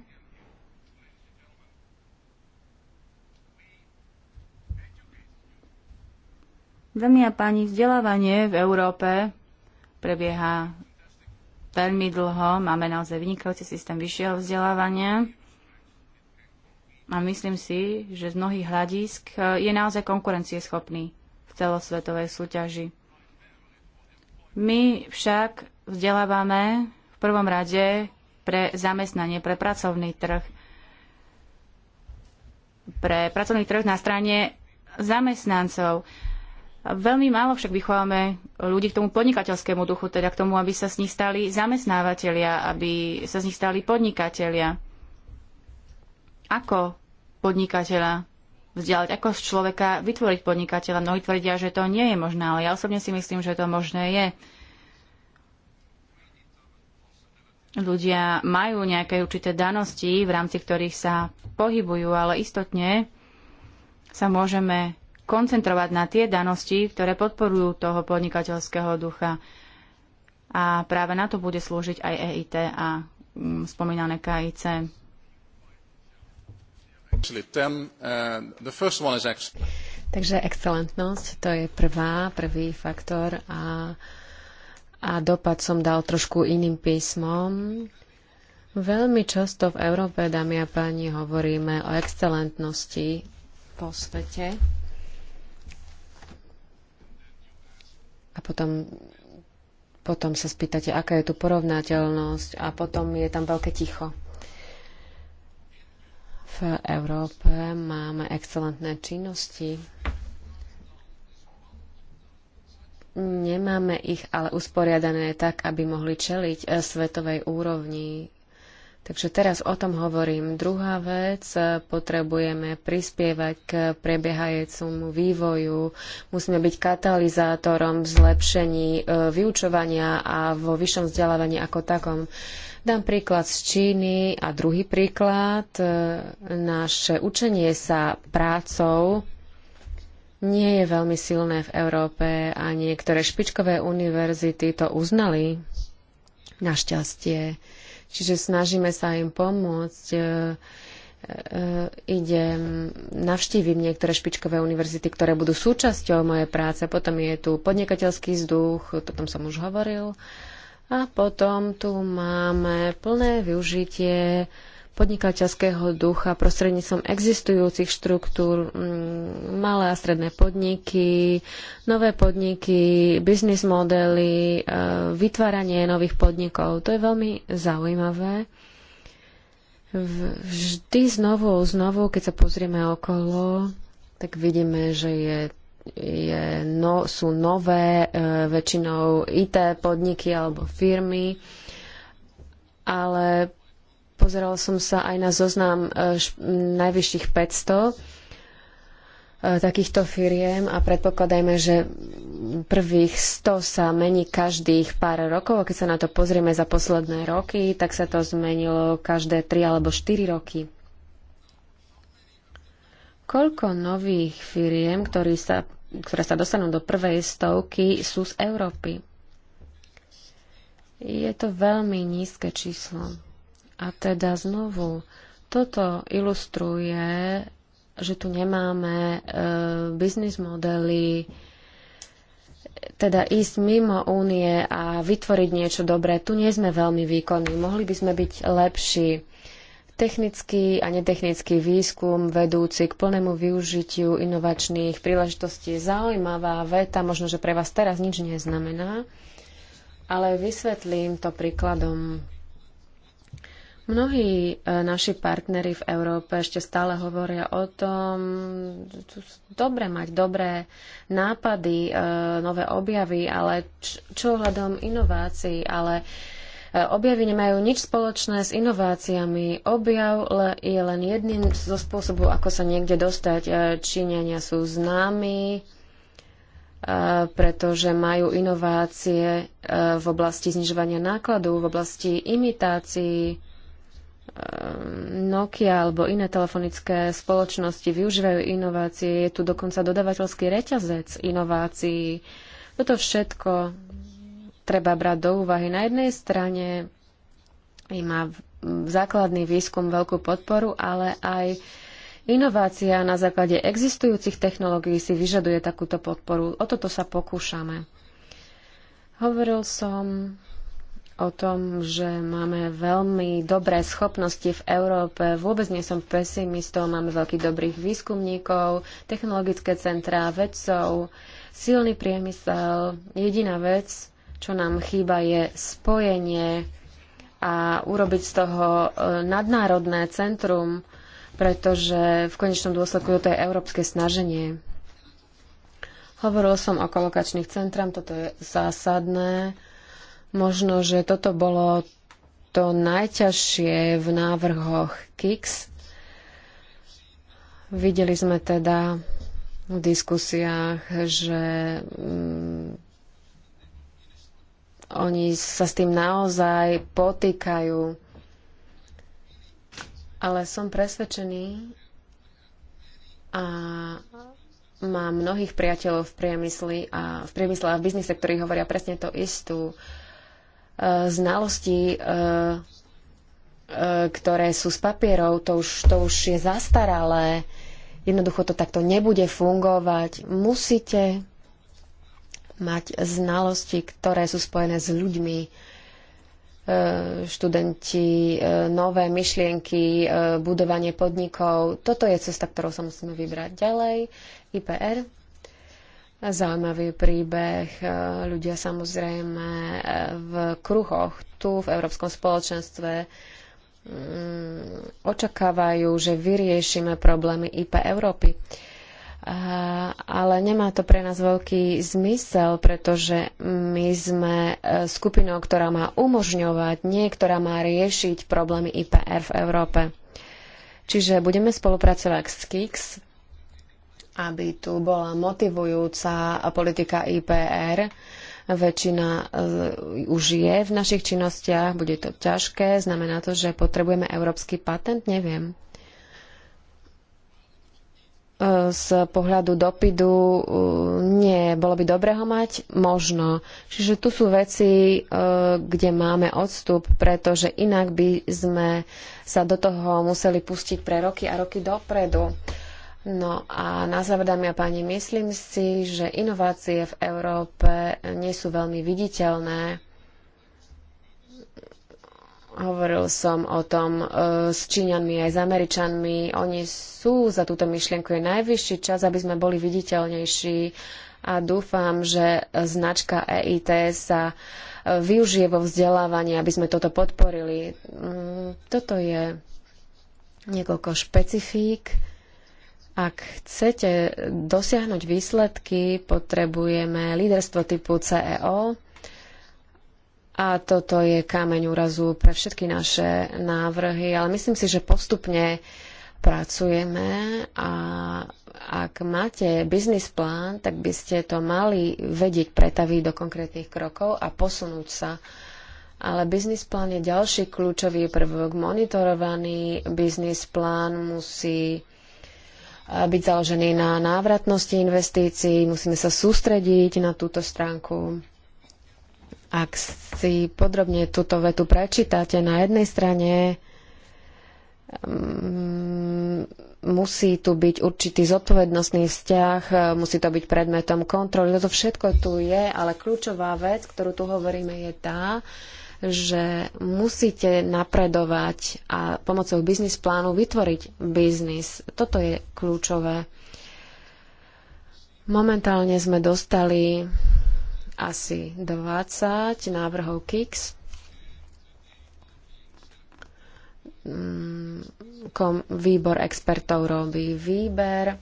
Dámy a páni, vzdelávanie v Európe prebieha veľmi dlho. Máme naozaj vynikajúci systém vyššieho vzdelávania a myslím si, že z mnohých hľadisk e, je naozaj konkurencieschopný v celosvetovej súťaži. My však vzdelávame v prvom rade pre zamestnanie, pre pracovný trh. Pre pracovný trh na strane zamestnancov. Veľmi málo však vychováme ľudí k tomu podnikateľskému duchu, teda k tomu, aby sa z nich stali zamestnávateľia, aby sa z nich stali podnikatelia ako podnikateľa vzdialať, ako z človeka vytvoriť podnikateľa. Mnohí tvrdia, že to nie je možné, ale ja osobne si myslím, že to možné je. Ľudia majú nejaké určité danosti, v rámci ktorých sa pohybujú, ale istotne sa môžeme koncentrovať na tie danosti, ktoré podporujú toho podnikateľského ducha. A práve na to bude slúžiť aj EIT a mm, spomínané KIC. Uh, Takže excelentnosť, to je prvá, prvý faktor a, a dopad som dal trošku iným písmom. Veľmi často v Európe, dámy a páni, hovoríme o excelentnosti po svete. A potom, potom sa spýtate, aká je tu porovnateľnosť a potom je tam veľké ticho. V Európe máme excelentné činnosti. Nemáme ich ale usporiadané tak, aby mohli čeliť e, svetovej úrovni Takže teraz o tom hovorím. Druhá vec, potrebujeme prispievať k prebiehajúcemu vývoju. Musíme byť katalizátorom v zlepšení e, vyučovania a vo vyššom vzdelávaní ako takom. Dám príklad z Číny a druhý príklad. E, naše učenie sa prácou nie je veľmi silné v Európe a niektoré špičkové univerzity to uznali. Našťastie Čiže snažíme sa im pomôcť. E, e, idem, navštívim niektoré špičkové univerzity, ktoré budú súčasťou mojej práce. Potom je tu podnikateľský vzduch, o tom som už hovoril. A potom tu máme plné využitie uh, podnikateľského ducha prostredníctvom existujúcich štruktúr, mm, malé a stredné podniky, nové podniky, biznis modely, e, vytváranie nových podnikov. To je veľmi zaujímavé. Vždy znovu, znovu, keď sa pozrieme okolo, tak vidíme, že je, je no, sú nové, e, väčšinou IT podniky alebo firmy, ale Pozeral som sa aj na zoznam e, najvyšších 500 e, takýchto firiem a predpokladajme, že prvých 100 sa mení každých pár rokov a keď sa na to pozrieme za posledné roky, tak sa to zmenilo každé 3 alebo 4 roky. Koľko nových firiem, ktorí sa, ktoré sa dostanú do prvej stovky, sú z Európy? Je to veľmi nízke číslo. A teda znovu, toto ilustruje, že tu nemáme e, biznis modely, teda ísť mimo únie a vytvoriť niečo dobré. Tu nie sme veľmi výkonní, mohli by sme byť lepší. Technický a netechnický výskum vedúci k plnému využitiu inovačných príležitostí zaujímavá veta, možno, že pre vás teraz nič neznamená, ale vysvetlím to príkladom Mnohí e, naši partnery v Európe ešte stále hovoria o tom, dobre mať dobré nápady, e, nové objavy, ale čo hľadom inovácií, ale e, objavy nemajú nič spoločné s inováciami. Objav je len jedným zo spôsobov, ako sa niekde dostať. Číňania sú známi, pretože majú inovácie v oblasti znižovania nákladov, v oblasti imitácií, Nokia alebo iné telefonické spoločnosti využívajú inovácie. Je tu dokonca dodavateľský reťazec inovácií. Toto všetko treba brať do úvahy. Na jednej strane má základný výskum veľkú podporu, ale aj inovácia na základe existujúcich technológií si vyžaduje takúto podporu. O toto sa pokúšame. Hovoril som o tom, že máme veľmi dobré schopnosti v Európe. Vôbec nie som pesimistom, máme veľkých dobrých výskumníkov, technologické centrá, vedcov, silný priemysel. Jediná vec, čo nám chýba, je spojenie a urobiť z toho e, nadnárodné centrum, pretože v konečnom dôsledku to je európske snaženie. Hovoril som o kolokačných centrám, toto je zásadné Možno, že toto bolo to najťažšie v návrhoch KIX. Videli sme teda v diskusiách, že mm, oni sa s tým naozaj potýkajú. Ale som presvedčený a mám mnohých priateľov v priemysle a v priemysle a v biznise, ktorí hovoria presne to istú. E, znalosti, e, e, ktoré sú z papierov, to už, to už je zastaralé. Jednoducho to takto nebude fungovať. Musíte mať znalosti, ktoré sú spojené s ľuďmi, študenti, nové myšlienky, budovanie podnikov. Toto je cesta, ktorou sa musíme vybrať ďalej. IPR zaujímavý príbeh. E, ľudia samozrejme e, v kruhoch tu v Európskom spoločenstve mm, očakávajú, že vyriešime problémy IP Európy. E, ale nemá to pre nás veľký zmysel, pretože my sme skupinou, ktorá má umožňovať, nie ktorá má riešiť problémy IPR v Európe. Čiže budeme spolupracovať s KIX, aby tu bola motivujúca politika IPR. Väčšina e, už je v našich činnostiach, bude to ťažké, znamená to, že potrebujeme európsky patent, neviem. E, z pohľadu dopidu e, nie, bolo by dobre ho mať? Možno. Čiže tu sú veci, kde máme odstup, pretože inak by sme sa do toho museli pustiť pre roky a roky dopredu. No a na záver, dámy a páni, myslím si, že inovácie v Európe nie sú veľmi viditeľné. Hovoril som o tom e, s Číňanmi aj s Američanmi. Oni sú za túto myšlienku. Je najvyšší čas, aby sme boli viditeľnejší a dúfam, že značka EIT sa e, využije vo vzdelávaní, aby sme toto podporili. Mm, toto je niekoľko špecifík ak chcete dosiahnuť výsledky, potrebujeme líderstvo typu CEO a toto je kameň úrazu pre všetky naše návrhy, ale myslím si, že postupne pracujeme a ak máte biznis plán, tak by ste to mali vedieť pretaviť do konkrétnych krokov a posunúť sa. Ale biznis plán je ďalší kľúčový prvok. Monitorovaný biznis plán musí byť založený na návratnosti investícií, musíme sa sústrediť na túto stránku. Ak si podrobne túto vetu prečítate, na jednej strane mm, musí tu byť určitý zodpovednostný vzťah, musí to byť predmetom kontroly. Toto všetko tu je, ale kľúčová vec, ktorú tu hovoríme, je tá, že musíte napredovať a pomocou biznis plánu vytvoriť biznis. Toto je kľúčové. Momentálne sme dostali asi 20 návrhov KIX. Mm, výbor expertov robí výber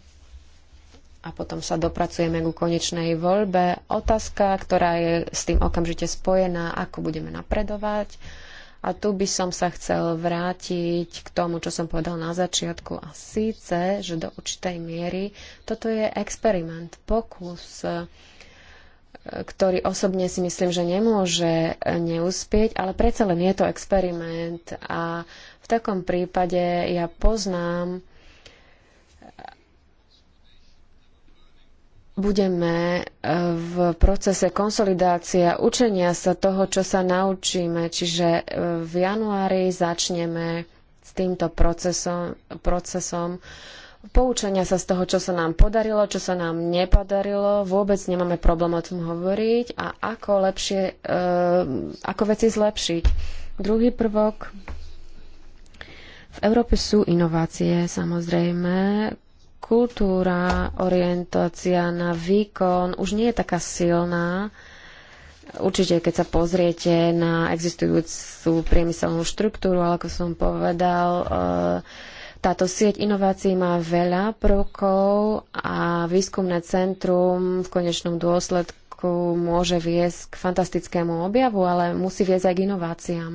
a potom sa dopracujeme ku konečnej voľbe. Otázka, ktorá je s tým okamžite spojená, ako budeme napredovať. A tu by som sa chcel vrátiť k tomu, čo som povedal na začiatku. A síce, že do určitej miery toto je experiment, pokus, e, ktorý osobne si myslím, že nemôže neúspieť, ale predsa len je to experiment. A v takom prípade ja poznám budeme e, v procese konsolidácie a učenia sa toho, čo sa naučíme. Čiže e, v januári začneme s týmto procesom, procesom poučenia sa z toho, čo sa nám podarilo, čo sa nám nepodarilo. Vôbec nemáme problém o tom hovoriť a ako, lepšie, e, ako veci zlepšiť. Druhý prvok. V Európe sú inovácie, samozrejme, kultúra, orientácia na výkon už nie je taká silná. Určite, keď sa pozriete na existujúcu priemyselnú štruktúru, ale ako som povedal, eh, táto sieť inovácií má veľa prvkov a výskumné centrum v konečnom dôsledku môže viesť k fantastickému objavu, ale musí viesť aj k inováciám.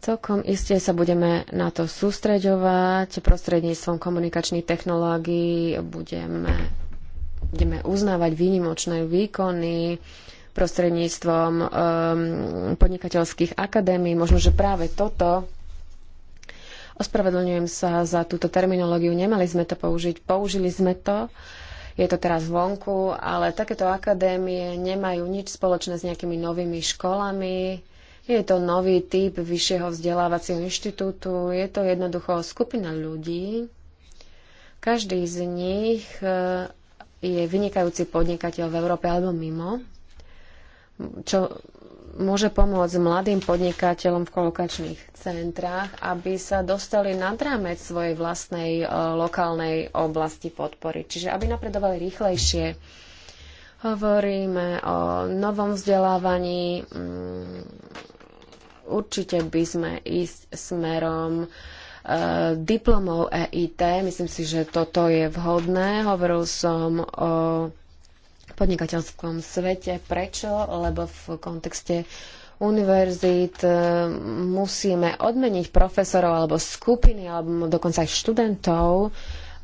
Celkom iste sa budeme na to sústreďovať prostredníctvom komunikačných technológií, budeme, budeme uznávať výnimočné výkony prostredníctvom um, podnikateľských akadémií. Možno, že práve toto Ospravedlňujem sa za túto terminológiu, nemali sme to použiť, použili sme to, je to teraz vonku, ale takéto akadémie nemajú nič spoločné s nejakými novými školami, je to nový typ vyššieho vzdelávacieho inštitútu, je to jednoducho skupina ľudí. Každý z nich eh, je vynikajúci podnikateľ v Európe alebo mimo, čo môže pomôcť mladým podnikateľom v kolokačných centrách, aby sa dostali nad rámec svojej vlastnej eh, lokálnej oblasti podpory, čiže aby napredovali rýchlejšie. Hovoríme o novom vzdelávaní, mm, Určite by sme ísť smerom e, diplomov EIT. Myslím si, že toto je vhodné. Hovoril som o podnikateľskom svete. Prečo? Lebo v kontexte univerzít e, musíme odmeniť profesorov alebo skupiny, alebo dokonca aj študentov,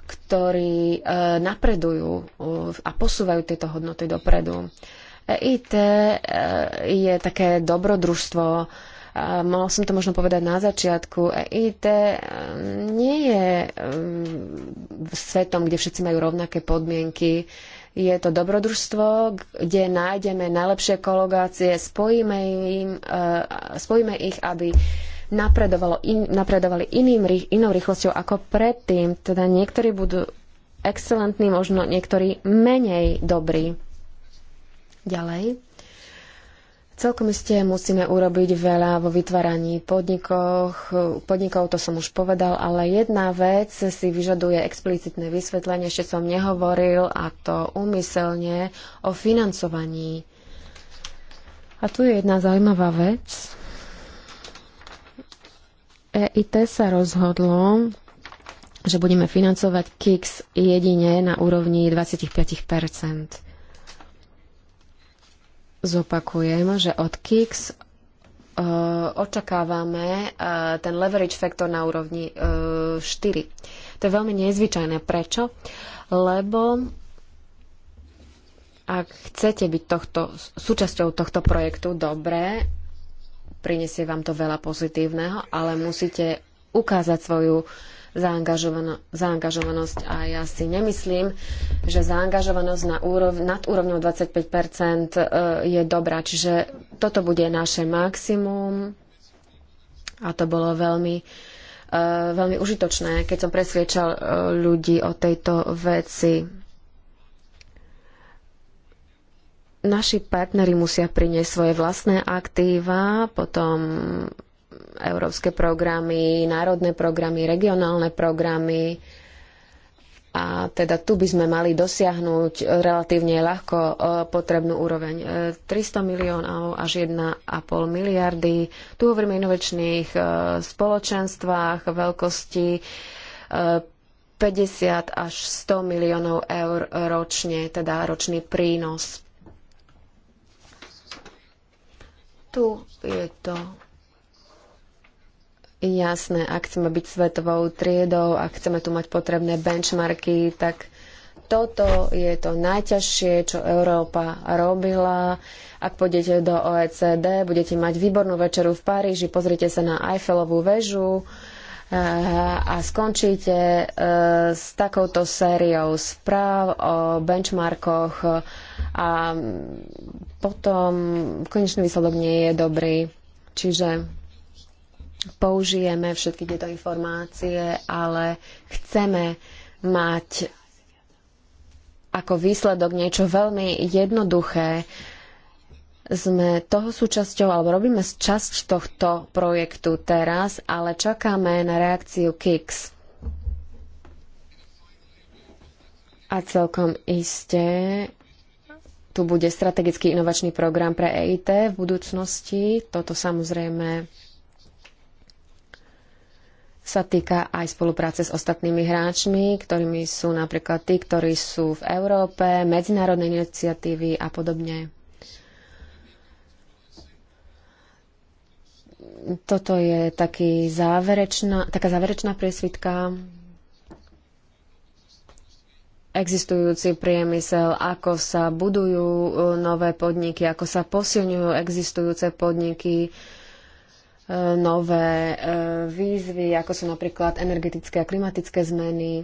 ktorí e, napredujú a posúvajú tieto hodnoty dopredu. EIT je také dobrodružstvo, mohla som to možno povedať na začiatku. E IT e, nie je e, svetom, kde všetci majú rovnaké podmienky. Je to dobrodružstvo, kde nájdeme najlepšie kologácie, spojíme, im, spojíme ich, aby napredovalo in, napredovali iným, inou rýchlosťou ako predtým. Teda niektorí budú excelentní, možno niektorí menej dobrí. Ďalej. Celkom ste musíme urobiť veľa vo vytváraní podnikoch. Podnikov to som už povedal, ale jedna vec si vyžaduje explicitné vysvetlenie, ešte som nehovoril, a to úmyselne o financovaní. A tu je jedna zaujímavá vec. EIT sa rozhodlo, že budeme financovať KIX jedine na úrovni 25 Zopakujem, že od KIX e, očakávame e, ten leverage factor na úrovni 4. E, to je veľmi nezvyčajné. Prečo? Lebo ak chcete byť tohto, súčasťou tohto projektu, dobre, prinesie vám to veľa pozitívneho, ale musíte ukázať svoju uh, zaangažovanosť a ja si nemyslím, že zaangažovanosť na úrov, nad úrovňou 25% e, je dobrá. Čiže toto bude naše maximum a to bolo veľmi e, veľmi užitočné, keď som presviečal e, ľudí o tejto veci. Naši partneri musia priniesť svoje vlastné aktíva, potom európske programy, národné programy, regionálne programy. A teda tu by sme mali dosiahnuť relatívne ľahko e, potrebnú úroveň. 300 e, miliónov až 1,5 miliardy. Tu hovoríme o inovečných e, spoločenstvách veľkosti 50 až 100 miliónov eur ročne, teda ročný prínos. Tu je to jasné, ak chceme byť svetovou triedou, ak chceme tu mať potrebné benchmarky, tak toto je to najťažšie, čo Európa robila. Ak pôjdete do OECD, budete mať výbornú večeru v Paríži, pozrite sa na Eiffelovú väžu eh, a skončíte eh, s takouto sériou správ o benchmarkoch a mm, potom konečný výsledok nie je dobrý. Čiže použijeme všetky tieto informácie, ale chceme mať ako výsledok niečo veľmi jednoduché. Sme toho súčasťou, alebo robíme časť tohto projektu teraz, ale čakáme na reakciu KIX. A celkom isté tu bude strategický inovačný program pre EIT v budúcnosti. Toto samozrejme sa týka aj spolupráce s ostatnými hráčmi, ktorými sú napríklad tí, ktorí sú v Európe, medzinárodné iniciatívy a podobne. Toto je taký záverečná, taká záverečná priesvitka. Existujúci priemysel, ako sa budujú uh, nové podniky, ako sa posilňujú existujúce podniky, uh, E, nové e, výzvy, ako sú napríklad energetické a klimatické zmeny,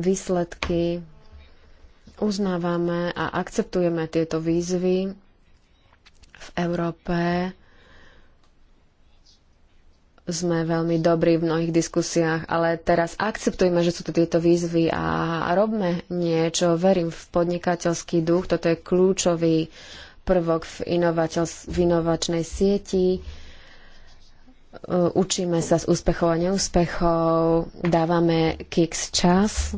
výsledky. Uznávame a akceptujeme tieto výzvy v Európe sme veľmi dobrí v mnohých diskusiách, ale teraz akceptujme, že sú tu tieto výzvy a robme niečo. Verím v podnikateľský duch, toto je kľúčový prvok v, v inovačnej sieti. Uh, učíme sa z úspechov a neúspechov, dávame Kix čas,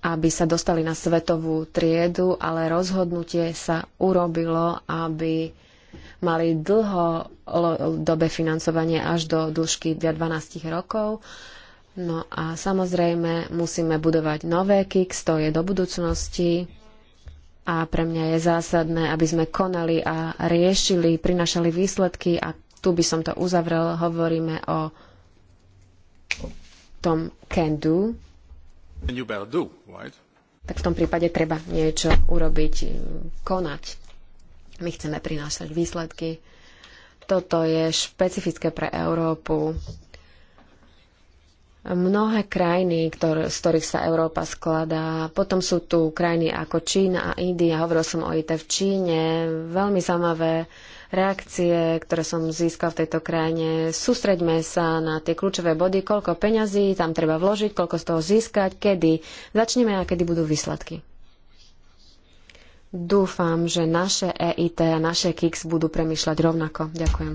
aby sa dostali na svetovú triedu, ale rozhodnutie sa urobilo, aby mali dlho dobe financovanie až do dĺžky 12 rokov. No a samozrejme musíme budovať nové KIX, to je do budúcnosti a pre mňa je zásadné, aby sme konali a riešili, prinašali výsledky a tu by som to uzavrel, hovoríme o tom can do. And you better do, right? Tak v tom prípade treba niečo urobiť, konať. My chceme prinášať výsledky. Toto je špecifické pre Európu. Mnohé krajiny, ktor- z ktorých sa Európa skladá, potom sú tu krajiny ako Čína a India, hovoril som o IT v Číne, veľmi zaujímavé reakcie, ktoré som získal v tejto krajine. Sústreďme sa na tie kľúčové body, koľko peňazí tam treba vložiť, koľko z toho získať, kedy začneme a kedy budú výsledky. Dúfam, že naše EIT a naše KIX budú premýšľať rovnako. Ďakujem.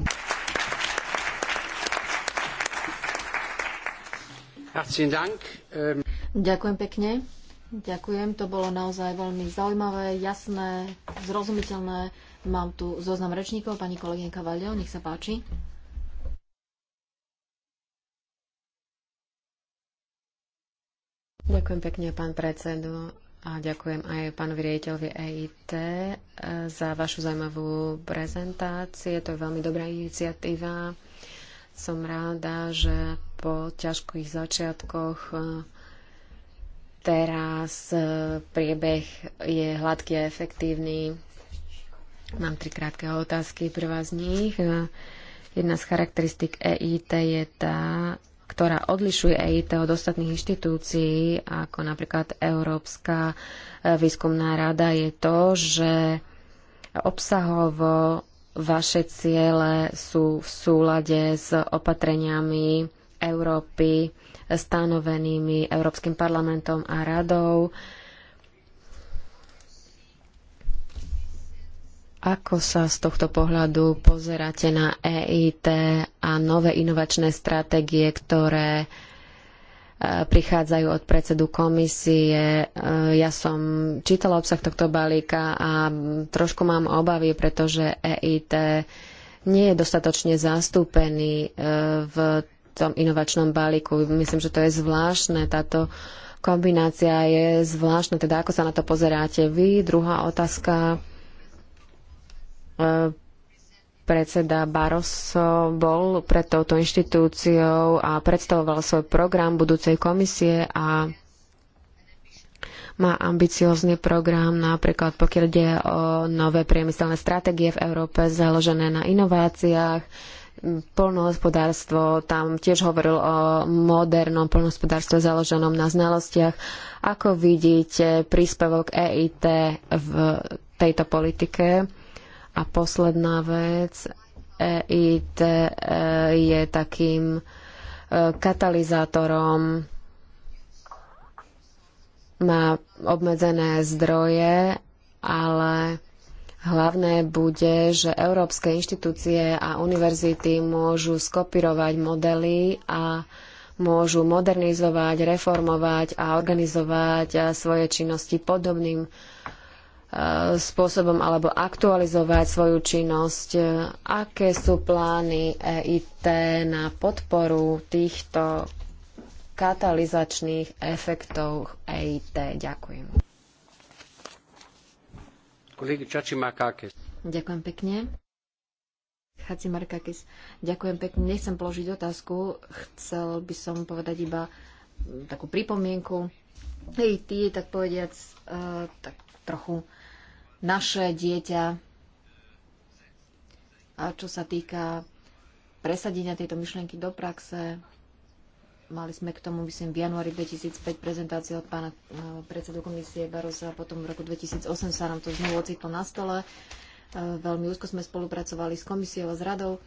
Ähm, Ďakujem pekne. Ďakujem, to bolo naozaj veľmi zaujímavé, jasné, zrozumiteľné Mám tu zoznam rečníkov, pani kolegyňa Valio, nech sa páči. Ďakujem pekne, pán predsedu. A ďakujem aj pánovi riaditeľovi EIT e, za vašu zaujímavú prezentáciu. To je veľmi dobrá iniciatíva. Som ráda, že po ťažkých začiatkoch e, teraz e, priebeh je hladký a efektívny. Mám tri krátke otázky. Prvá z nich. E, jedna z charakteristik EIT je tá, ktorá odlišuje EIT od ostatných inštitúcií, ako napríklad Európska e, výskumná rada, je to, že obsahovo vaše ciele sú v súlade s opatreniami Európy stanovenými Európskym parlamentom a radou Ako sa z tohto pohľadu pozeráte na EIT a nové inovačné stratégie, ktoré e, prichádzajú od predsedu komisie. E, ja som čítala obsah tohto balíka a trošku mám obavy, pretože EIT nie je dostatočne zastúpený e, v tom inovačnom balíku. Myslím, že to je zvláštne. Táto kombinácia je zvláštna. Teda ako sa na to pozeráte vy? Druhá otázka Predseda Barroso bol pred touto inštitúciou a predstavoval svoj program budúcej komisie a má ambiciózny program, napríklad pokiaľ ide o nové priemyselné stratégie v Európe založené na inováciách, polnohospodárstvo, tam tiež hovoril o modernom polnohospodárstve založenom na znalostiach. Ako vidíte príspevok EIT v tejto politike? A posledná vec, EIT e, je takým e, katalizátorom má obmedzené zdroje, ale hlavné bude, že európske inštitúcie a univerzity môžu skopirovať modely a môžu modernizovať, reformovať a organizovať e, svoje činnosti podobným spôsobom alebo aktualizovať svoju činnosť. Aké sú plány EIT na podporu týchto katalizačných efektov EIT? Ďakujem. Ďakujem pekne. Ďakujem pekne. Nechcem položiť otázku. Chcel by som povedať iba takú pripomienku. Hej, ty, tak povediac, uh, tak trochu naše dieťa. A čo sa týka presadenia tejto myšlienky do praxe, mali sme k tomu, myslím, v januári 2005 prezentáciu od pána e, predsedu komisie Barosa a potom v roku 2008 sa nám to znovu ocitlo na stole. E, veľmi úzko sme spolupracovali s komisiou a s radou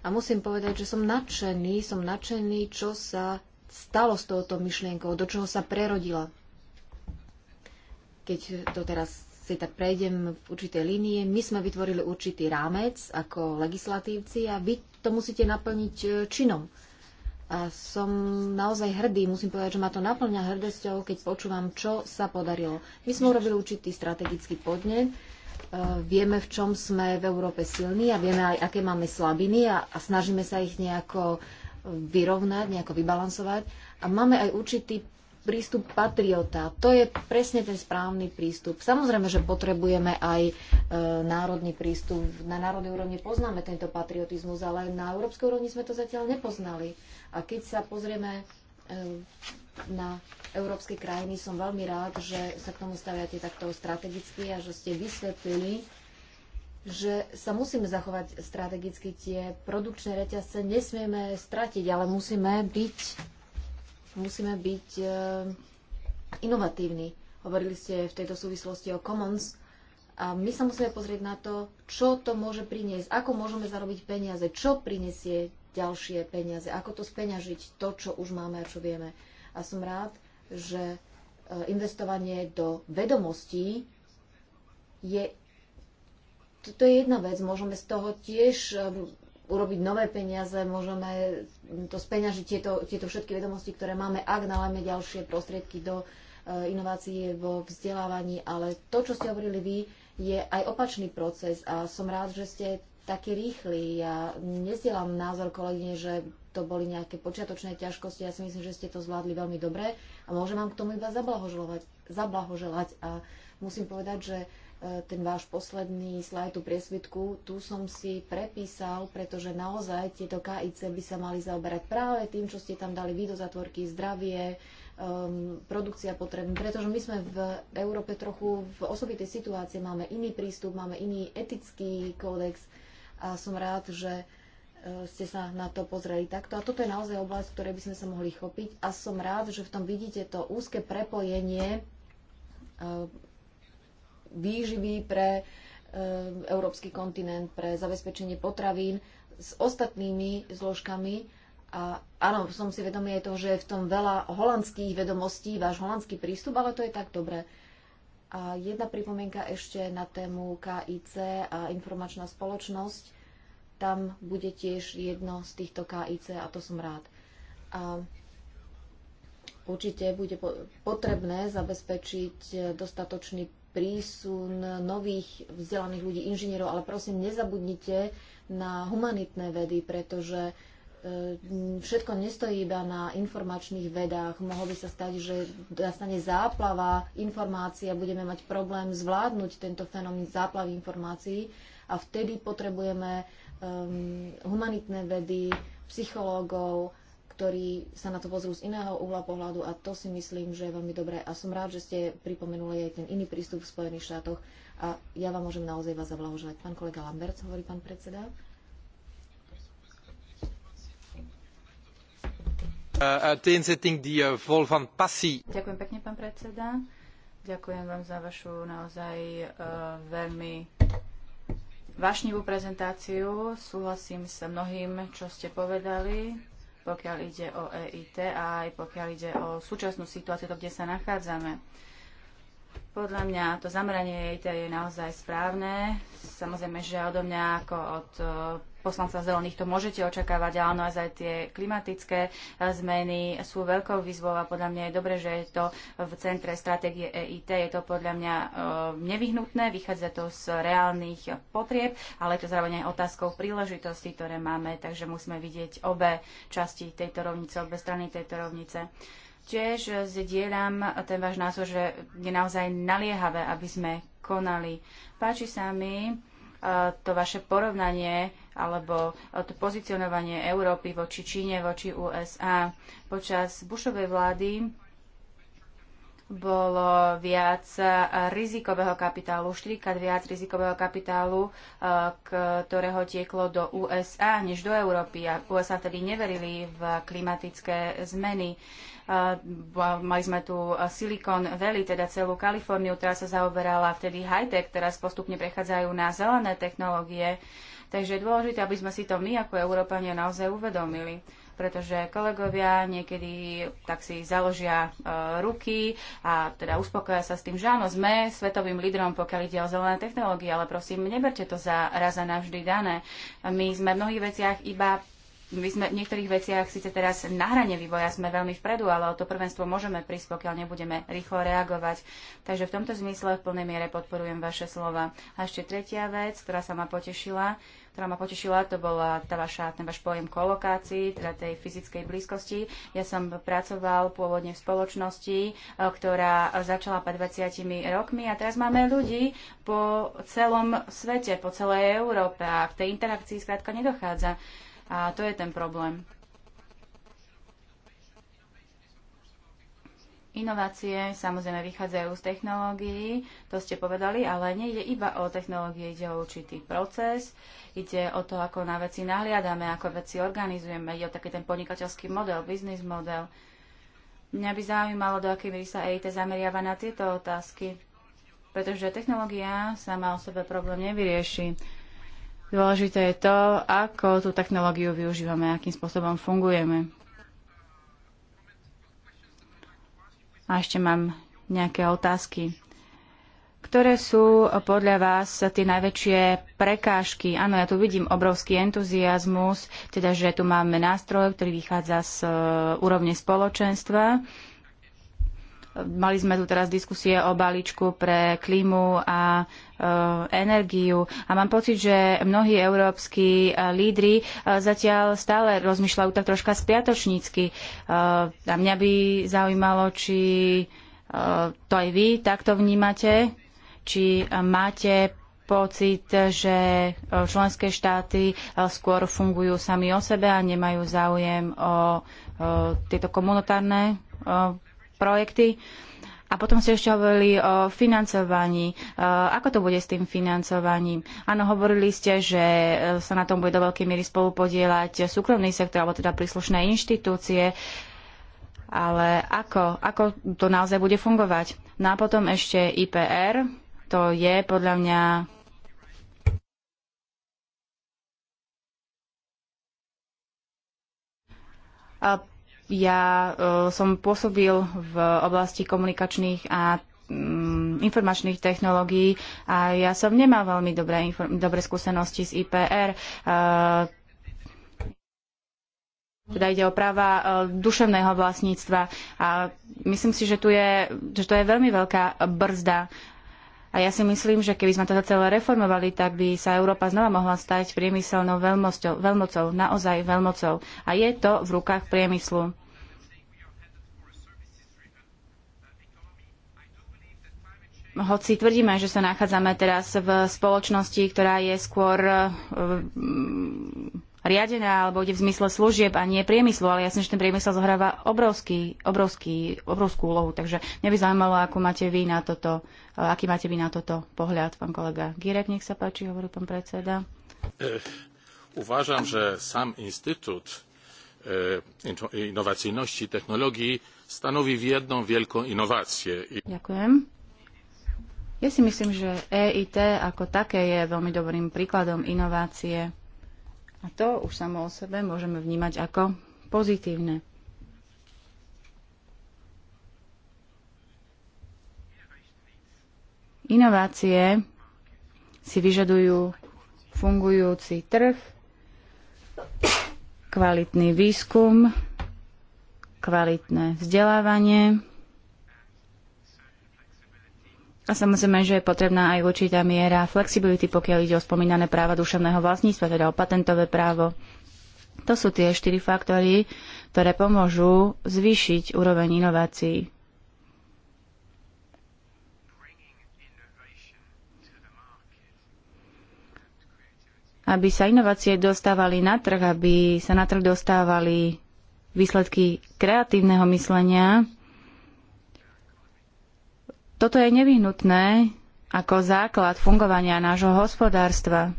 a musím povedať, že som nadšený, som nadšený, čo sa stalo s touto myšlienkou, do čoho sa prerodila. Keď to teraz si tak prejdem v určitej línie. My sme vytvorili určitý rámec ako legislatívci a vy to musíte naplniť e, činom. A som naozaj hrdý, musím povedať, že ma to naplňa hrdosťou, keď počúvam, čo sa podarilo. My sme urobili určitý strategický podnet, e, vieme, v čom sme v Európe silní a vieme aj, aké máme slabiny a, a snažíme sa ich nejako vyrovnať, nejako vybalansovať. A máme aj určitý prístup patriota. To je presne ten správny prístup. Samozrejme, že potrebujeme aj e, národný prístup. Na národnej úrovni poznáme tento patriotizmus, ale na európskej úrovni sme to zatiaľ nepoznali. A keď sa pozrieme e, na európske krajiny, som veľmi rád, že sa k tomu staviate takto strategicky a že ste vysvetlili, že sa musíme zachovať strategicky tie produkčné reťazce, nesmieme stratiť, ale musíme byť musíme byť eh, inovatívni. Hovorili ste v tejto súvislosti o commons a my sa musíme pozrieť na to, čo to môže priniesť, ako môžeme zarobiť peniaze, čo prinesie ďalšie peniaze, ako to speňažiť, to, čo už máme a čo vieme. A som rád, že eh, investovanie do vedomostí je to, je jedna vec, môžeme z toho tiež eh, urobiť nové peniaze, môžeme to speňažiť tieto, tieto všetky vedomosti, ktoré máme, ak nalajme ďalšie prostriedky do eh, inovácií vo vzdelávaní, ale to, čo ste hovorili vy, je aj opačný proces a som rád, že ste taký rýchly. Ja nezdielam názor kolegyne, že to boli nejaké počiatočné ťažkosti. Ja si myslím, že ste to zvládli veľmi dobre a môžem vám k tomu iba zablahoželať. zablahoželať. A musím povedať, že E, ten váš posledný slajd, tú priesvitku, tu som si prepísal, pretože naozaj tieto KIC by sa mali zaoberať práve tým, čo ste tam dali vy do zatvorky, zdravie, um, produkcia potrebná, pretože my sme v Európe trochu v osobitej situácii, máme iný prístup, máme iný etický kódex a som rád, že e, ste sa na to pozreli takto. A toto je naozaj oblasť, ktorej by sme sa mohli chopiť. A som rád, že v tom vidíte to úzke prepojenie e, výživy pre e, európsky kontinent, pre zabezpečenie potravín s ostatnými zložkami. A áno, som si vedomý aj toho, že je v tom veľa holandských vedomostí, váš holandský prístup, ale to je tak dobré. A jedna pripomienka ešte na tému KIC a informačná spoločnosť. Tam bude tiež jedno z týchto KIC a to som rád. A určite bude potrebné zabezpečiť e, dostatočný prísun nových vzdelaných ľudí, inžinierov, ale prosím, nezabudnite na humanitné vedy, pretože e, všetko nestojí iba na informačných vedách. Mohlo by sa stať, že nastane záplava informácií a budeme mať problém zvládnuť tento fenomén záplavy informácií a vtedy potrebujeme um, humanitné vedy, psychológov, ktorí sa na to pozrú z iného uhla pohľadu a to si myslím, že je veľmi dobré. A som rád, že ste pripomenuli aj ten iný prístup v Spojených štátoch a ja vám môžem naozaj vás zablahoželať. Pán kolega Lambert, hovorí pán predseda. Eh, eh, eh, Ďakujem pekne, pán predseda. Ďakujem vám za vašu naozaj veľmi vášnivú prezentáciu. Súhlasím sa mnohým, čo ste povedali pokiaľ ide o EIT a aj pokiaľ ide o súčasnú situáciu, to, kde sa nachádzame. Podľa mňa to zameranie EIT je naozaj správne. Samozrejme, že odo mňa ako od poslanca zelených to môžete očakávať, ale aj tie klimatické e, zmeny sú veľkou výzvou a podľa mňa je dobre, že je to v centre stratégie EIT. Je to podľa mňa e, nevyhnutné, vychádza to z reálnych potrieb, ale je to zároveň aj otázkou príležitosti, ktoré máme, takže musíme vidieť obe časti tejto rovnice, obe strany tejto rovnice. Tiež e, zdieľam ten váš názor, že je naozaj naliehavé, aby sme konali. Páči sa mi to vaše porovnanie alebo eh, to pozicionovanie Európy voči Číne, voči USA. Počas Bushovej vlády bolo viac eh, rizikového kapitálu, štyrikrát viac rizikového kapitálu, eh, ktorého tieklo do USA než do Európy. A USA tedy neverili v klimatické zmeny. Mali sme tu Silicon Valley, teda celú Kaliforniu, ktorá sa zaoberala vtedy high-tech, teraz postupne prechádzajú na zelené technológie. Takže je dôležité, aby sme si to my ako Európania naozaj uvedomili pretože kolegovia niekedy tak si založia e, ruky a teda uspokoja sa s tým, že áno, sme svetovým lídrom, pokiaľ ide o zelené technológie, ale prosím, neberte to za raz a navždy dané. My sme v mnohých veciach iba my sme v niektorých veciach síce teraz na hrane vývoja sme veľmi vpredu, ale o to prvenstvo môžeme prísť, pokiaľ nebudeme rýchlo reagovať. Takže v tomto zmysle v plnej miere podporujem vaše slova. A ešte tretia vec, ktorá sa ma potešila, ktorá ma potešila, to bola tá vaša, ten váš pojem kolokácii, teda tej fyzickej blízkosti. Ja som pracoval pôvodne v spoločnosti, e, ktorá začala pred 20 rokmi a teraz máme ľudí po celom svete, po celej Európe a v tej interakcii skrátka nedochádza. A to je ten problém. Inovácie samozrejme vychádzajú z technológií, to ste povedali, ale nie ide iba o technológie, ide o určitý proces, ide o to, ako na veci nahliadame, ako veci organizujeme, ide o taký ten podnikateľský model, biznis model. Mňa by zaujímalo, do akej miery sa EIT zameriava na tieto otázky, pretože technológia sama o sebe problém nevyrieši Dôležité je to, ako tú technológiu využívame, akým spôsobom fungujeme. A ešte mám nejaké otázky. Ktoré sú podľa vás tie najväčšie prekážky? Áno, ja tu vidím obrovský entuziasmus, teda že tu máme nástroj, ktorý vychádza z uh, úrovne spoločenstva. Mali sme tu teraz diskusie o balíčku pre klímu a e, energiu a mám pocit, že mnohí európsky e, lídry e, zatiaľ stále rozmýšľajú tak troška spiatočnícky. a mňa by zaujímalo, či to aj vy takto vnímate, či máte pocit, že členské štáty skôr fungujú sami o sebe a nemajú záujem o, o tieto komunitárne projekty. A potom ste ešte hovorili o financovaní. E, ako to bude s tým financovaním? Áno, hovorili ste, že e, sa na tom bude do veľkej miery spolupodielať súkromný sektor, alebo teda príslušné inštitúcie. Ale ako, ako to naozaj bude fungovať? No a potom ešte IPR. To je podľa mňa ja e, som pôsobil v oblasti komunikačných a mm, informačných technológií a ja som nemal veľmi dobré, dobré skúsenosti z IPR. E, teda ide o práva e, duševného vlastníctva a myslím si, že, tu je, že to je veľmi veľká brzda a ja si myslím, že keby sme toto celé reformovali, tak by sa Európa znova mohla stať priemyselnou veľmocou, veľmocou naozaj veľmocou. A je to v rukách priemyslu. hoci tvrdíme, že sa nachádzame teraz v spoločnosti, ktorá je skôr eh, riadená alebo ide v zmysle služieb a nie priemyslu, ale myslím, že ten priemysel zohráva obrovský, obrovský, obrovskú úlohu. Takže mňa by zaujímalo, ako máte vy na toto, eh, aký máte vy na toto pohľad, pán kolega Girek, nech sa páči, hovorí pán predseda. E, eh, uvážam, že sám instytút e, eh, innowacyjności technológií stanoví jedną wielką innowację. Ďakujem. Ja si myslím, že EIT ako také je veľmi dobrým príkladom inovácie a to už samo o sebe môžeme vnímať ako pozitívne. Inovácie si vyžadujú fungujúci trh, kvalitný výskum, kvalitné vzdelávanie, a samozrejme, že je potrebná aj určitá miera flexibility, pokiaľ ide o spomínané práva duševného vlastníctva, teda o patentové právo. To sú tie štyri faktory, ktoré pomôžu zvýšiť úroveň inovácií. Aby sa inovácie dostávali na trh, aby sa na trh dostávali výsledky kreatívneho myslenia, toto je nevyhnutné ako základ fungovania nášho hospodárstva.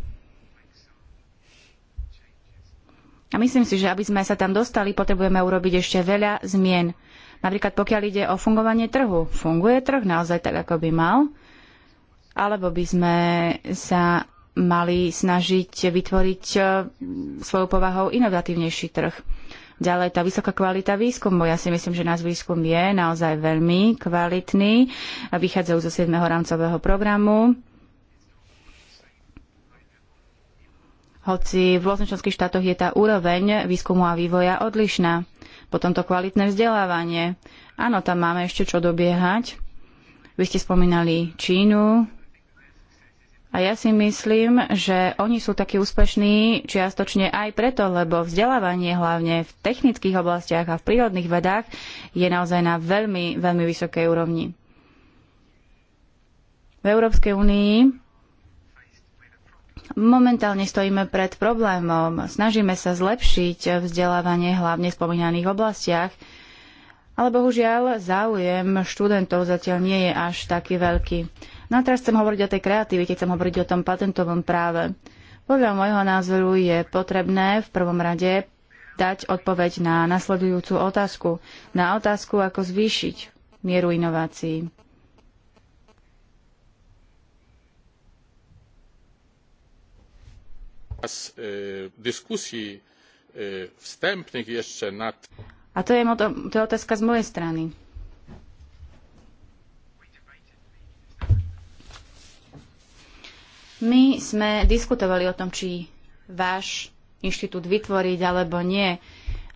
A myslím si, že aby sme sa tam dostali, potrebujeme urobiť ešte veľa zmien. Napríklad pokiaľ ide o fungovanie trhu. Funguje trh naozaj tak, ako by mal? Alebo by sme sa mali snažiť vytvoriť e, svojou povahou inovatívnejší trh? Ďalej tá vysoká kvalita výskumu. Ja si myslím, že náš výskum je naozaj veľmi kvalitný. Vychádzajú zo 7. rámcového programu. Hoci v rôznych štátoch je tá úroveň výskumu a vývoja odlišná. Potom to kvalitné vzdelávanie. Áno, tam máme ešte čo dobiehať. Vy ste spomínali Čínu, a ja si myslím, že oni sú takí úspešní čiastočne aj preto, lebo vzdelávanie hlavne v technických oblastiach a v prírodných vedách je naozaj na veľmi, veľmi vysokej úrovni. V Európskej únii momentálne stojíme pred problémom. Snažíme sa zlepšiť vzdelávanie hlavne v spomínaných oblastiach, ale bohužiaľ záujem študentov zatiaľ nie je až taký veľký. No a teraz chcem hovoriť o tej kreativite, chcem hovoriť o tom patentovom práve. Podľa môjho názoru je potrebné v prvom rade dať odpoveď na nasledujúcu otázku. Na otázku, ako zvýšiť mieru inovácií. E, e, a to je, to je otázka z mojej strany. My sme diskutovali o tom, či váš inštitút vytvoriť alebo nie.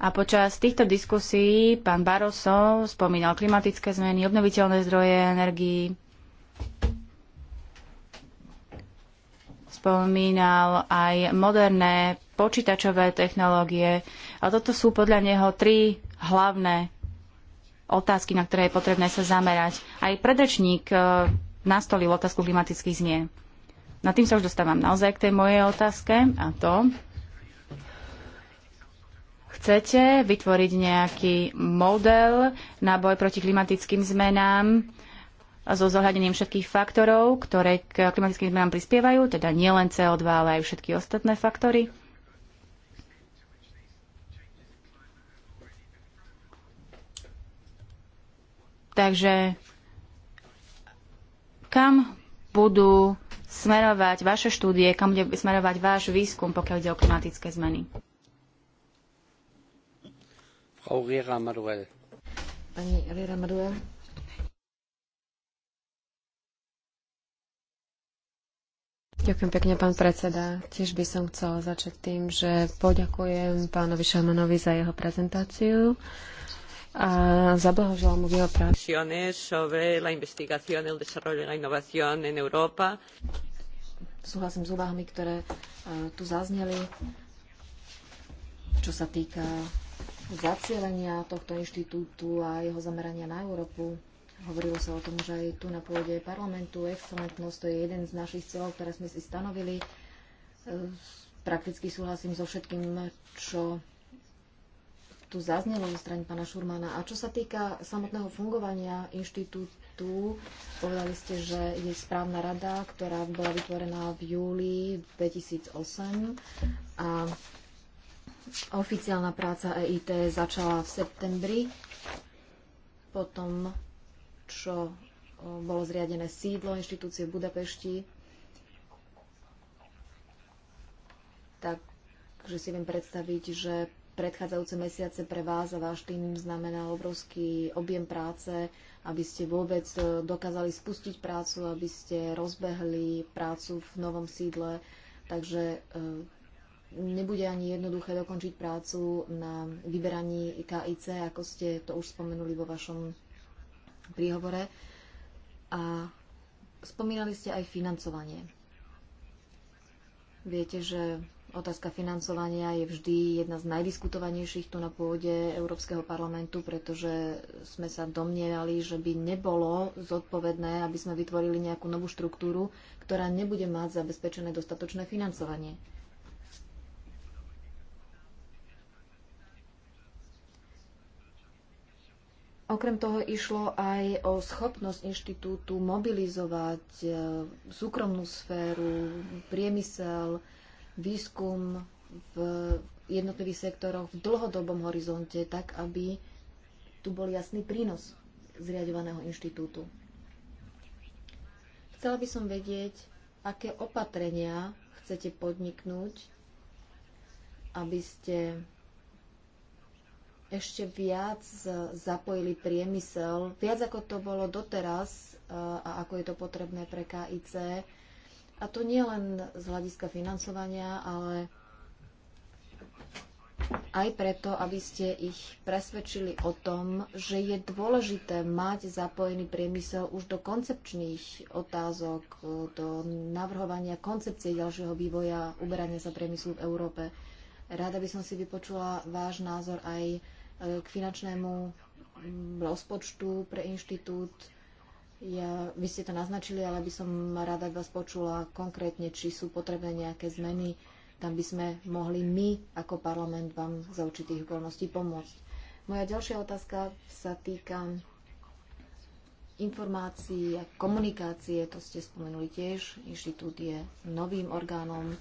A počas týchto diskusí pán Barroso spomínal klimatické zmeny, obnoviteľné zdroje energii, spomínal aj moderné počítačové technológie. A toto sú podľa neho tri hlavné otázky, na ktoré je potrebné sa zamerať. Aj predrečník eh, nastolil otázku klimatických zmien. No tým sa už dostávam naozaj k tej mojej otázke a to, chcete vytvoriť nejaký model na boj proti klimatickým zmenám so zohľadením všetkých faktorov, ktoré k klimatickým zmenám prispievajú, teda nielen CO2, ale aj všetky ostatné faktory? Takže kam budú smerovať vaše štúdie, kam bude smerovať váš výskum, pokiaľ ide o klimatické zmeny? Frau Manuel. Pani Manuel. Ďakujem pekne, pán predseda. Tiež by som chcela začať tým, že poďakujem pánovi Šamanovi za jeho prezentáciu a zablahoželám mu jeho Súhlasím s úvahami, ktoré e, tu zazneli, čo sa týka zacielenia tohto inštitútu a jeho zamerania na Európu. Hovorilo sa o tom, že aj tu na pôde parlamentu excelentnosť to je jeden z našich cieľov, ktoré sme si stanovili. E, prakticky súhlasím so všetkým, čo tu zaznelo zo strany pána Šurmana. A čo sa týka samotného fungovania inštitútu, povedali ste, že je správna rada, ktorá bola vytvorená v júli 2008 a oficiálna práca EIT začala v septembri, potom čo bolo zriadené sídlo inštitúcie v Budapešti. Takže si viem predstaviť, že predchádzajúce mesiace pre vás a váš tým znamená obrovský objem práce, aby ste vôbec e, dokázali spustiť prácu, aby ste rozbehli prácu v novom sídle. Takže e, nebude ani jednoduché dokončiť prácu na vyberaní KIC, ako ste to už spomenuli vo vašom príhovore. A spomínali ste aj financovanie. Viete, že Otázka financovania je vždy jedna z najdiskutovanejších tu na pôde Európskeho parlamentu, pretože sme sa domnievali, že by nebolo zodpovedné, aby sme vytvorili nejakú novú štruktúru, ktorá nebude mať zabezpečené dostatočné financovanie. Okrem toho išlo aj o schopnosť inštitútu mobilizovať e, súkromnú sféru, priemysel, výskum v jednotlivých sektoroch v dlhodobom horizonte, tak aby tu bol jasný prínos zriadovaného inštitútu. Chcela by som vedieť, aké opatrenia chcete podniknúť, aby ste ešte viac zapojili priemysel, viac ako to bolo doteraz a ako je to potrebné pre KIC, a to nie len z hľadiska financovania, ale aj preto, aby ste ich presvedčili o tom, že je dôležité mať zapojený priemysel už do koncepčných otázok, do navrhovania koncepcie ďalšieho vývoja uberania sa priemyslu v Európe. Rada by som si vypočula váš názor aj e, k finančnému rozpočtu pre inštitút ja, vy ste to naznačili, ale by som rada vás počula konkrétne, či sú potrebné nejaké zmeny. Tam by sme mohli my ako parlament vám za určitých okolností pomôcť. Moja ďalšia otázka sa týka informácií a komunikácie, to ste spomenuli tiež. Inštitút je novým orgánom,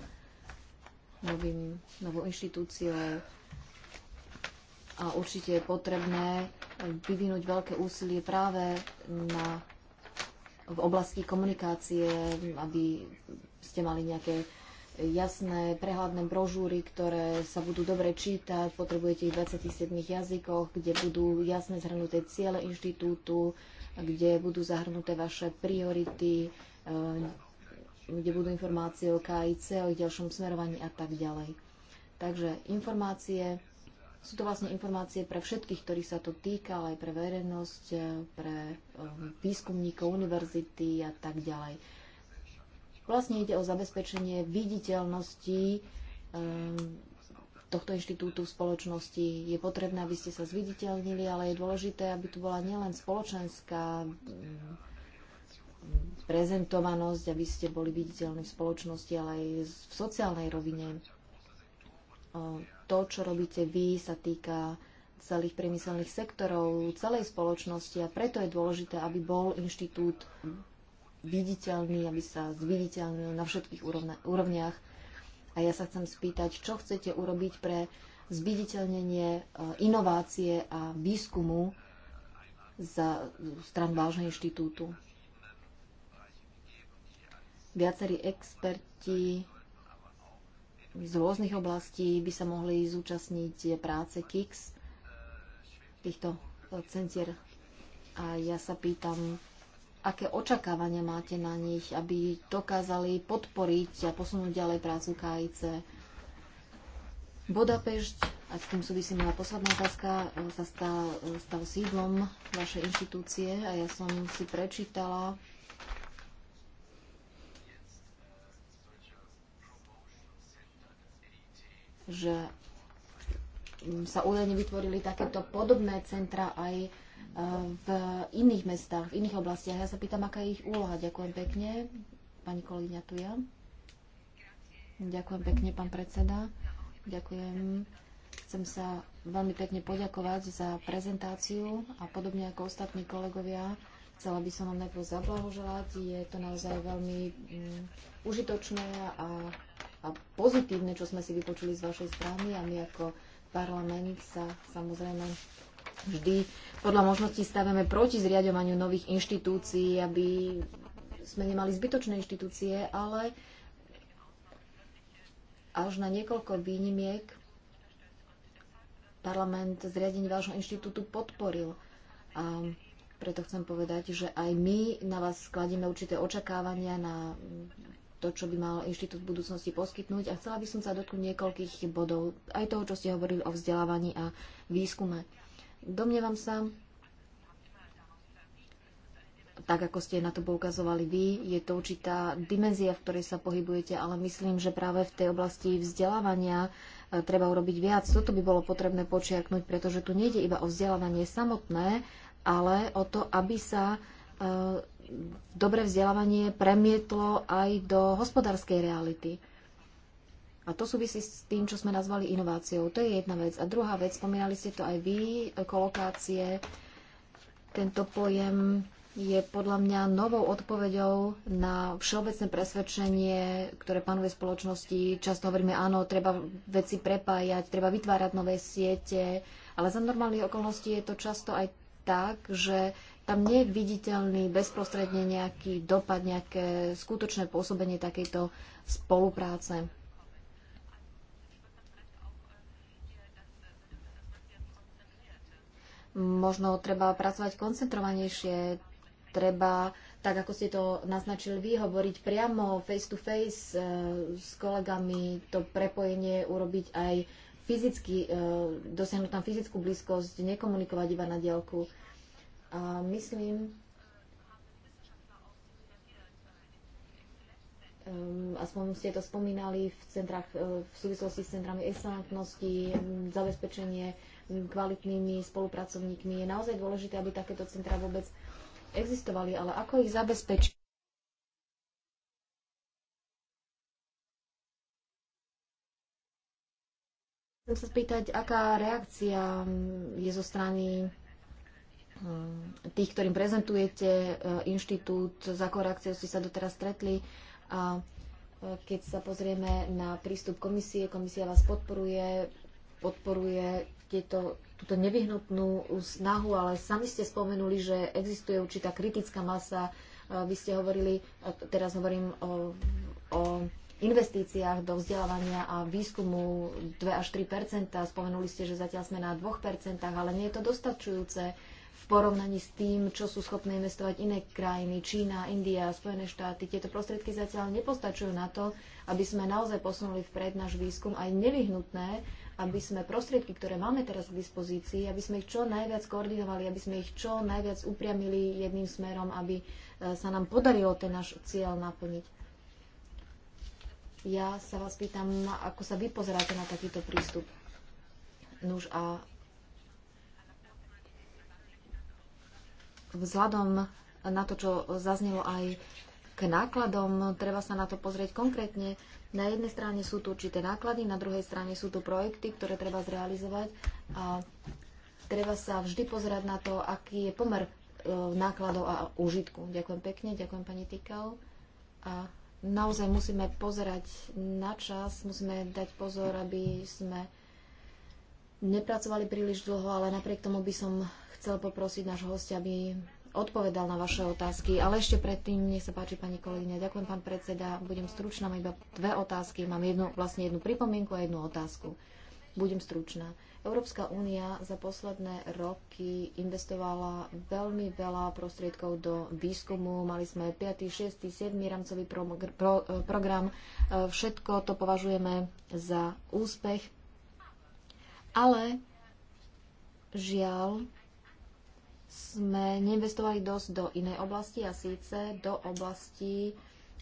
novým, novou inštitúciou a určite je potrebné vyvinúť veľké úsilie práve na v oblasti komunikácie, aby ste mali nejaké jasné, prehľadné brožúry, ktoré sa budú dobre čítať, potrebujete ich v 27 jazykoch, kde budú jasne zhrnuté ciele inštitútu, kde budú zahrnuté vaše priority, eh, kde budú informácie o KIC, o ich ďalšom smerovaní a tak ďalej. Takže informácie sú to vlastne informácie pre všetkých, ktorí sa to týka, ale aj pre verejnosť, e, pre e, výskumníkov, univerzity a tak ďalej. Vlastne ide o zabezpečenie viditeľnosti e, tohto inštitútu v spoločnosti. Je potrebné, aby ste sa zviditeľnili, ale je dôležité, aby tu bola nielen spoločenská prezentovanosť, aby ste boli viditeľní v spoločnosti, ale aj v sociálnej rovine to, čo robíte vy, sa týka celých priemyselných sektorov, celej spoločnosti a preto je dôležité, aby bol inštitút viditeľný, aby sa zviditeľnil na všetkých úrovniach. A ja sa chcem spýtať, čo chcete urobiť pre zviditeľnenie e, inovácie a výskumu za stran vášho inštitútu. Viacerí experti z rôznych oblastí by sa mohli zúčastniť práce KIX, týchto e, centier. A ja sa pýtam, aké očakávania máte na nich, aby dokázali podporiť a posunúť ďalej prácu KIC. Budapešť, a s tým súvisí moja posledná otázka, e, sa stal, e, stal sídlom vašej inštitúcie a ja som si prečítala že sa údajne vytvorili takéto podobné centra aj e, v iných mestách, v iných oblastiach. Ja sa pýtam, aká je ich úloha. Ďakujem pekne. Pani kolegyňa tu ja. Ďakujem pekne, pán predseda. Ďakujem. Chcem sa veľmi pekne poďakovať za prezentáciu a podobne ako ostatní kolegovia. Chcela by som vám najprv zablahoželať. Je to naozaj veľmi mm, užitočné a a pozitívne, čo sme si vypočuli z vašej strany a my ako parlament sa samozrejme vždy podľa možností staveme proti zriadovaniu nových inštitúcií, aby sme nemali zbytočné inštitúcie, ale až na niekoľko výnimiek parlament zriadenie vášho inštitútu podporil. A preto chcem povedať, že aj my na vás skladíme určité očakávania na to, čo by mal inštitút v budúcnosti poskytnúť. A chcela by som sa dotknúť niekoľkých bodov, aj toho, čo ste hovorili o vzdelávaní a výskume. Domnievam sa, tak ako ste na to poukazovali vy, je to určitá dimenzia, v ktorej sa pohybujete, ale myslím, že práve v tej oblasti vzdelávania e, treba urobiť viac. Toto by bolo potrebné počiarknúť, pretože tu nejde iba o vzdelávanie samotné, ale o to, aby sa e, dobré vzdelávanie premietlo aj do hospodárskej reality. A to súvisí s tým, čo sme nazvali inováciou. To je jedna vec. A druhá vec, spomínali ste to aj vy, kolokácie. Tento pojem je podľa mňa novou odpoveďou na všeobecné presvedčenie, ktoré panuje spoločnosti. Často hovoríme, áno, treba veci prepájať, treba vytvárať nové siete, ale za normálnych okolností je to často aj tak, že tam nie je viditeľný bezprostredne nejaký dopad, nejaké skutočné pôsobenie takejto spolupráce. Možno treba pracovať koncentrovanejšie, treba, tak ako ste to naznačili vy, hovoriť priamo face to face e, s kolegami, to prepojenie urobiť aj fyzicky, e, dosiahnuť tam fyzickú blízkosť, nekomunikovať iba na diálku. A myslím, ehm, aspoň ste to spomínali v, centrách, e, v súvislosti s centrami excelentnosti, zabezpečenie kvalitnými spolupracovníkmi. Je naozaj dôležité, aby takéto centra vôbec existovali, ale ako ich zabezpečiť? Chcem sa spýtať, aká reakcia je zo strany Hm, tých, ktorým prezentujete e, inštitút, za akou reakciou ste sa doteraz stretli. A e, keď sa pozrieme na prístup komisie, komisia vás podporuje, podporuje tieto, túto nevyhnutnú snahu, ale sami ste spomenuli, že existuje určitá kritická masa. E, vy ste hovorili, teraz hovorím o, o investíciách do vzdelávania a výskumu 2 až 3 Spomenuli ste, že zatiaľ sme na 2 ale nie je to dostačujúce v porovnaní s tým, čo sú schopné investovať iné krajiny, Čína, India, Spojené štáty. Tieto prostriedky zatiaľ nepostačujú na to, aby sme naozaj posunuli vpred náš výskum a je nevyhnutné, aby sme prostriedky, ktoré máme teraz k dispozícii, aby sme ich čo najviac koordinovali, aby sme ich čo najviac upriamili jedným smerom, aby e, sa nám podarilo ten náš cieľ naplniť. Ja sa vás pýtam, ako sa vy pozeráte na takýto prístup. Nuž a vzhľadom na to, čo zaznelo aj k nákladom, treba sa na to pozrieť konkrétne. Na jednej strane sú tu určité náklady, na druhej strane sú tu projekty, ktoré treba zrealizovať a treba sa vždy pozerať na to, aký je pomer e, nákladov a úžitku. Ďakujem pekne, ďakujem pani Tikal. A naozaj musíme pozerať na čas, musíme dať pozor, aby sme nepracovali príliš dlho, ale napriek tomu by som chcel poprosiť nášho hostia, aby odpovedal na vaše otázky. Ale ešte predtým, nech sa páči, pani kolegyňa, ďakujem, pán predseda. Budem stručná, mám iba dve otázky. Mám jednu, vlastne jednu pripomienku a jednu otázku. Budem stručná. Európska únia za posledné roky investovala veľmi veľa prostriedkov do výskumu. Mali sme 5., 6., 7. rámcový pro, pro, eh, program. Eh, všetko to považujeme za úspech. Ale žiaľ, sme neinvestovali dosť do inej oblasti a síce do oblasti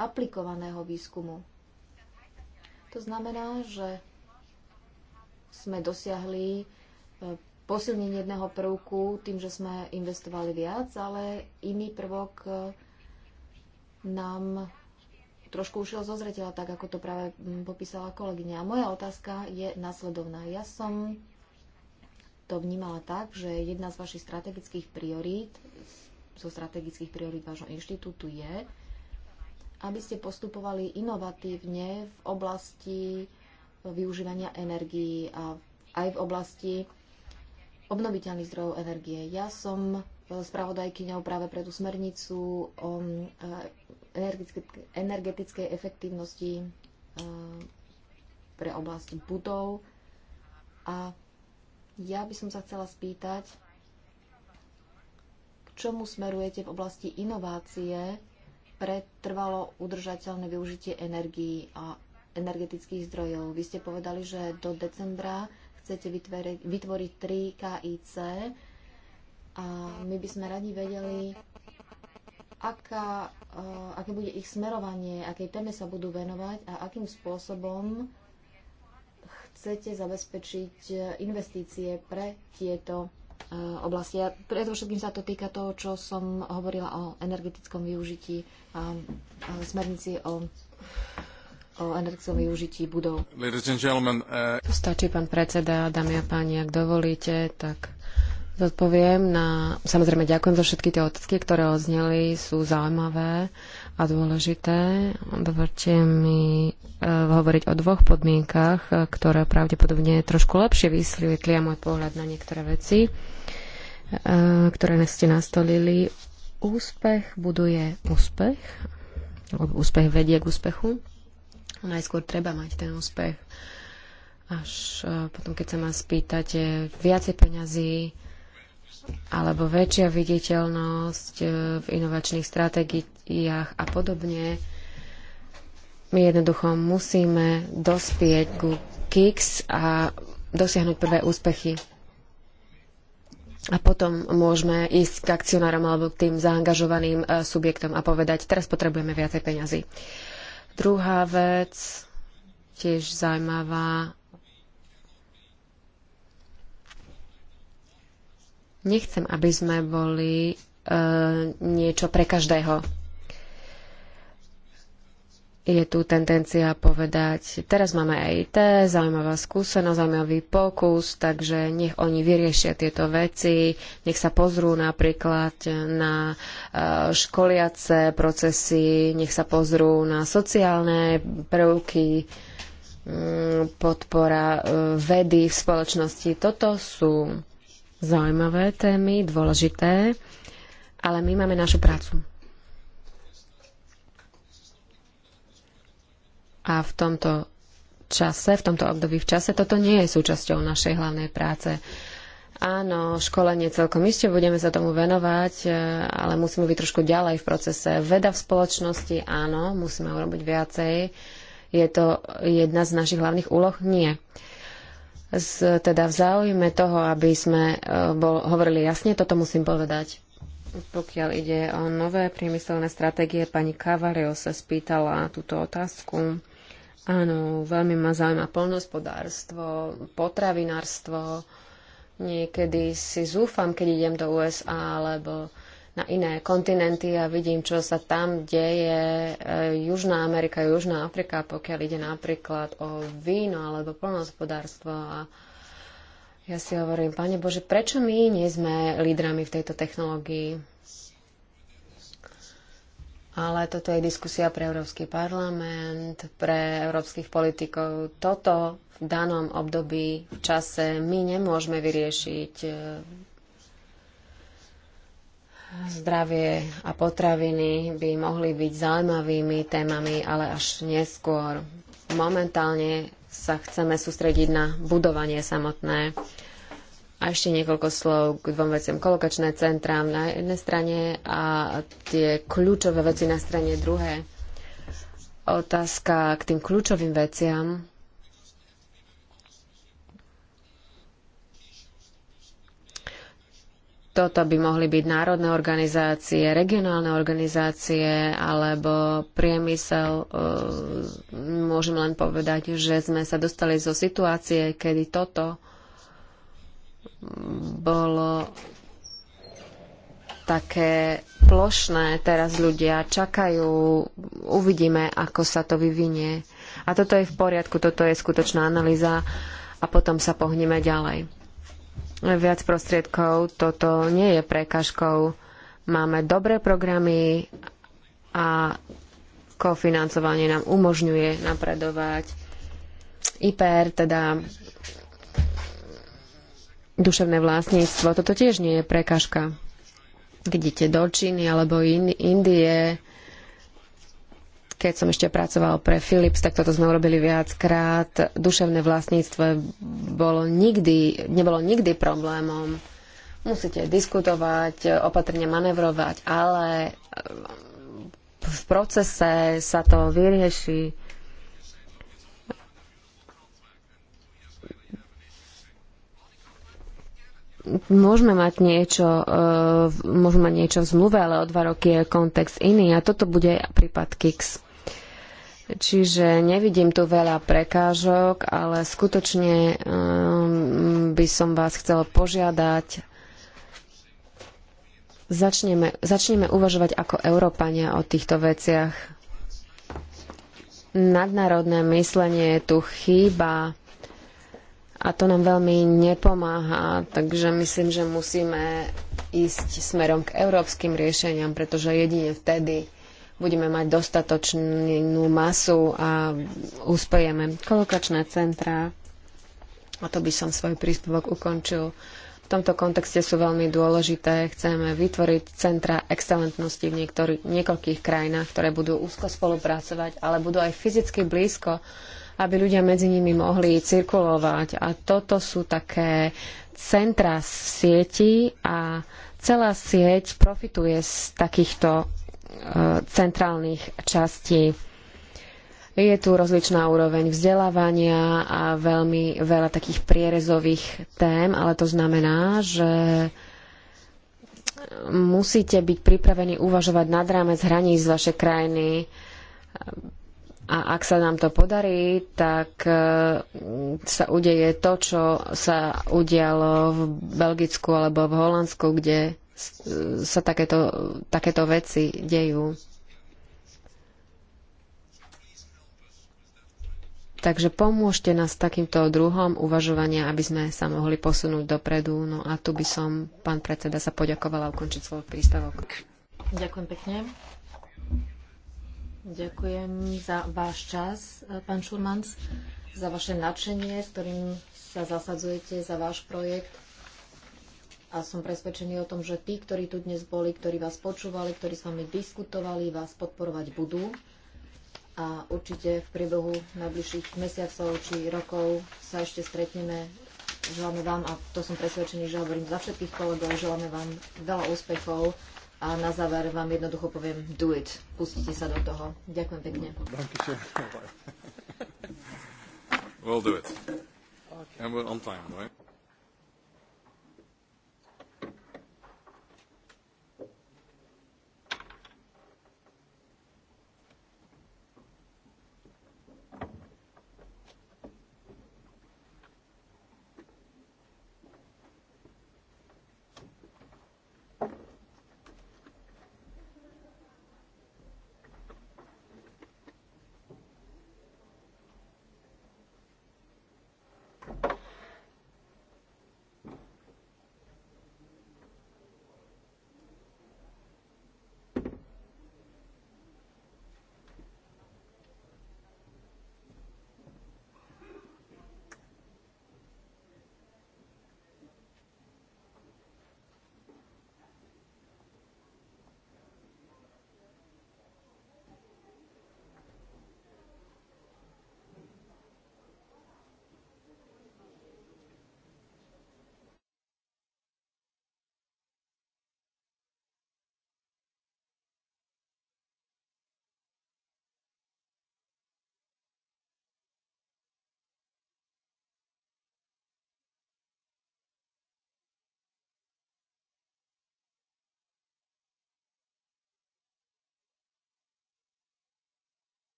aplikovaného výskumu. To znamená, že sme dosiahli e, posilnenie jedného prvku tým, že sme investovali viac, ale iný prvok e, nám trošku ušiel zo zretela, tak ako to práve popísala kolegyňa. A moja otázka je následovná. Ja som to vnímala tak, že jedna z vašich strategických priorít, zo strategických priorít vášho inštitútu je, aby ste postupovali inovatívne v oblasti využívania energií a aj v oblasti obnoviteľných zdrojov energie. Ja som spravodajkyňou práve pre tú smernicu o e, energetickej efektívnosti e, pre oblasti budov a ja by som sa chcela spýtať, k čomu smerujete v oblasti inovácie pre trvalo udržateľné využitie energií a energetických zdrojov. Vy ste povedali, že do decembra chcete vytvoriť, vytvoriť 3 KIC a my by sme radi vedeli, aká, e, aké bude ich smerovanie, akej téme sa budú venovať a akým spôsobom chcete zabezpečiť e, investície pre tieto e, oblasti. A predovšetkým sa to týka toho, čo som hovorila o energetickom využití a smernici o o energetickom využití budov. E, stačí, pán predseda, dámy a páni, ak dovolíte, tak zodpoviem na... Samozrejme, ďakujem za všetky tie otázky, ktoré ozneli, sú zaujímavé a dôležité. Dovolte mi e, hovoriť o dvoch podmienkach, ktoré pravdepodobne trošku lepšie vysvetlia môj pohľad na niektoré veci, e, ktoré ste nastolili. Úspech buduje úspech, lebo úspech vedie k úspechu. Najskôr treba mať ten úspech. Až e, potom, keď sa ma spýtate, viacej peňazí, alebo väčšia viditeľnosť e, v inovačných stratégiách a podobne. My jednoducho musíme dospieť ku KIX a dosiahnuť prvé úspechy. A potom môžeme ísť k akcionárom alebo k tým zaangažovaným e, subjektom a povedať, teraz potrebujeme viacej peňazí. Druhá vec, tiež zaujímavá, Nechcem, aby sme boli e, niečo pre každého. Je tu tendencia povedať, teraz máme EIT, zaujímavá skúsenosť, zaujímavý pokus, takže nech oni vyriešia tieto veci, nech sa pozrú napríklad na e, školiace procesy, nech sa pozrú na sociálne prvky, mm, podpora e, vedy v spoločnosti. Toto sú Zaujímavé témy, dôležité, ale my máme našu prácu. A v tomto čase, v tomto období v čase, toto nie je súčasťou našej hlavnej práce. Áno, školenie celkom iste, budeme sa tomu venovať, e, ale musíme byť trošku ďalej v procese. Veda v spoločnosti, áno, musíme urobiť viacej. Je to jedna z našich hlavných úloh? Nie. Uh, z, teda v záujme toho, aby sme e, bol, hovorili jasne, toto musím povedať. Pokiaľ ide o nové priemyselné stratégie, pani Kavario sa spýtala túto otázku. Áno, veľmi ma zaujíma polnospodárstvo, potravinárstvo. Niekedy si zúfam, keď idem do USA, alebo na iné kontinenty a vidím, čo sa tam deje. E, Južná Amerika, Južná Afrika, pokiaľ ide napríklad o víno alebo plnohospodárstvo a ja si hovorím, Pane Bože, prečo my nie sme lídrami v tejto technológii? Ale toto je diskusia pre Európsky parlament, pre európskych politikov. Toto v danom období, v čase my nemôžeme vyriešiť e, zdravie a potraviny by mohli byť zaujímavými témami, ale až neskôr. Momentálne sa chceme sústrediť na budovanie samotné. A ešte niekoľko slov k dvom veciam. Kolokačné centra na jednej strane a tie kľúčové veci na strane druhé. Otázka k tým kľúčovým veciam Toto by mohli byť národné organizácie, regionálne organizácie alebo priemysel. E, môžem len povedať, že sme sa dostali zo situácie, kedy toto bolo také plošné. Teraz ľudia čakajú, uvidíme, ako sa to vyvinie. A toto je v poriadku, toto je skutočná analýza a potom sa pohneme ďalej viac prostriedkov, toto nie je prekažkou. Máme dobré programy a kofinancovanie nám umožňuje napredovať. IPR, teda duševné vlastníctvo, toto tiež nie je prekažka. Vidíte do Číny alebo in, Indie, keď som ešte pracoval pre Philips, tak toto sme urobili viackrát. Duševné vlastníctvo bolo nikdy, nebolo nikdy problémom. Musíte diskutovať, opatrne manevrovať, ale eh, v procese sa to vyrieši. môžeme mať niečo, eh, môžeme mať niečo v zmluve, ale o dva roky je kontext iný a toto bude prípad KIX. Čiže nevidím tu veľa prekážok, ale skutočne um, by som vás chcel požiadať, začneme, začneme uvažovať ako Európania o týchto veciach. Nadnárodné myslenie je tu chýba a to nám veľmi nepomáha, takže myslím, že musíme ísť smerom k európskym riešeniam, pretože jedine vtedy budeme mať dostatočnú masu a úspejeme kolokačné centra A to by som svoj príspevok ukončil. V tomto kontexte sú veľmi dôležité. Chceme vytvoriť centra excelentnosti v niektorých, niekoľkých krajinách, ktoré budú úzko spolupracovať, ale budú aj fyzicky blízko, aby ľudia medzi nimi mohli cirkulovať. A toto sú také centra sieti a celá sieť profituje z takýchto Eh, centrálnych častí. Je tu rozličná úroveň vzdelávania a veľmi veľa takých prierezových tém, ale to znamená, že musíte byť pripravení uvažovať nad rámec hraníc vašej krajiny. A ak sa nám to podarí, tak eh, sa udeje to, čo sa udialo v Belgicku alebo v Holandsku, kde sa takéto, takéto veci dejú. Takže pomôžte nás takýmto druhom uvažovania, aby sme sa mohli posunúť dopredu. No a tu by som, pán predseda, sa poďakovala ukončiť svoj prístavok. Ďakujem pekne. Ďakujem za váš čas, pán Šurmans, za vaše nadšenie, s ktorým sa zasadzujete za váš projekt a som presvedčený o tom, že tí, ktorí tu dnes boli, ktorí vás počúvali, ktorí s vami diskutovali, vás podporovať budú. A určite v priebehu najbližších mesiacov či rokov sa ešte stretneme. Želáme vám, a to som presvedčený, že hovorím za všetkých kolegov, želáme vám veľa úspechov a na záver vám jednoducho poviem do it. Pustite sa do toho. Ďakujem pekne. (laughs) We'll do it. And we're on time, right?